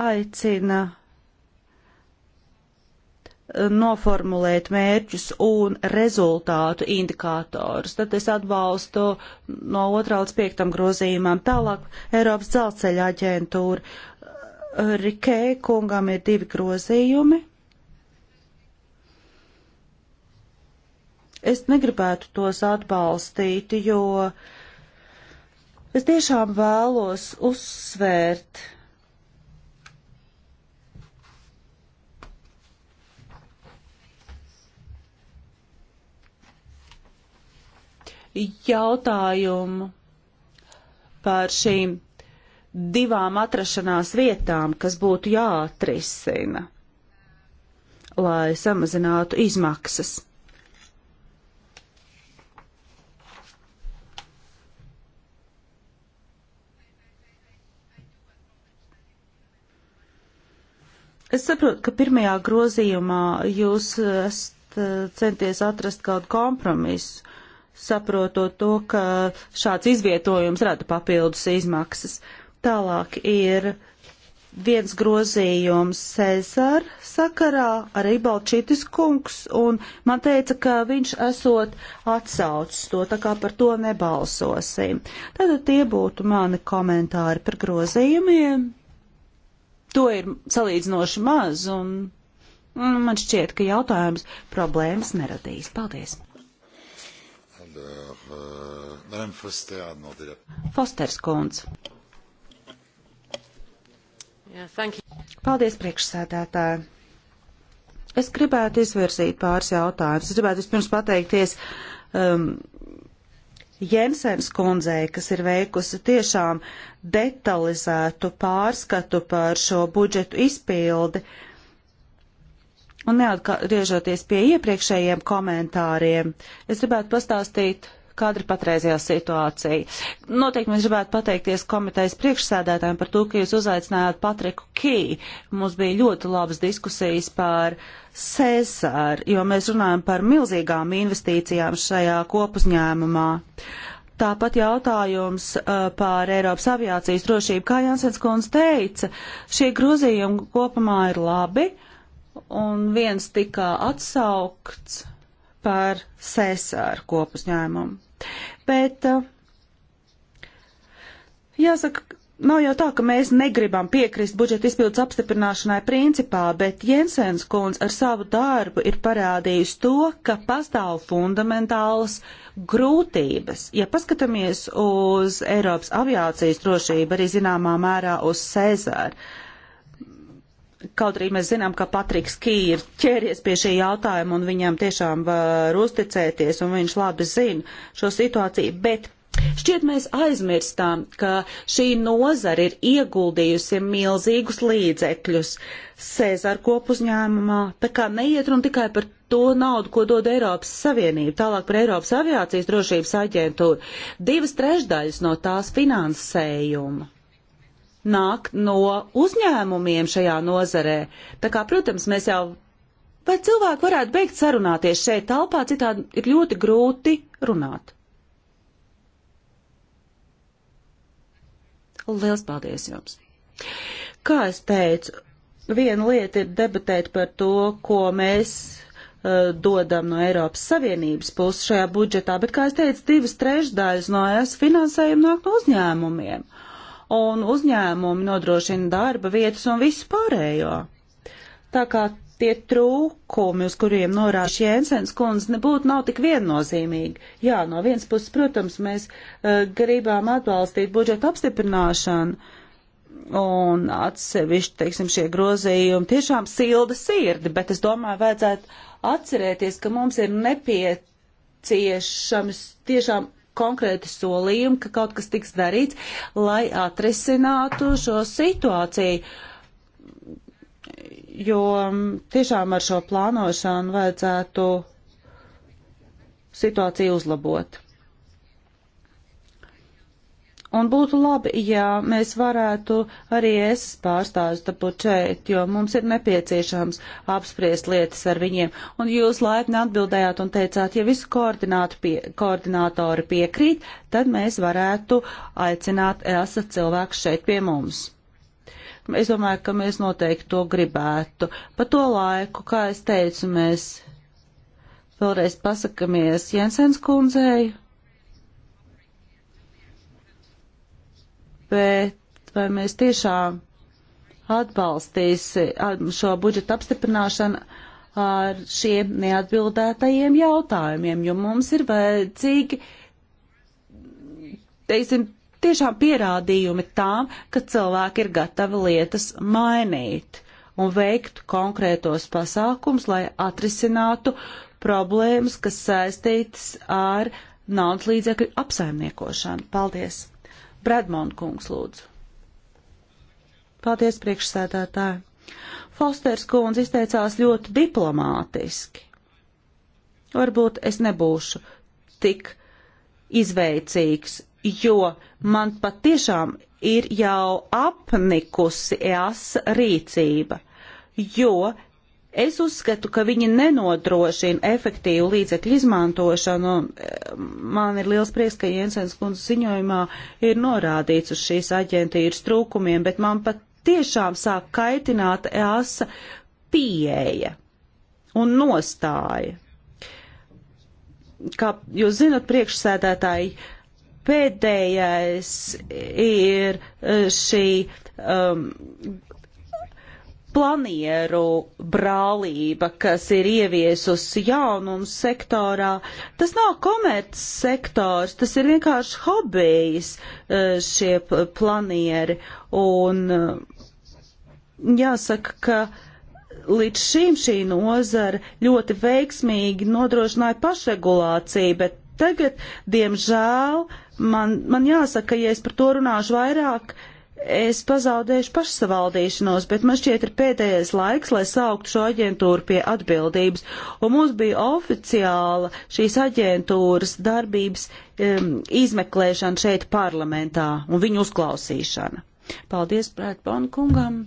aicina eh, noformulēt mērķus un rezultātu indikātorus. Tad es atbalstu no 2 līdz 5 grozījumam. Tālāk Eiropas dzelceļa aģentūra. Eh, Rikē kungam ir divi grozījumi. Es negribētu tos atbalstīt, jo uh, Es tiešām vēlos uzsvērt jautājumu par šīm divām atrašanās vietām, kas būtu jāatrisina, lai samazinātu izmaksas. Es saprotu, ka pirmajā grozījumā jūs esat eh, centies atrast kaut kompromisu, saprotot to, ka šāds izvietojums rada papildus izmaksas. Tālāk ir viens grozījums Cēzara sakarā, arī Balčītis kungs, un man teica, ka viņš esot atsaucis to, tā kā par to nebalsosim. Tātad tie būtu mani komentāri par grozījumiem to ir salīdzinoši maz, un man šķiet, ka jautājums problēmas neradīs. Paldies! Euh, Fosters kundz. Paldies, priekšsēdētāji. Es gribētu izvirzīt pāris jautājumus. Es gribētu vispirms pateikties um, Jensens kundzei, kas ir veikusi tiešām detalizētu pārskatu par šo budžetu izpildi. Un neatgriežoties pie iepriekšējiem komentāriem, es gribētu pastāstīt, kāda ir patreizajā situācija. Noteikti mēs gribētu pateikties komitejas priekšsēdētājiem par to, ka jūs uzaicinājāt Patriku Kī. Mums bija ļoti labas diskusijas par uh, Cēsāru, jo mēs runājam par milzīgām investīcijām šajā kopuzņēmumā. Tāpat jautājums uh, par Eiropas aviācijas drošību. Kā Jansens kundze teica, šie grozījumi kopumā ir labi, un viens tika atsaukts par sesāru kopuzņēmumu. Bet, uh, jāsaka, Nav jau tā, ka mēs negribam piekrist budžeta izpildes apstiprināšanai principā, bet Jensens kundz ar savu darbu ir parādījis to, ka pastāv fundamentāls grūtības. Ja paskatāmies uz Eiropas aviācijas drošību, arī zināmā mērā uz Cezāru, Kaut arī mēs zinām, ka Patriks Kī ir ķēries pie šī jautājuma un viņam tiešām var uzticēties un viņš labi zina šo situāciju, bet Šķiet, mēs aizmirstām, ka šī nozara ir ieguldījusi milzīgus līdzekļus Cēzara kopuzņēmumā, tā kā neiet runa tikai par to naudu, ko dod Eiropas Savienība, tālāk par Eiropas aviācijas drošības aģentūru. Divas trešdaļas no tās finansējuma nāk no uzņēmumiem šajā nozarē. Tā kā, protams, mēs jau Vai cilvēki varētu beigt sarunāties šeit talpā, citādi ir ļoti grūti runāt? Liels paldies jums! Kā es teicu, viena lieta ir debatēt par to, ko mēs uh, dodam no Eiropas Savienības puses šajā budžetā, bet, kā es teicu, divas trešdaļas no es finansējumu nāk no uzņēmumiem, un uzņēmumi nodrošina darba vietas un visu pārējo. Tā kā tie trūkumi, uz kuriem norāda Jensens kundze, nebūtu nav tik viennozīmīgi. Jā, no vienas puses, protams, mēs uh, gribām atbalstīt budžeta apstiprināšanu. Un atsevišķi, teiksim, šie grozījumi tiešām silda sirdi, bet es domāju, vajadzētu atcerēties, ka mums ir nepieciešams tiešām konkrēti solījumi, ka kaut kas tiks darīts, lai atrisinātu šo situāciju. Uh, jo tiešām ar šo plānošanu vajadzētu situāciju uzlabot. Un būtu labi, ja mēs varētu arī es pārstāvis dabūt šeit, jo mums ir nepieciešams apspriest lietas ar viņiem. Un jūs laipni atbildējāt un teicāt, ja visi pie, koordinātori piekrīt, tad mēs varētu aicināt ESA cilvēku šeit pie mums. Es domāju, ka mēs noteikti to gribētu. Pa to laiku, kā es teicu, mēs vēlreiz pasakamies Jensens kundzei. Bet vai mēs tiešām atbalstīs šo budžetu apstiprināšanu ar šiem neatbildētajiem jautājumiem, jo mums ir vajadzīgi, teiksim, tiešām pierādījumi tām, ka cilvēki ir gatavi lietas mainīt un veikt konkrētos pasākums, lai atrisinātu problēmas, kas saistītas ar naudas līdzekļu apsaimniekošanu. Paldies! Bredmond kungs lūdzu. Paldies, priekšsēdētāji! Fosters kundze izteicās ļoti diplomātiski. Varbūt es nebūšu tik izveicīgs jo man patiešām ir jau apnikusi EAS rīcība, jo es uzskatu, ka viņi nenodrošina efektīvu līdzekļu izmantošanu. Man ir liels prieks, ka Jensens kundze ziņojumā ir norādīts uz šīs aģentīras trūkumiem, bet man pat tiešām sāk kaitināt EAS pieeja un nostāja. Kā jūs zinat, priekšsēdētāji, uh, Pēdējais ir eh, šī um, planieru brālība, kas ir ieviesusi jaunums sektorā. Tas nav komerces sektors, tas ir vienkārši hobijs eh, šie planieri. Un eh, jāsaka, ka līdz šim šī nozara ļoti veiksmīgi nodrošināja pašregulāciju, bet tagad, diemžēl, uh, Man, man jāsaka, ja es par to runāšu vairāk, es pazaudēšu pašsavaldīšanos, bet man šķiet ir pēdējais laiks, lai sauktu šo aģentūru pie atbildības. Un mums bija oficiāla šīs aģentūras darbības um, izmeklēšana šeit parlamentā un viņu uzklausīšana. Paldies, Prētpon kungam!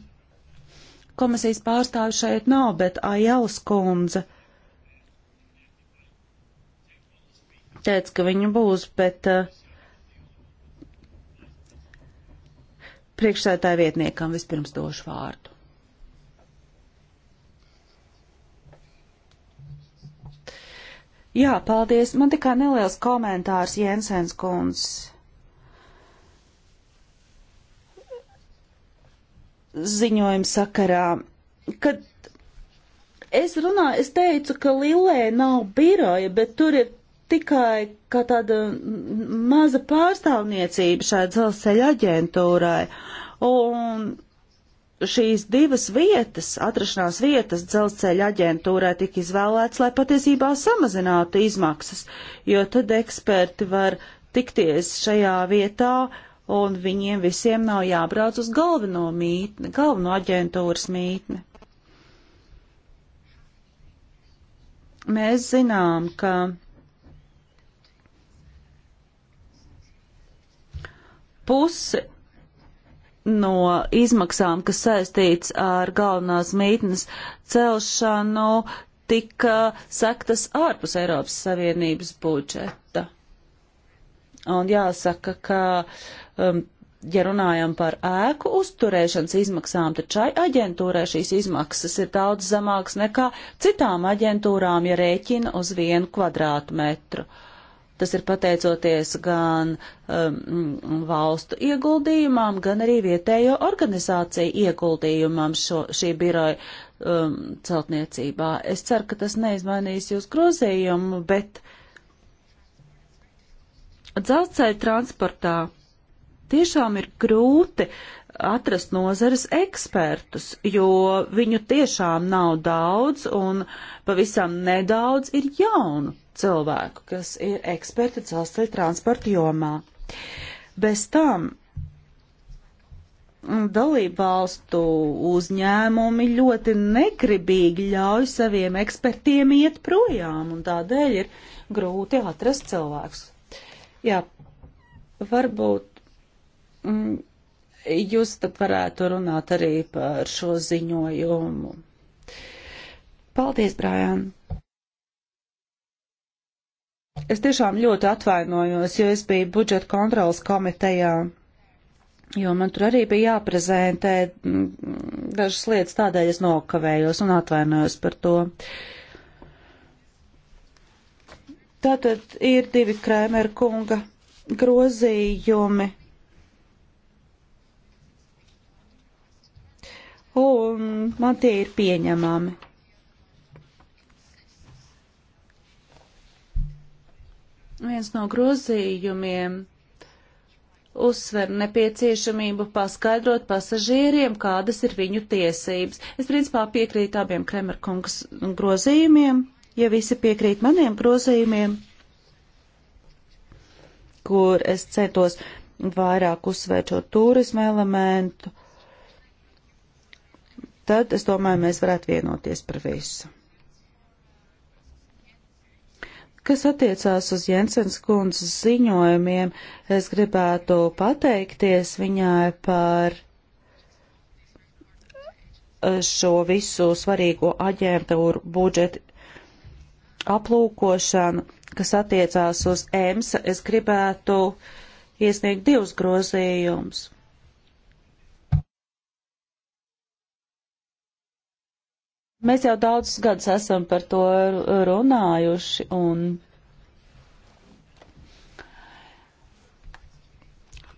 Komisijas pārstāvi šeit nav, bet Ajels kundze teica, ka viņa būs, bet uh, Priekšsētāja vietniekam vispirms došu vārdu. Jā, paldies. Man tikai neliels komentārs Jensens kunds. Ziņojuma sakarā, kad es runāju, es teicu, ka Lillē nav biroja, bet tur ir tikai kā tāda maza pārstāvniecība šai dzelzceļa aģentūrai. Un šīs divas vietas, atrašanās vietas dzelzceļa aģentūrē tika izvēlēts, lai patiesībā samazinātu izmaksas, jo tad eksperti var tikties šajā vietā un viņiem visiem nav jābrauc uz galveno mītni, galveno aģentūras mītni. Mēs zinām, ka pusi no izmaksām, kas saistīts ar galvenās mītnes celšanu, tika sektas ārpus Eiropas Savienības budžeta. Un jāsaka, ka, um, ja runājam par ēku uzturēšanas izmaksām, tad šai aģentūrai šīs izmaksas ir daudz zamāks nekā citām aģentūrām, ja rēķina uz vienu kvadrātmetru. Uh, Tas ir pateicoties gan um, valstu ieguldījumam, gan arī vietējo organizāciju ieguldījumam šo, šī biroja um, celtniecībā. Es ceru, ka tas neizmainīs jūs grozījumu, bet dzelzceļa transportā tiešām ir grūti atrast nozares ekspertus, jo viņu tiešām nav daudz un pavisam nedaudz ir jaunu cilvēku, kas ir eksperti dzelzceļa transporta jomā. Bez tam dalībvalstu uzņēmumi ļoti negribīgi ļauj saviem ekspertiem iet projām, un tādēļ ir grūti atrast cilvēkus. Jā, varbūt. Mm, jūs tad varētu runāt arī par šo ziņojumu. Paldies, Brājan! Es tiešām ļoti atvainojos, jo es biju budžeta kontrolas komitejā, jo man tur arī bija jāprezentē dažas lietas, tādēļ es nokavējos un atvainojos par to. Tātad ir divi Krēmera kunga grozījumi un man tie ir pieņemami. Viens no grozījumiem uzsver nepieciešamību paskaidrot pasažieriem, kādas ir viņu tiesības. Es principā piekrītu abiem Kremerkungas grozījumiem, ja visi piekrīt maniem grozījumiem, kur es centos vairāk uzsvērt šo turismu elementu tad es domāju, mēs varētu vienoties par visu. Kas attiecās uz Jensens kundzes ziņojumiem, es gribētu pateikties viņai par eh, šo visu svarīgo aģentūru budžetu aplūkošanu, kas attiecās uz EMSA. Es gribētu iesniegt divus grozījumus. Mēs jau daudzus gadus esam par to runājuši un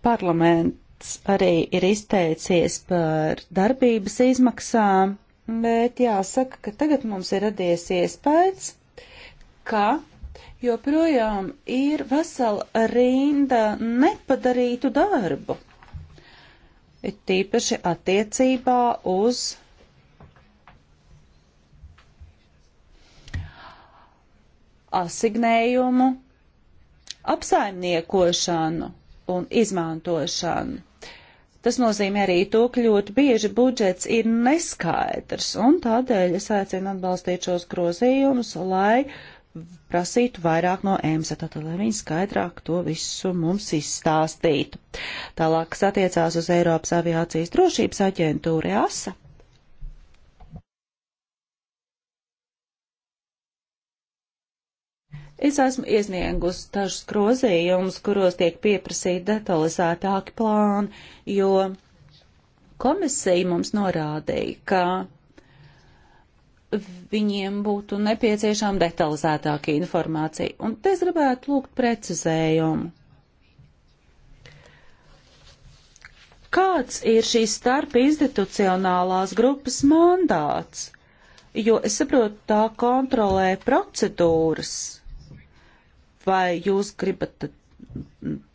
parlaments arī ir izteicies par darbības izmaksām, bet jāsaka, ka tagad mums ir radies iespējas, ka joprojām ir vesela rinda nepadarītu darbu, it tīpaši attiecībā uz asignējumu apsaimniekošanu un izmantošanu. Tas nozīmē arī to, ka ļoti bieži budžets ir neskaidrs, un tādēļ es aicinu atbalstīt šos grozījumus, lai prasītu vairāk no EMSA, tātad, lai viņi skaidrāk to visu mums izstāstītu. Tālāk, kas attiecās uz Eiropas aviācijas drošības aģentūru EASA, Es esmu iesniegus dažus grozījumus, kuros tiek pieprasīti detalizētāki plāni, jo komisija mums norādīja, ka viņiem būtu nepieciešama detalizētāka informācija. Un te es gribētu lūgt precizējumu. Kāds ir šīs starp institucionālās grupas mandāts? Jo es saprotu, tā kontrolē procedūras Vai jūs gribat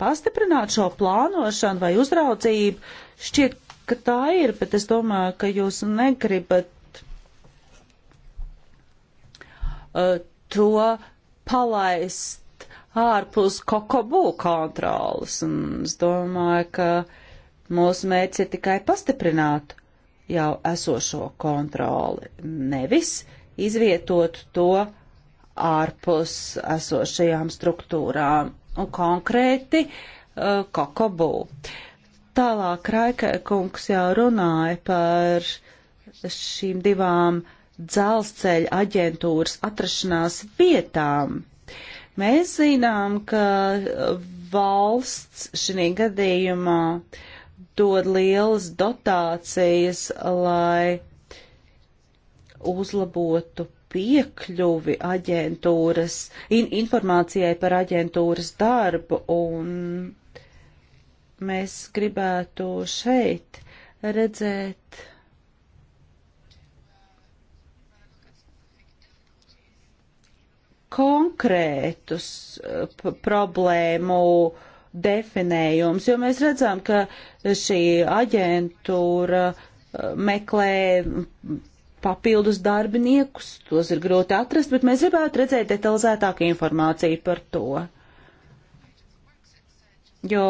pastiprināt šo plānošanu vai uzraudzību? Šķiet, ka tā ir, bet es domāju, ka jūs negribat uh, to palaist ārpus kokobu kontrolas. Un es domāju, ka mūsu mērķis ir tikai pastiprināt jau esošo kontroli, nevis izvietot to ārpus esošajām struktūrām un konkrēti uh, kokobū. Tālāk Raika kungs jau runāja par šīm divām dzelzceļa aģentūras atrašanās vietām. Mēs zinām, ka valsts šī gadījumā dod lielas dotācijas, lai uzlabotu piekļuvi aģentūras, in, informācijai par aģentūras darbu, un mēs gribētu šeit redzēt. konkrētus eh, problēmu definējums, jo mēs redzam, ka šī aģentūra eh, meklē papildus darbiniekus. Tos ir grūti atrast, bet mēs gribētu redzēt detalizētāku informāciju par to. Jo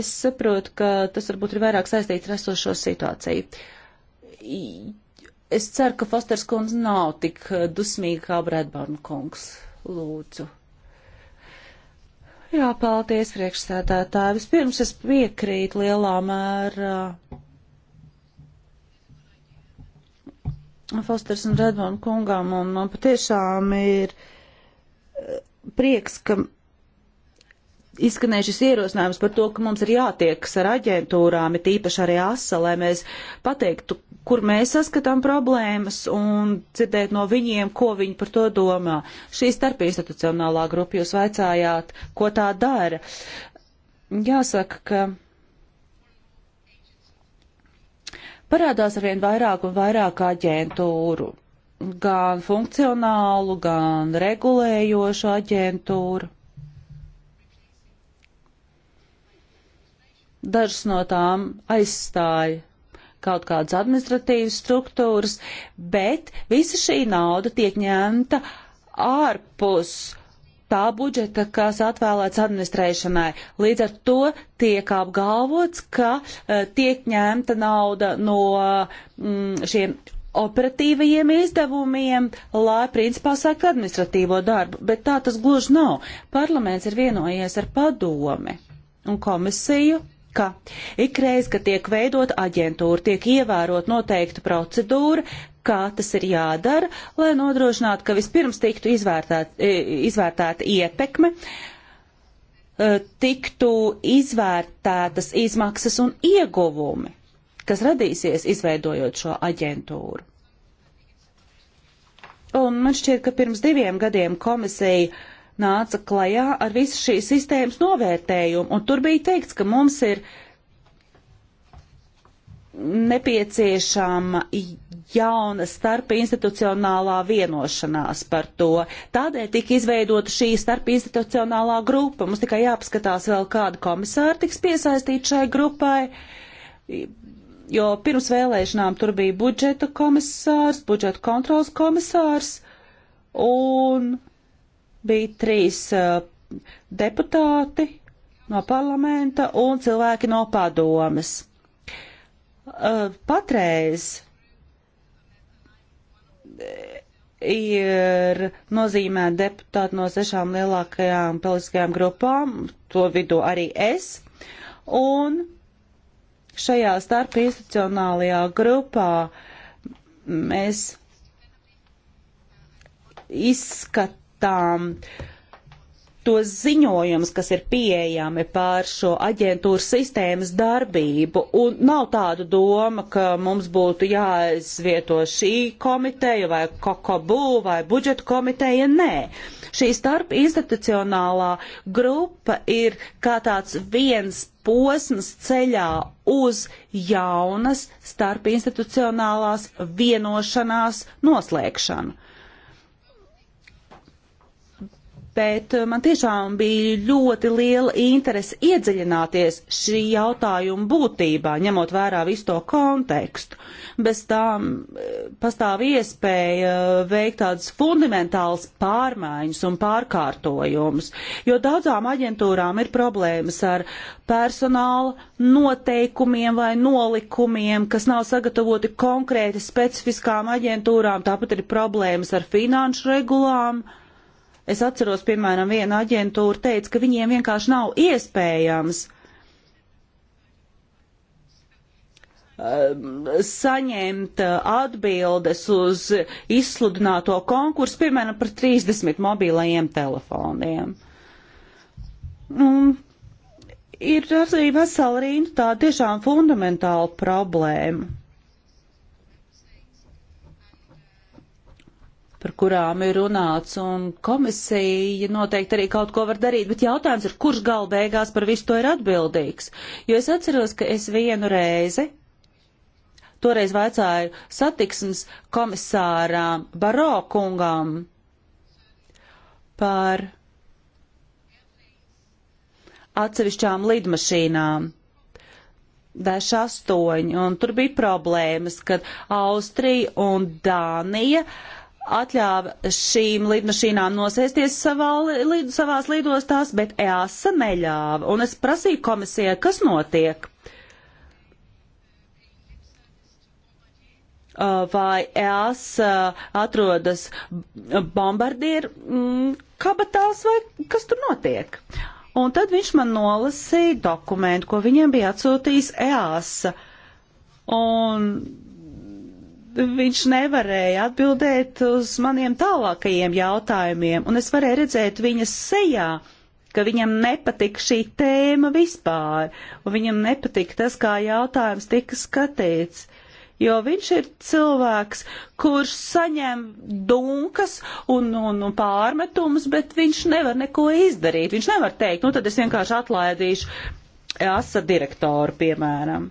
es saprotu, ka tas varbūt ir vairāk saistīts ar esošo situāciju. Es ceru, ka Fosters kundze nav tik dusmīga kā Bredbarna kungs. Lūdzu. Jā, paldies, priekšsēdētāji. Vispirms es piekrītu lielā mērā. Uh, Fosters un Redmond kungām, un man patiešām ir eh, prieks, ka izskanēja šis ierosinājums par to, ka mums ir jātiekas ar aģentūrām, ir tīpaši arī ASA, lai mēs pateiktu, kur mēs saskatām problēmas un dzirdēt no viņiem, ko viņi par to domā. Šī starpinstitucionālā grupa jūs vaicājāt, ko tā dara. Jāsaka, ka Parādās arvien vairāk un vairāk aģentūru, gan funkcionālu, gan regulējošu aģentūru. Dažas no tām aizstāja kaut kādas administratīvas struktūras, bet visa šī nauda tiek ņemta ārpus tā budžeta, kas atvēlēts administrēšanai. Līdz ar to tiek apgalvots, ka uh, tiek ņemta nauda no mm, šiem operatīvajiem izdevumiem, lai principā sākt administratīvo darbu, bet tā tas gluži nav. Parlaments ir vienojies ar padomi un komisiju, ka ikreiz, kad tiek veidot aģentūra, tiek ievērot noteikta procedūra, kā tas ir jādara, lai nodrošinātu, ka vispirms tiktu izvērtēt, e, izvērtēta ietekme, e, tiktu izvērtētas izmaksas un ieguvumi, kas radīsies izveidojot šo aģentūru. Un man šķiet, ka pirms diviem gadiem komisija nāca klajā ar visu šīs sistēmas novērtējumu, un tur bija teikts, ka mums ir nepieciešama jauna starpinstitucionālā vienošanās par to. Tādēļ tika izveidota šī starpinstitucionālā grupa. Mums tikai jāpaskatās vēl, kāda komisāra tiks piesaistīta šai grupai. Jo pirms vēlēšanām tur bija budžeta komisārs, budžeta kontrols komisārs un bija trīs uh, deputāti no parlamenta un cilvēki no padomes. Uh, patreiz ir nozīmēta deputāti no sešām lielākajām politiskajām grupām, to vidū arī es. Un šajā starp institucionālajā grupā mēs izskatām uh, tos ziņojumus, kas ir pieejami pār šo aģentūras sistēmas darbību. Un nav tāda doma, ka mums būtu jāizvieto šī komiteja vai kokobu vai budžeta komiteja. Nē. Šī starp institucionālā grupa ir kā tāds viens posms ceļā uz jaunas starp institucionālās vienošanās noslēgšanu bet eh, man tiešām bija ļoti liela interese iedziļināties šī jautājuma būtībā, ņemot vērā visu to kontekstu. Bez tām eh, pastāv iespēja eh, veikt tādas fundamentālas pārmaiņas un pārkārtojumus, jo daudzām aģentūrām ir problēmas ar personāla noteikumiem vai nolikumiem, kas nav sagatavoti konkrēti specifiskām aģentūrām, tāpat ir problēmas ar finanšu regulām. Es atceros, piemēram, viena aģentūra teica, ka viņiem vienkārši nav iespējams um, saņemt uh, atbildes uz izsludināto konkursu, piemēram, par 30 mobilajiem telefoniem. Un ir arī vesela rīna tā tiešām fundamentāla problēma. par kurām ir runāts, un komisija noteikti arī kaut ko var darīt, bet jautājums ir, kurš gal beigās par visu to ir atbildīgs. Jo es atceros, ka es vienu reizi, toreiz vaicāju satiksmes komisārām Baro kungām par atsevišķām lidmašīnām. Dažs astoņi, un tur bija problēmas, kad Austrija un Dānija uh, atļāva šīm lidmašīnām nosēsties savā, lid, savās lidostās, bet EASA neļāva. Un es prasīju komisijai, kas notiek. Uh, vai EASA atrodas bombardieru mm, kabatās vai kas tur notiek? Un tad viņš man nolasīja dokumentu, ko viņiem bija atsūtījis EASA. Un viņš nevarēja atbildēt uz maniem tālākajiem jautājumiem, un es varēju redzēt viņa sejā, ka viņam nepatika šī tēma vispār, un viņam nepatika tas, kā jautājums tika skatīts. Jo viņš ir cilvēks, kurš saņem dunkas un, un, un pārmetumus, bet viņš nevar neko izdarīt. Viņš nevar teikt, nu tad es vienkārši atlaidīšu asa direktoru, piemēram.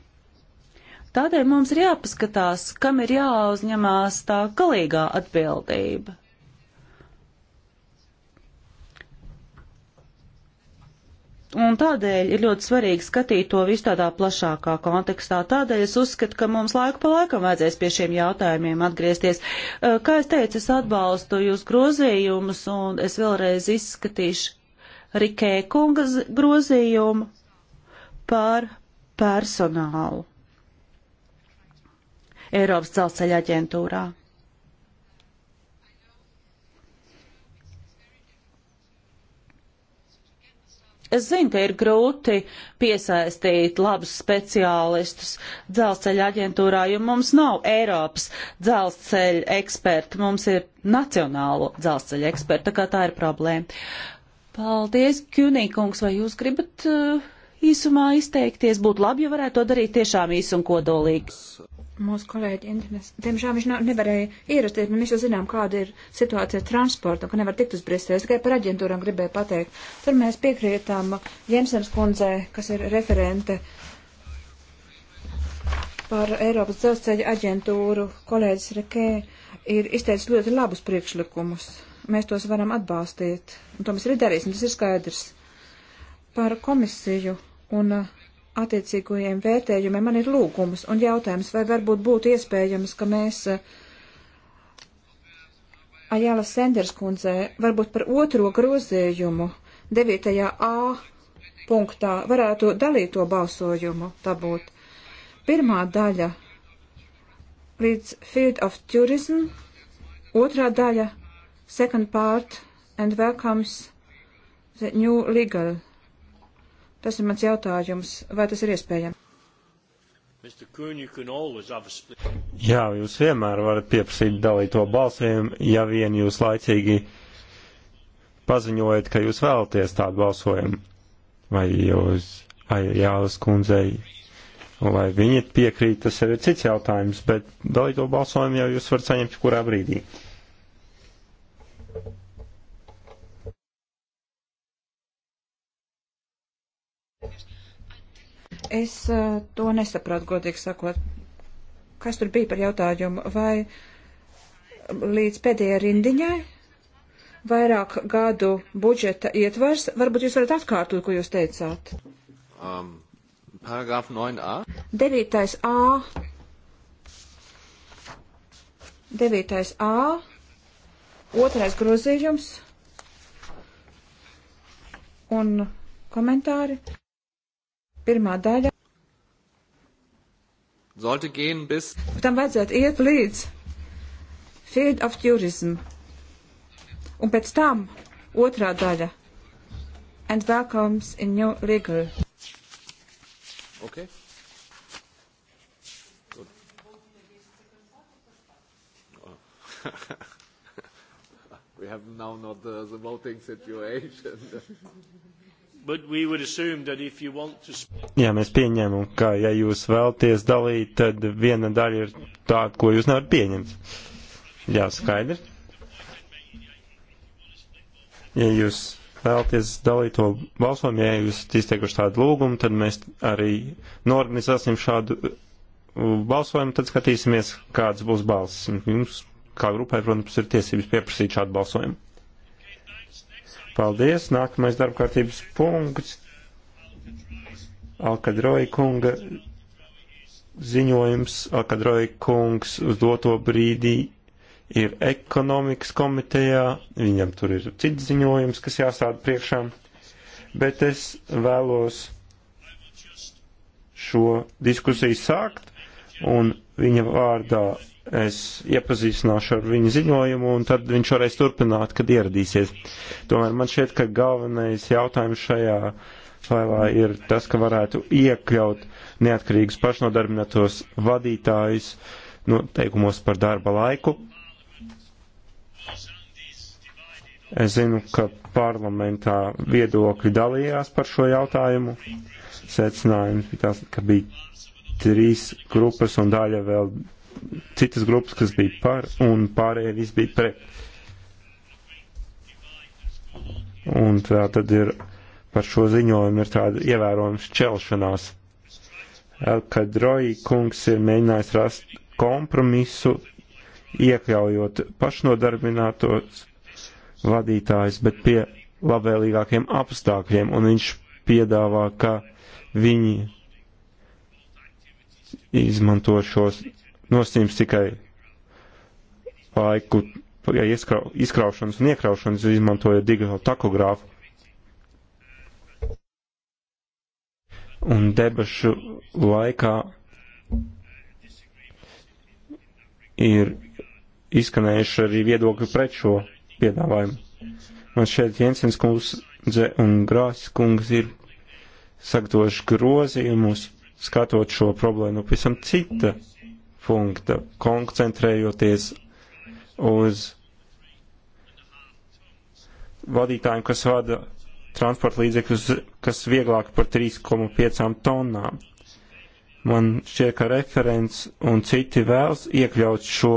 Tādēļ mums ir jāpaskatās, kam ir jāuzņemās tā galīgā atbildība. Un tādēļ ir ļoti svarīgi skatīt to visu tādā plašākā kontekstā. Tādēļ es uzskatu, ka mums laiku pa laikam vajadzēs pie šiem jautājumiem atgriezties. Kā es teicu, es atbalstu jūs grozījumus un es vēlreiz izskatīšu Rikē kunga grozījumu par personālu. Eiropas dzelzceļa aģentūrā. Es zinu, ka ir grūti piesaistīt labus speciālistus dzelzceļa aģentūrā, jo mums nav Eiropas dzelzceļa eksperti, mums ir nacionālo dzelzceļa eksperti, tā kā tā ir problēma. Paldies, Kjunīkungs, vai jūs gribat uh, īsumā izteikties? Būtu labi, ja varētu to darīt tiešām īsi un kodolīgi mūsu kolēģi Intines. Diemžēl viņš nav, nevarēja ierasties, bet mēs jau zinām, kāda ir situācija ar transportu, ka nevar tikt uz Briseles. Tikai par aģentūram gribēju pateikt. Tur mēs piekrītām Jensens kundzei, kas ir referente par Eiropas dzelzceļa aģentūru. Kolēģis Rekē ir izteicis ļoti labus priekšlikumus. Mēs tos varam atbalstīt. Un to mēs arī darīsim, tas ir skaidrs. Par komisiju un uh, attiecīgajiem vērtējumiem. Man ir lūgums un jautājums, vai varbūt būtu iespējams, ka mēs eh, Ajāla Senders kundzē varbūt par otro grozījumu 9a punktā varētu dalīt to balsojumu dabūt. Pirmā daļa līdz Field of Tourism, otrā daļa Second Part and Welcomes the New Legal Tas ir mans jautājums, vai tas ir iespējams? Jā, jūs vienmēr varat pieprasīt dalīto balsojumu, ja vien jūs laicīgi paziņojat, ka jūs vēlaties tādu balsojumu. Vai jūs, vai jālas kundzei, vai viņa piekrīt, tas jau ir cits jautājums, bet dalīto balsojumu jau jūs varat saņemt kurā brīdī. es eh, to nesapratu, godīgi sakot. Kas tur bija par jautājumu? Vai līdz pēdējai rindiņai vairāk gadu budžeta ietvers? Varbūt jūs varat atkārtot, ko jūs teicāt. Um, paragrāf 9a. 9a. 9a. Otrais grozījums un komentāri. Pirmā daļa. Sollte gehen bis. Tam vajadzētu iet līdz Field of Tourism. Un pēc tam otrā daļa. And welcomes in new legal. Okay. we have now not uh, the voting situation. To... Ja mēs pieņemam, ka ja jūs vēlties dalīt, tad viena daļa ir tāda, ko jūs nevarat pieņemt. Jā, skaidri. Ja jūs vēlties dalīt to balsojumu, ja jūs izteikuši tādu lūgumu, tad mēs arī norganizēsim šādu balsojumu, tad skatīsimies, kāds būs balss. Jums, kā grupai, protams, ir tiesības pieprasīt šādu balsojumu. Paldies. Nākamais darbkārtības punkts. Alkadroja kunga ziņojums. Alkadroja kungs uz doto brīdī ir ekonomikas komitejā. Viņam tur ir cits ziņojums, kas jāstāda priekšām. Bet es vēlos šo diskusiju sākt un viņa vārdā Es iepazīstināšu ar viņu ziņojumu, un tad viņš varēs turpināt, kad ieradīsies. Tomēr man šķiet, ka galvenais jautājums šajā failā ir tas, ka varētu iekļaut neatkarīgus pašnodarbinātos vadītājus noteikumos par darba laiku. Es zinu, ka parlamentā viedokļi dalījās par šo jautājumu. Secinājums bija tas, ka bija trīs grupas un daļa vēl citas grupas, kas bija par, un pārējie visi bija pret. Un tā tad ir par šo ziņojumu ir tāda ievērojama šķelšanās. Kad Roji kungs ir mēģinājis rast kompromisu, iekļaujot pašnodarbinātos vadītājus, bet pie labvēlīgākiem apstākļiem, un viņš piedāvā, ka viņi izmanto šos nosīms tikai laiku ja ieskrau, izkraušanas un iekraušanas, izmantojot digitālu takogrāfu. Un debašu laikā ir izskanējuši arī viedokļi pret šo piedāvājumu. Man šeit Jensens kundze un Grāsis kungs ir sagatavojuši grozījumus, skatot šo problēmu pavisam cita punkta, koncentrējoties uz vadītājiem, kas vada transporta līdzekļus, kas vieglāk par 3,5 tonnām. Man šķiet, ka referents un citi vēlas iekļaut šo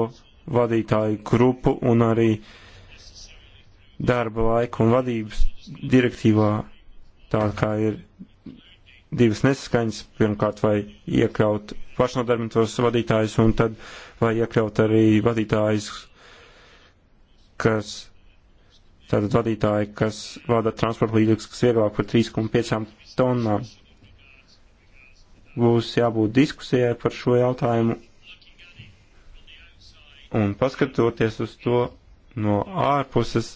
vadītāju grupu un arī darba laika un vadības direktīvā, tā kā ir divas nesaskaņas, pirmkārt vai iekļaut pašnodarbinātos vadītājus, un tad vai iekļaut arī vadītājus, kas, tātad vadītāji, kas vada transporta līdzekļus, kas vieglāk par 3,5 tonnām. Būs jābūt diskusijai par šo jautājumu, un paskatoties uz to no ārpuses,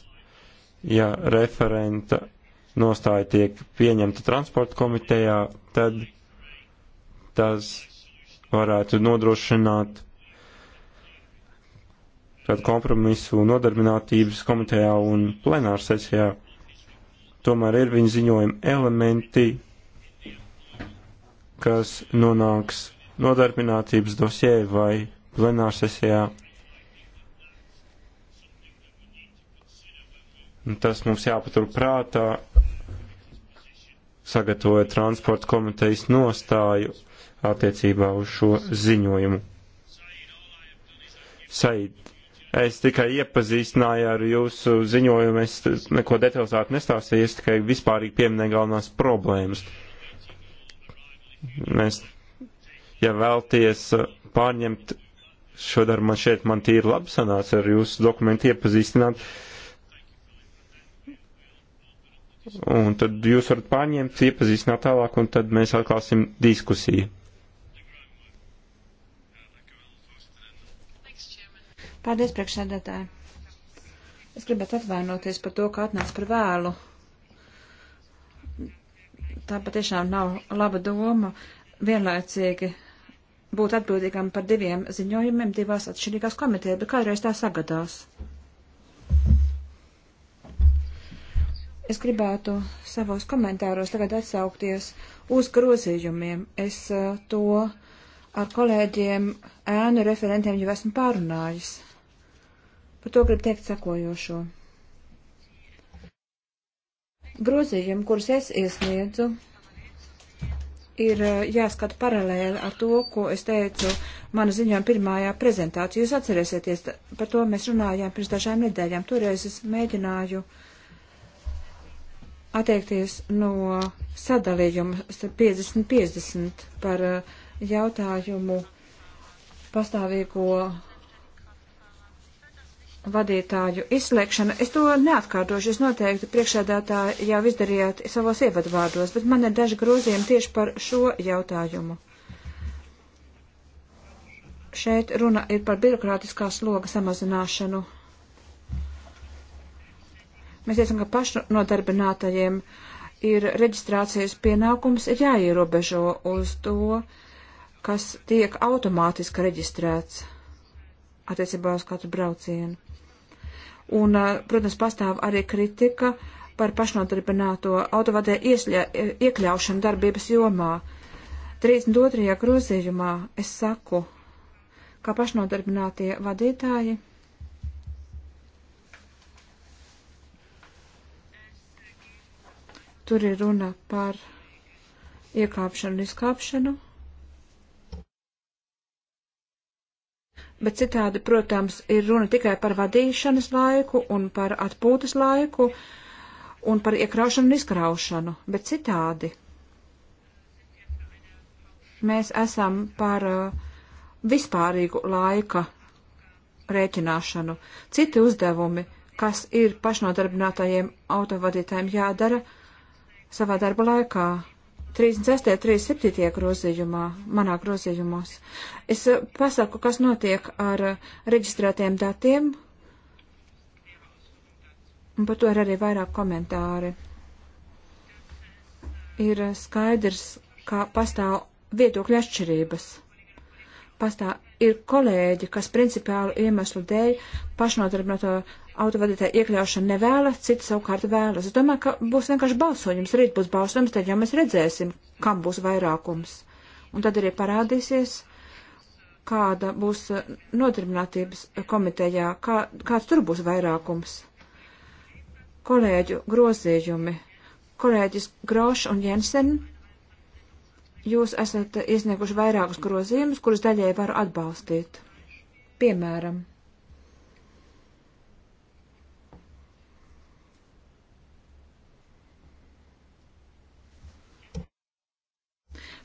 ja referenta nostāja tiek pieņemta transporta komitejā, tad tas varētu nodrošināt tādu kompromisu nodarbinātības komitejā un plenārsesijā. Tomēr ir viņa ziņojuma elementi, kas nonāks nodarbinātības dosē vai plenārsesijā. Tas mums jāpatur prātā, sagatavoja transporta komitejas nostāju attiecībā uz šo ziņojumu. Said, es tikai iepazīstināju ar jūsu ziņojumu, es neko detalizētu nestāstīju, es tikai vispārīgi pieminēju galvenās problēmas. Mēs, ja vēlties pārņemt šo darbu, man šeit man tīri labi sanāca ar jūsu dokumentu iepazīstināt. Un tad jūs varat pārņemt, iepazīstināt tālāk, un tad mēs atklāsim diskusiju. Paldies, priekšsēdētāji. Es gribētu atvainoties par to, ka atnāc par vēlu. Tā patiešām nav laba doma vienlaicīgi būt atbildīgam par diviem ziņojumiem divās atšķirīgās komitejās, bet kādreiz tā sagadās. Es gribētu savos komentāros tagad atsaukties uz grozījumiem. Es eh, to ar kolēģiem ēnu referentiem jau esmu pārunājis. Par to gribu teikt sekojošo. Grozījumi, kurus es iesniedzu, ir eh, jāskata paralēli ar to, ko es teicu mana ziņojuma pirmajā prezentācijā. Jūs atcerēsieties, par to mēs runājām pirms dažām nedēļām. Toreiz es mēģināju atteikties no sadalījuma 50-50 par eh, jautājumu pastāvīgo vadītāju izslēgšana. Es to neatkārtošu, es noteikti priekšēdētāji jau izdarījāt savos ievadvārdos, bet man ir daži grozījumi tieši par šo jautājumu. Šeit runa ir par birokrātiskā sloga samazināšanu. Mēs esam, ka pašnodarbinātajiem ir reģistrācijas pienākums ir jāierobežo uz to, kas tiek automātiski reģistrēts attiecībā uz katru braucienu un, protams, pastāv arī kritika par pašnodarbināto autovadē iesļa, iekļaušanu darbības jomā. 32. grozījumā es saku, kā pašnodarbinātie vadītāji. Tur ir runa par iekāpšanu un izkāpšanu. bet citādi, protams, ir runa tikai par vadīšanas laiku un par atpūtas laiku un par iekraušanu un izkraušanu, bet citādi. Mēs esam par uh, vispārīgu laika rēķināšanu. Citi uzdevumi, kas ir pašnodarbinātajiem autovadītājiem jādara savā darba laikā, 36. 37. grozījumā, manā grozījumos. Es eh, pasaku, kas notiek ar eh, reģistrētiem datiem, un par to ir arī vairāk komentāri. Ir eh, skaidrs, ka pastāv viedokļu atšķirības. Pastāv ir kolēģi, kas principālu iemeslu dēļ pašnodarbināto no autovadītāja iekļaušana nevēlas, citi savukārt vēlas. Es domāju, ka būs vienkārši balsojums, rīt būs balsojums, tad jau mēs redzēsim, kam būs vairākums. Un tad arī parādīsies, kāda būs eh, nodarbinātības komitejā, kā, kāds tur būs vairākums. Kolēģu grozījumi. Kolēģis Grošs un Jensen, jūs esat iesnieguši vairākus grozījumus, kurus daļai varu atbalstīt. Piemēram.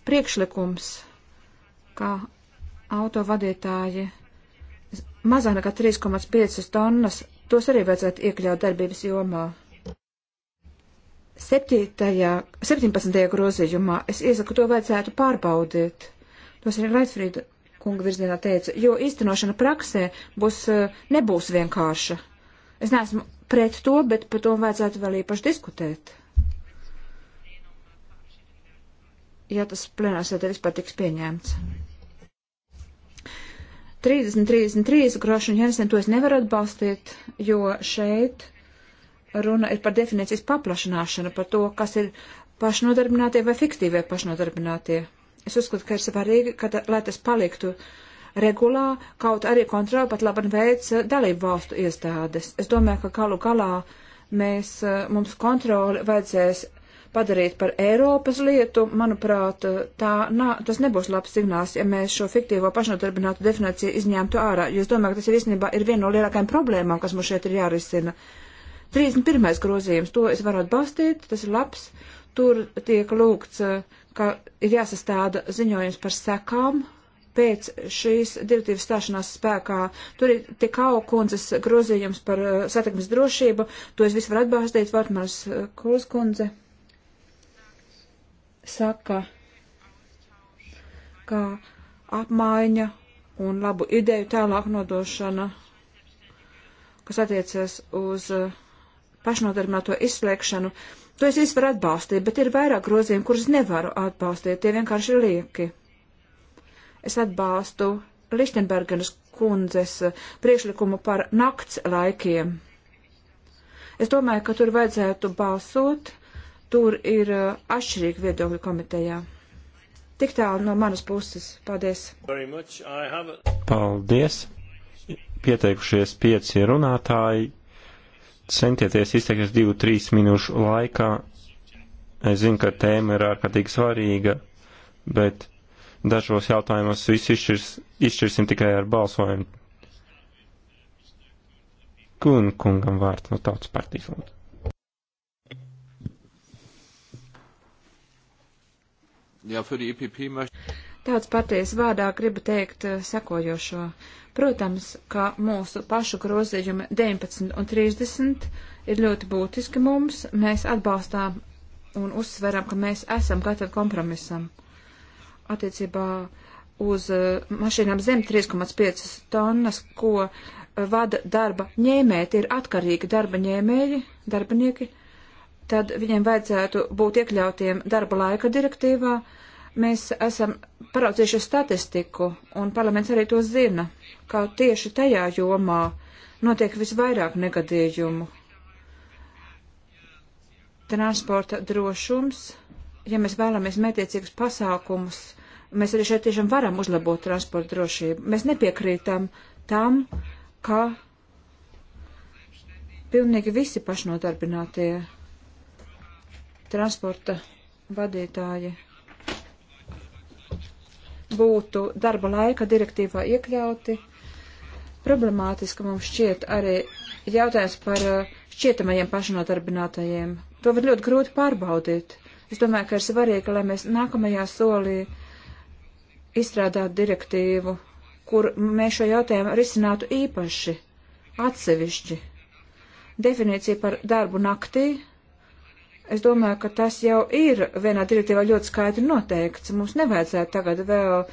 priekšlikums, ka autovadītāji mazāk nekā 3,5 tonnas, tos arī vajadzētu iekļaut darbības jomā. 7. 17. grozījumā es iesaku to vajadzētu pārbaudīt. Tos arī Raitfrīda kunga virzienā teica, jo īstenošana praksē būs, nebūs vienkārša. Es neesmu pret to, bet par to vajadzētu vēl īpaši diskutēt. ja tas plenārsēdē vispār tiks pieņemts. 30, 33 grošu un jensen to es nevaru atbalstīt, jo šeit runa ir par definīcijas paplašanāšanu, par to, kas ir pašnodarbinātie vai fiktīvie pašnodarbinātie. Es uzskatu, ka ir svarīgi, ka, lai tas paliktu regulā, kaut arī kontroli pat labi veids eh, dalību valstu iestādes. Es domāju, ka galu galā mēs, eh, mums kontroli vajadzēs padarīt par Eiropas lietu, manuprāt, tā, nā, tas nebūs labs signāls, ja mēs šo fiktīvo pašnodarbinātu definīciju izņemtu ārā, jo es domāju, ka tas ir īstenībā ir viena no lielākajām problēmām, kas mums šeit ir jārisina. 31. grozījums, to es varu atbalstīt, tas ir labs, tur tiek lūgts, ka ir jāsastāda ziņojums par sekām, pēc šīs direktīvas stāšanās spēkā. Tur ir tik augundzes grozījums par uh, satikmes drošību, to es visu varu atbalstīt, Vārtmārs uh, Kulskundze. kundze saka, ka apmaiņa un labu ideju tālāk nodošana, kas attiecas uz uh, pašnodarbināto izslēgšanu, to es visu varu atbalstīt, bet ir vairāk grozījumi, kurus nevaru atbalstīt, tie vienkārši ir lieki. Es atbalstu Lichtenbergenas kundzes uh, priekšlikumu par nakts laikiem. Es domāju, ka tur vajadzētu balsot tur ir uh, atšķirīgi viedokļi komitejā. Tik tālu no manas puses. Paldies. Paldies. Pieteikušies pieci runātāji. Centieties izteikties divu, trīs minūšu laikā. Es zinu, ka tēma ir ārkārtīgi svarīga, bet dažos jautājumos viss izšķirs, izšķirsim tikai ar balsojumu. Kun kungam vārds no tautas partijas lūdzu. Jā, e Tāds partijas vārdā gribu teikt eh, sekojošo. Protams, ka mūsu pašu grozījumi 19 un 30 ir ļoti būtiski mums. Mēs atbalstām un uzsveram, ka mēs esam gatavi kompromisam. Attiecībā uz eh, mašīnām zem 3,5 tonnas, ko eh, vada darba ņēmēji, ir atkarīgi darba ņēmēji, darbinieki tad viņiem vajadzētu būt iekļautiem darba laika direktīvā. Mēs esam paraudzījuši statistiku, un parlaments arī to zina, kā tieši tajā jomā notiek visvairāk negadījumu. Transporta drošums, ja mēs vēlamies mētiecīgus pasākumus, mēs arī šeit tiešām varam uzlabot transporta drošību. Mēs nepiekrītam tam, ka pilnīgi visi pašnodarbinātie transporta vadītāji būtu darba laika direktīvā iekļauti. Problemātiski mums šķiet arī jautājums par uh, šķietamajiem pašnodarbinātajiem. To var ļoti grūti pārbaudīt. Es domāju, ka ir svarīgi, lai mēs nākamajā solī izstrādātu direktīvu, kur mēs šo jautājumu risinātu īpaši, atsevišķi. Definīcija par darbu naktī Es domāju, ka tas jau ir vienā direktīvā ļoti skaidri noteikts. Mums nevajadzētu tagad vēl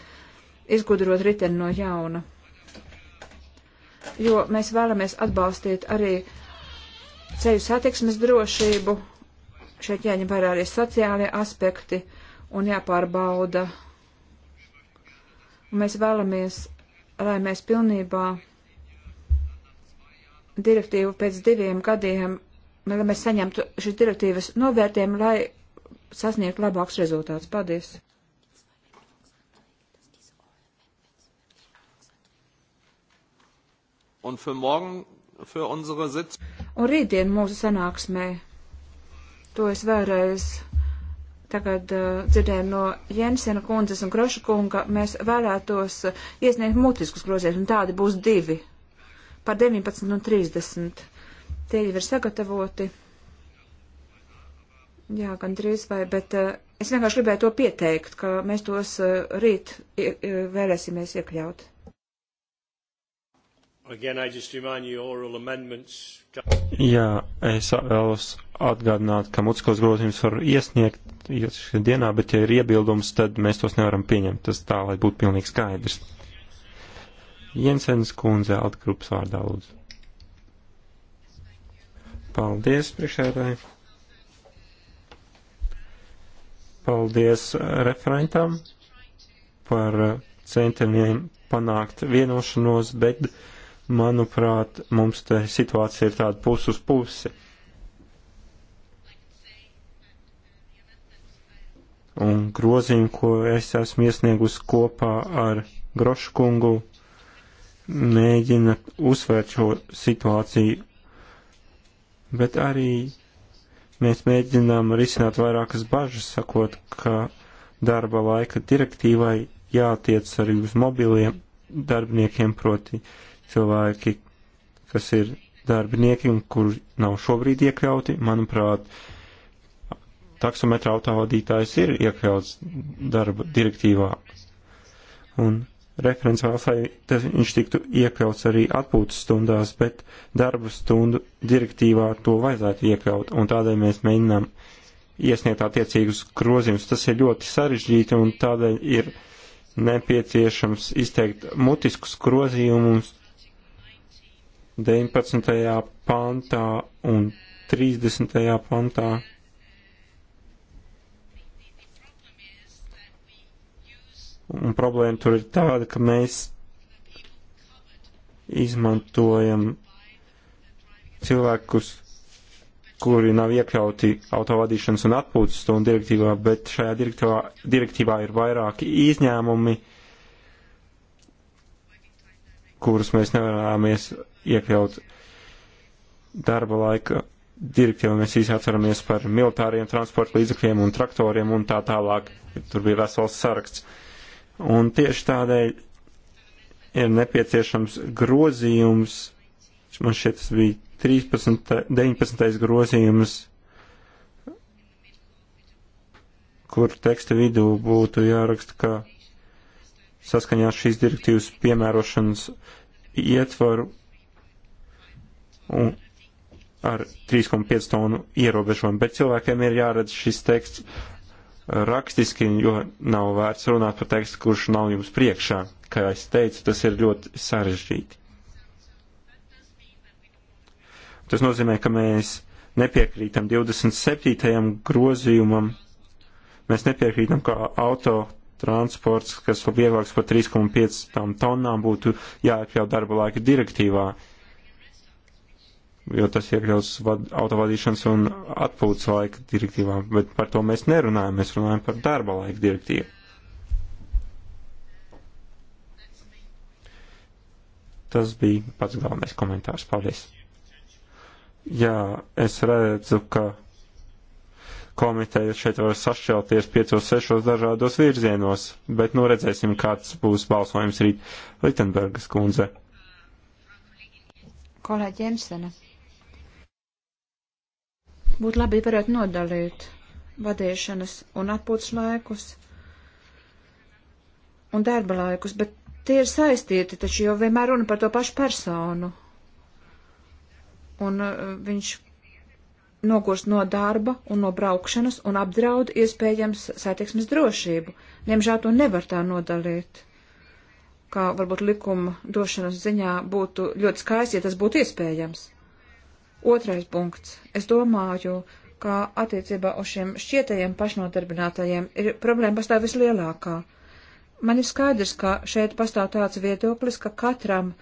izgudrot riteni no jauna. Jo mēs vēlamies atbalstīt arī ceļu satiksmes drošību. Šeit jāņem vērā arī sociālie aspekti un jāpārbauda. Un mēs vēlamies, lai mēs pilnībā direktīvu pēc diviem gadiem Nu, lai mēs saņemtu šīs direktīvas novērtējumu, lai sasniegtu labāks rezultāts. Paldies! Un, für morgen, für unsere sitz... un rītdien mūsu sanāksmē, to es vēlreiz tagad uh, dzirdējām no Jensena kundzes un Kroša kunga, mēs vēlētos uh, iesniegt mutiskus grozījumus, un tādi būs divi par 19 un 30 Tie jau ir sagatavoti. Jā, gandrīz vai, bet uh, es vienkārši gribēju to pieteikt, ka mēs tos uh, rīt ie, vēlēsimies iekļaut. Again, Jā, es vēlos atgādināt, ka mutiskos grozījumus var iesniegt dienā, bet ja ir iebildums, tad mēs tos nevaram pieņemt. Tas tā, lai būtu pilnīgi skaidrs. Jensens kundze, Altgrupas vārdā lūdzu. Paldies, priekšēdēji. Paldies uh, referentam par uh, centieniem panākt vienošanos, bet, manuprāt, mums te situācija ir tāda pus uz pusi. Un grozījumi, ko es esmu iesniegus kopā ar Groškungu, mēģina uzsvērt šo situāciju bet arī mēs mēģinām risināt vairākas bažas, sakot, ka darba laika direktīvai jātiec arī uz mobiliem darbiniekiem, proti cilvēki, kas ir darbinieki un kur nav šobrīd iekļauti. Manuprāt, taksometra autovadītājs ir iekļauts darba direktīvā. Un referents vēlas, lai viņš tiktu iekļauts arī atpūtas stundās, bet darba stundu direktīvā to vajadzētu iekļaut, un tādēļ mēs mēģinām iesniegt attiecīgus grozījumus. Tas ir ļoti sarežģīti, un tādēļ ir nepieciešams izteikt mutiskus grozījumus 19. pantā un 30. pantā. Un problēma tur ir tāda, ka mēs izmantojam cilvēkus, kuri nav iekļauti autovadīšanas un atpūtas stundu direktīvā, bet šajā direktīvā, direktīvā ir vairāki izņēmumi, kurus mēs nevarāmies iekļaut darba laika direktīvā. Mēs īsi atceramies par militāriem transporta līdzekļiem un traktoriem un tā tālāk. Tur bija vesels saraksts. Uh, Un tieši tādēļ ir nepieciešams grozījums, man šķiet tas bija 13, 19. grozījums, kur teksta vidū būtu jāraksta, ka saskaņā šīs direktīvas piemērošanas ietvaru un ar 3,5 tonu ierobežojumu, bet cilvēkiem ir jāredz šis teksts rakstiski, jo nav vērts runāt par tekstu, kurš nav jums priekšā. Kā es teicu, tas ir ļoti sarežģīti. Tas nozīmē, ka mēs nepiekrītam 27. grozījumam, mēs nepiekrītam, ka autotransports, kas ir vieglāks par 3,5 tonnām, būtu jāiekļaut darba laika direktīvā jo tas iekļaus vad, autovadīšanas un atpūtas laika direktīvā, bet par to mēs nerunājam, mēs runājam par darba laika direktīvu. Tas bija pats galvenais komentārs. Paldies! Jā, es redzu, ka komiteja šeit var sašķelties piecos, sešos dažādos virzienos, bet nu redzēsim, kāds būs balsojums rīt Litenbergas kundze. Kolēģi Jensena. Būtu labi, ja varētu nodalīt vadīšanas un atpūtas laikus un darba laikus, bet tie ir saistīti, taču jau vienmēr runa par to pašu personu. Un uh, viņš nogurst no darba un no braukšanas un apdraud iespējams satiksmes drošību. Diemžēl to nevar tā nodalīt, kā varbūt likuma došanas ziņā būtu ļoti skaisti, ja tas būtu iespējams. Otrais punkts. Es domāju, ka attiecībā uz šiem šķietajiem pašnodarbinātajiem ir problēma pastāv vislielākā. Man ir skaidrs, ka šeit pastāv tāds viedoklis, ka katram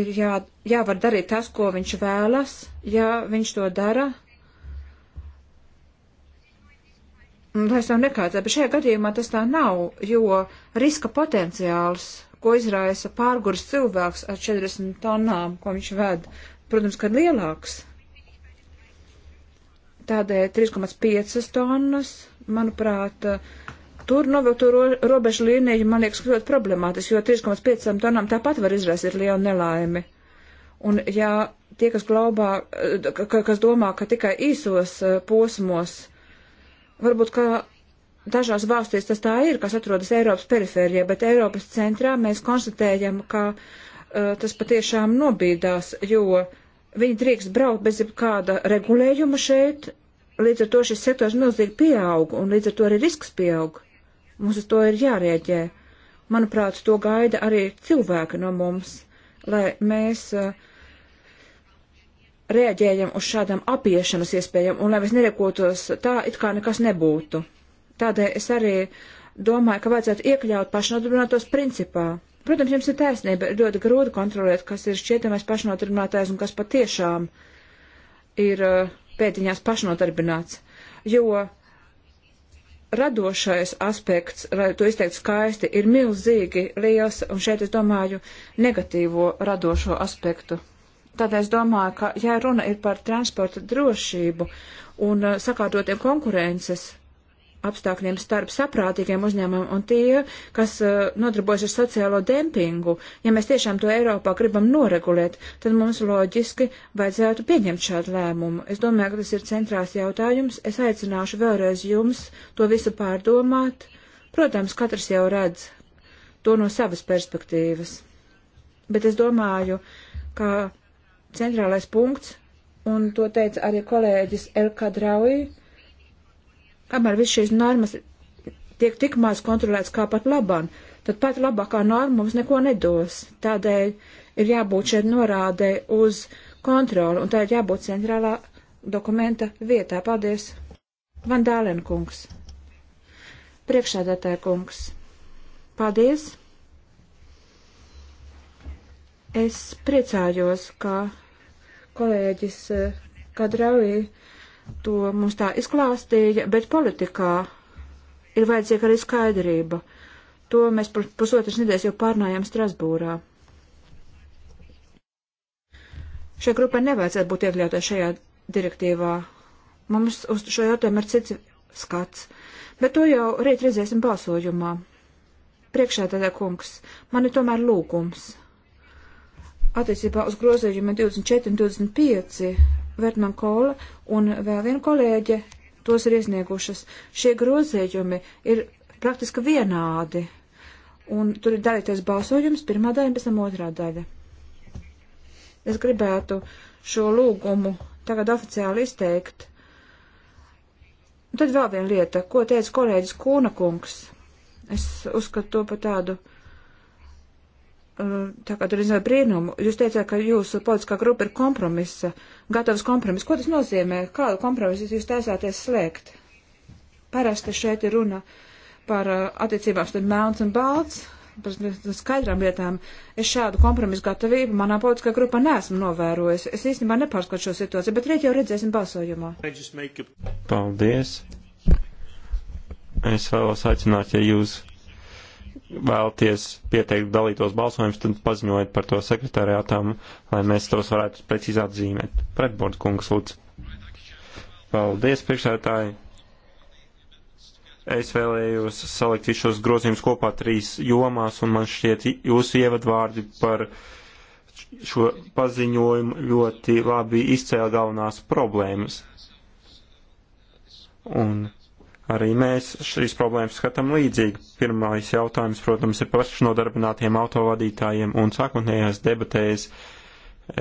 ir jā, jāvar darīt tas, ko viņš vēlas, ja viņš to dara. Lai es tam nekāds, bet šajā gadījumā tas tā nav, jo riska potenciāls ko izraisa pārgurs cilvēks ar 40 tonnām, ko viņš ved protams, ka lielāks. Tādēļ 3,5 tonnas, manuprāt, tur novilkt ro robežu līniju man liekas ļoti problemātiski, jo 3,5 tonnām tāpat var izraisīt lielu nelaimi. Un ja tie, kas globā, kas domā, ka tikai īsos eh, posmos, varbūt, ka dažās valstīs tas tā ir, kas atrodas Eiropas perifērijā, bet Eiropas centrā mēs konstatējam, ka Eh, tas patiešām nobīdās, jo viņi drīkst braukt bez jebkāda regulējuma šeit, līdz ar to šis sektors milzīgi pieaug, un līdz ar to arī risks pieaug. Mums uz to ir jārēģē. Manuprāt, to gaida arī cilvēki no mums, lai mēs uh, eh, rēģējam uz šādām apiešanas iespējām, un lai mēs neriekotos tā, it kā nekas nebūtu. Tādēļ es arī domāju, ka vajadzētu iekļaut pašnodarbinātos principā Protams, jums ir taisnība, ir ļoti grūti kontrolēt, kas ir šķietamais pašnodarbinātājs un kas patiešām ir eh, pēdiņās pašnodarbināts. Jo radošais aspekts, lai to izteikt skaisti, ir milzīgi liels, un šeit es domāju negatīvo radošo aspektu. Tādēļ es domāju, ka, ja runa ir par transporta drošību un eh, sakārtotiem konkurences apstākļiem starp saprātīgiem uzņēmumiem un tie, kas uh, nodarbojas ar sociālo dempingu. Ja mēs tiešām to Eiropā gribam noregulēt, tad mums loģiski vajadzētu pieņemt šādu lēmumu. Es domāju, ka tas ir centrās jautājums. Es aicināšu vēlreiz jums to visu pārdomāt. Protams, katrs jau redz to no savas perspektīvas. Bet es domāju, ka centrālais punkts, un to teica arī kolēģis Elka Drauji, kamēr viss šīs normas tiek tik maz kontrolēts kā pat labāk, tad pat labākā norma mums neko nedos. Tādēļ ir jābūt šeit norādē uz kontroli, un tā ir jābūt centrālā dokumenta vietā. Paldies! Vandālēna kungs. Priekšādātāja kungs. Paldies! Es priecājos, ka kolēģis eh, Kadraujī to mums tā izklāstīja, bet politikā ir vajadzīga arī skaidrība. To mēs pusotras nedēļas jau pārnājām Strasbūrā. Šai grupai nevajadzētu būt iekļautai šajā direktīvā. Mums uz šo jautājumu ir cits skats, bet to jau rīt redzēsim balsojumā. Priekšā tādā kungs, man ir tomēr lūgums attiecībā uz grozījumiem 24 un 25 Vertman Kola un vēl viena kolēģe tos ir iesniegušas. Šie grozījumi ir praktiski vienādi. Un tur ir darīties balsojums, pirmā daļa, pēc tam otrā daļa. Es gribētu šo lūgumu tagad oficiāli izteikt. Un tad vēl viena lieta, ko teica kolēģis Kūna kungs. Es uzskatu to par tādu Eh, tā kā drīz vai brīnumu. Jūs teicāt, ka jūsu politiskā grupa ir kompromisa, gatavs kompromis. Ko tas nozīmē? Kādu kompromisu jūs taisāties slēgt? Parasti šeit ir runa par eh, attiecībām starp melns un balts, par skaidrām lietām. Es šādu kompromisu gatavību manā politiskā grupā neesmu novērojis. Es īstenībā nepārskatu šo situāciju, bet rīt jau redzēsim balsojumā. Paldies! Es vēlos aicināt, ja jūs vēlties pieteikt dalītos balsojumus, tad paziņojiet par to sekretariātām, lai mēs tos varētu precīzāk zīmēt. Pretbords kungs, lūdzu. Paldies, priekšsētāji. Es vēlējos salikt visus šos grozījumus kopā trīs jomās, un man šķiet jūsu ievadvārdi par šo paziņojumu ļoti labi izcēla galvenās problēmas. Un Arī mēs šīs problēmas skatām līdzīgi. Pirmais jautājums, protams, ir pašnodarbinātiem autovadītājiem un sākotnējās debatēs.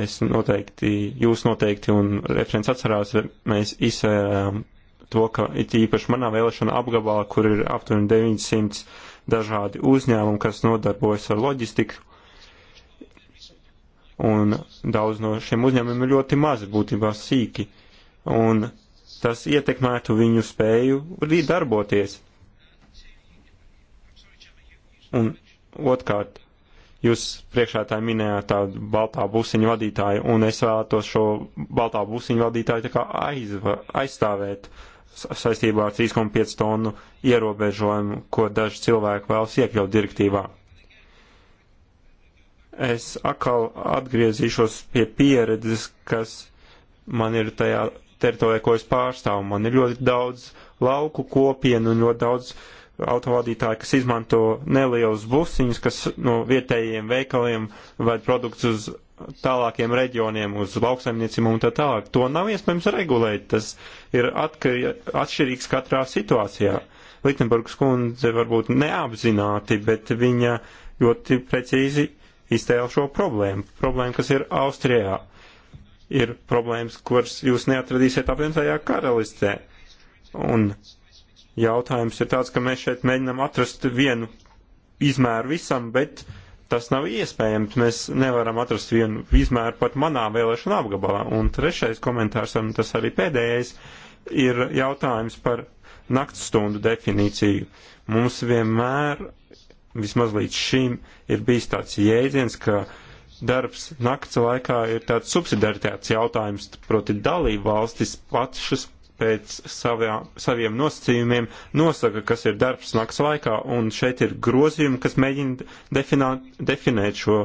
Es noteikti, jūs noteikti un referents atcerās, mēs izsvērām to, ka it īpaši manā vēlēšana apgabalā, kur ir aptuveni 900 dažādi uzņēmumi, kas nodarbojas ar loģistiku, un daudz no šiem uzņēmumiem ir ļoti mazi, būtībā sīki. Un tas ietekmētu viņu spēju arī darboties. Un otrkārt, jūs priekšā tā minējāt tādu baltā busiņu vadītāju, un es vēlētos šo baltā busiņu vadītāju tā kā aizva, aizstāvēt saistībā ar 3,5 tonu ierobežojumu, ko daži cilvēki vēlas iekļaut direktīvā. Es atkal atgriezīšos pie pieredzes, kas man ir tajā teritorijā, ko es pārstāvu. Man ir ļoti daudz lauku kopienu un ļoti daudz autovadītāju, kas izmanto nelielus busiņus, kas no vietējiem veikaliem ved produktus uz tālākiem reģioniem, uz lauksaimniecību un tā tālāk. To nav iespējams regulēt. Tas ir atkar, atšķirīgs katrā situācijā. Liktenburgas kundze varbūt neapzināti, bet viņa ļoti precīzi iztēla šo problēmu. Problēmu, kas ir Austrijā ir problēmas, kuras jūs neatradīsiet apvienotajā karalistē. Un jautājums ir tāds, ka mēs šeit mēģinam atrast vienu izmēru visam, bet tas nav iespējams. Mēs nevaram atrast vienu izmēru pat manā vēlēšana apgabalā. Un trešais komentārs, un tas arī pēdējais, ir jautājums par naktstundu definīciju. Mums vienmēr, vismaz līdz šim, ir bijis tāds jēdziens, ka uh, darbs nakts laikā ir tāds subsidiaritātes jautājums, proti dalību valstis pašas pēc savā, saviem nosacījumiem nosaka, kas ir darbs nakts laikā, un šeit ir grozījumi, kas mēģina defināt, definēt šo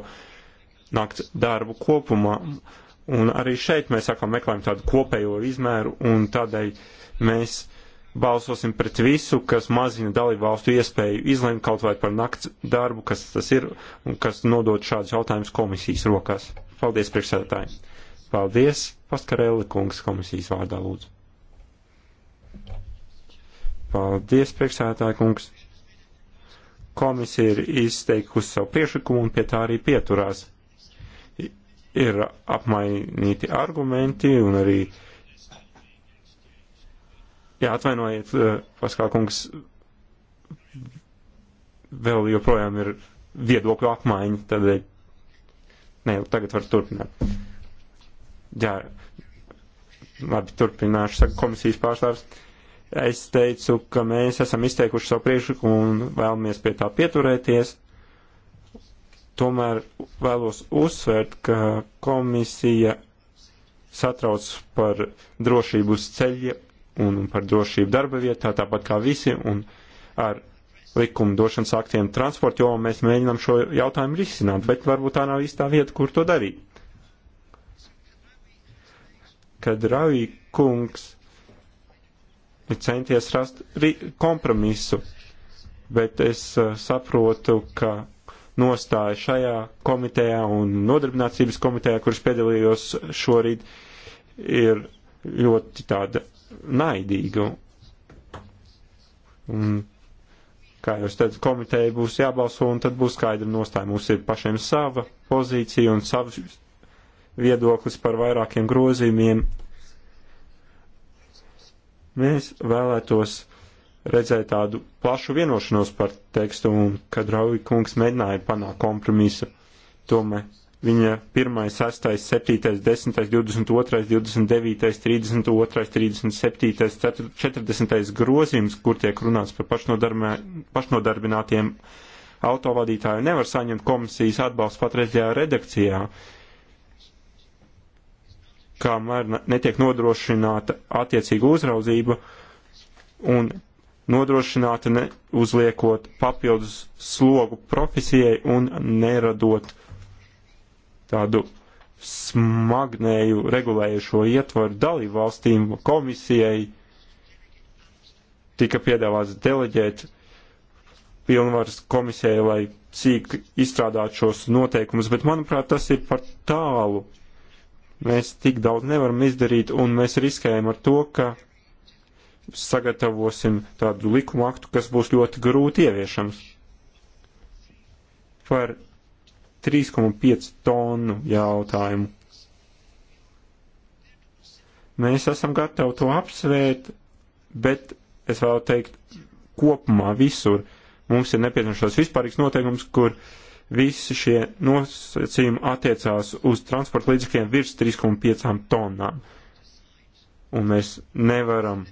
nakts darbu kopumā. Un arī šeit mēs sakām meklējam tādu kopējo izmēru, un tādēļ mēs balsosim pret visu, kas mazina dalību valstu iespēju izlemt kaut vai par nakts darbu, kas tas ir un kas nodot šādus jautājumus komisijas rokās. Paldies, priekšsēdētāji. Paldies, Paskarēli kungs komisijas vārdā lūdzu. Paldies, priekšsēdētāji kungs. Komisija ir izteikusi savu priešlikumu un pie tā arī pieturās. Ir apmainīti argumenti un arī uh, Jā, atvainojiet, eh, Paskal kungs, vēl joprojām ir viedokļu apmaiņa, tad, nē, tagad var turpināt. Jā, labi, turpināšu, saka komisijas pārstāvs. Es teicu, ka mēs esam izteikuši savu priekšlikumu un vēlamies pie tā pieturēties. Tomēr vēlos uzsvērt, ka komisija satrauc par drošību uz ceļa un par drošību darba vietā, tāpat kā visi, un ar likumu došanas aktiem transporta jomā mēs mēģinām šo jautājumu risināt, bet varbūt tā nav īstā vieta, kur to darīt. Kad Ravī kungs ir centies rast kompromisu, bet es eh, saprotu, ka nostāja šajā komitejā un nodarbinātības komitejā, kuras piedalījos šorīt, ir ļoti tāda naidīga. Un, kā jau es teicu, komiteja būs jābalso un tad būs skaidra nostāja. Mums ir pašiem sava pozīcija un savs viedoklis par vairākiem grozījumiem. Mēs vēlētos redzēt tādu plašu vienošanos par tekstu un, kad Rauji kungs mēģināja panākt kompromisu, tomēr Viņa 1, 6, 7, 10, 22, 29, 32, 37, 40 grozījums, kur tiek runāts par pašnodarbinātiem autovadītāju, nevar saņemt komisijas atbalstu patreizajā redakcijā, kamēr netiek nodrošināta attiecīga uzraudzība un nodrošināta neuzliekot papildus slogu profesijai un neradot tādu smagnēju regulējušo ietvaru dalību valstīm komisijai tika piedāvāts deleģēt pilnvaras komisijai, lai sīk izstrādāt šos noteikumus, bet manuprāt tas ir par tālu. Mēs tik daudz nevaram izdarīt un mēs riskējam ar to, ka sagatavosim tādu likumu aktu, kas būs ļoti grūti ieviešams. Par 3,5 tonu jautājumu. Mēs esam gatavi to apsvērt, bet es vēl teikt kopumā visur. Mums ir nepieciešams vispārīgs noteikums, kur visi šie nosacījumi attiecās uz transporta līdzekļiem virs 3,5 tonnām. Un mēs nevaram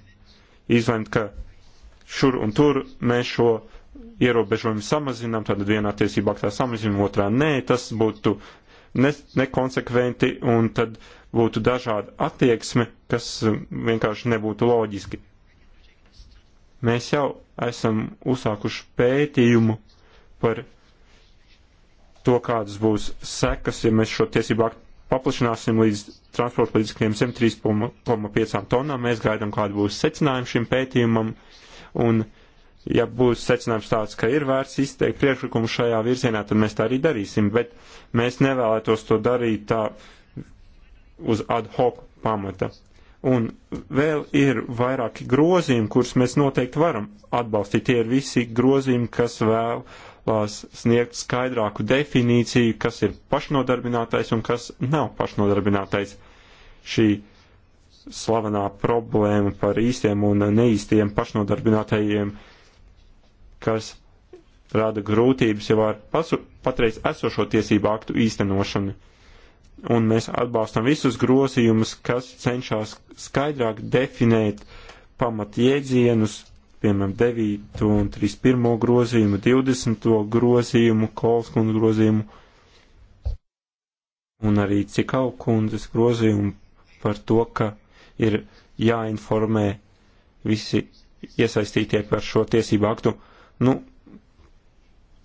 izlemt, ka šur un tur mēs šo ierobežojumu samazinām, tad vienā tiesībā tā samazinām, otrā nē, tas būtu ne, nekonsekventi un tad būtu dažāda attieksme, kas um, vienkārši nebūtu loģiski. Mēs jau esam uzsākuši pētījumu par to, kādas būs sekas, ja mēs šo tiesību aktu paplašināsim līdz transporta līdzekļiem zem 3,5 tonnām. Mēs gaidām, kāda būs secinājuma šim pētījumam. Un uh, ja būs secinājums tāds, ka ir vērts izteikt priekšlikumu šajā virzienā, tad mēs tā arī darīsim, bet mēs nevēlētos to darīt tā uz ad hoc pamata. Un vēl ir vairāki grozījumi, kurus mēs noteikti varam atbalstīt. Tie ir visi grozījumi, kas vēlās sniegt skaidrāku definīciju, kas ir pašnodarbinātais un kas nav pašnodarbinātais. Šī slavenā problēma par īstiem un neīstiem pašnodarbinātajiem uh, kas rada grūtības jau ar pasu, patreiz esošo tiesību aktu īstenošanu. Un mēs atbalstam visus grozījumus, kas cenšas skaidrāk definēt pamatjēdzienus, piemēram, 9. un 31. grozījumu, 20. grozījumu, kolskundu grozījumu un arī cikau kundzes grozījumu par to, ka ir jāinformē visi iesaistītie par šo tiesību aktu Nu,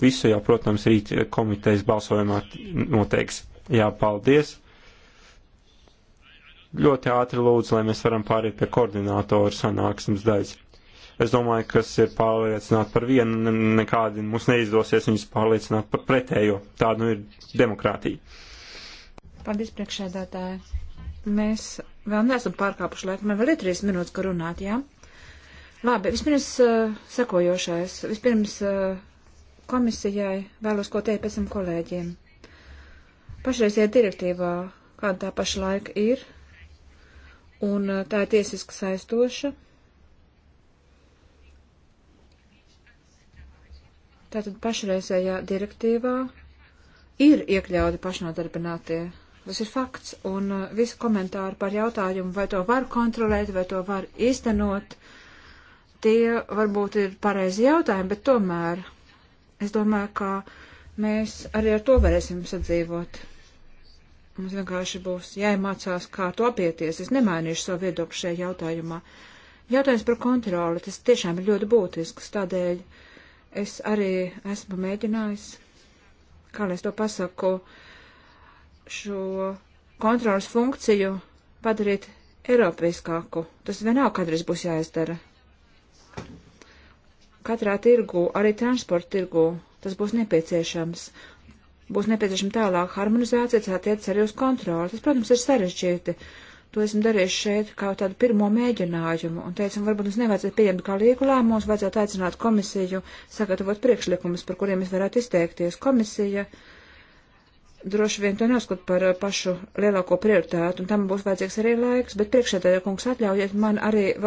visu jau, protams, rīt komitejas balsojumā noteiks. Jā, paldies. Ļoti ātri lūdzu, lai mēs varam pāriet pie koordinātoru sanāksmes daļas. Es domāju, kas ir pārliecināti par vienu, nekādi mums neizdosies viņus pārliecināt par pretējo. Tāda nu ir demokrātija. Paldies, priekšēdētāji. Mēs vēl neesam pārkāpuši laiku. Man vēl ir trīs minūtes, ka runāt, jā? Ja? Labi, vispirms uh, sekojošais. Vispirms uh, komisijai vēlos ko teikt pēc tam kolēģiem. Pašreizajā direktīvā, kāda tā pašlaik ir, un uh, tā ir tiesiski saistoša. Tātad pašreizējā direktīvā ir iekļauti pašnodarbinātie. Tas ir fakts, un uh, visi komentāri par jautājumu, vai to var kontrolēt, vai to var īstenot Tie varbūt ir pareizi jautājumi, bet tomēr es domāju, ka mēs arī ar to varēsim sadzīvot. Mums vienkārši būs jāiemācās, kā to apieties. Es nemainīšu savu viedokli šajā jautājumā. Jautājums par kontroli, tas tiešām ir ļoti būtisks, tādēļ es arī esmu mēģinājis, kā lai es to pasaku, šo kontrolas funkciju padarīt Eiropiskāku. Tas vienalga kādreiz būs jāizdara katrā tirgu, arī transporta tirgu, tas būs nepieciešams. Būs nepieciešama tālāk harmonizācija, tas attiec arī uz kontroli. Tas, protams, ir sarežģīti. To esmu darījis šeit kā tādu pirmo mēģinājumu un teicam, varbūt mums nevajadzētu pieņemt kā lieku lēmumus, vajadzētu aicināt komisiju sagatavot priekšlikumus, par kuriem es varētu izteikties. Komisija droši vien to neuzskat par pašu lielāko prioritātu, un tam būs vajadzīgs arī laiks, bet priekšētājā kungs atļaujiet man arī vēl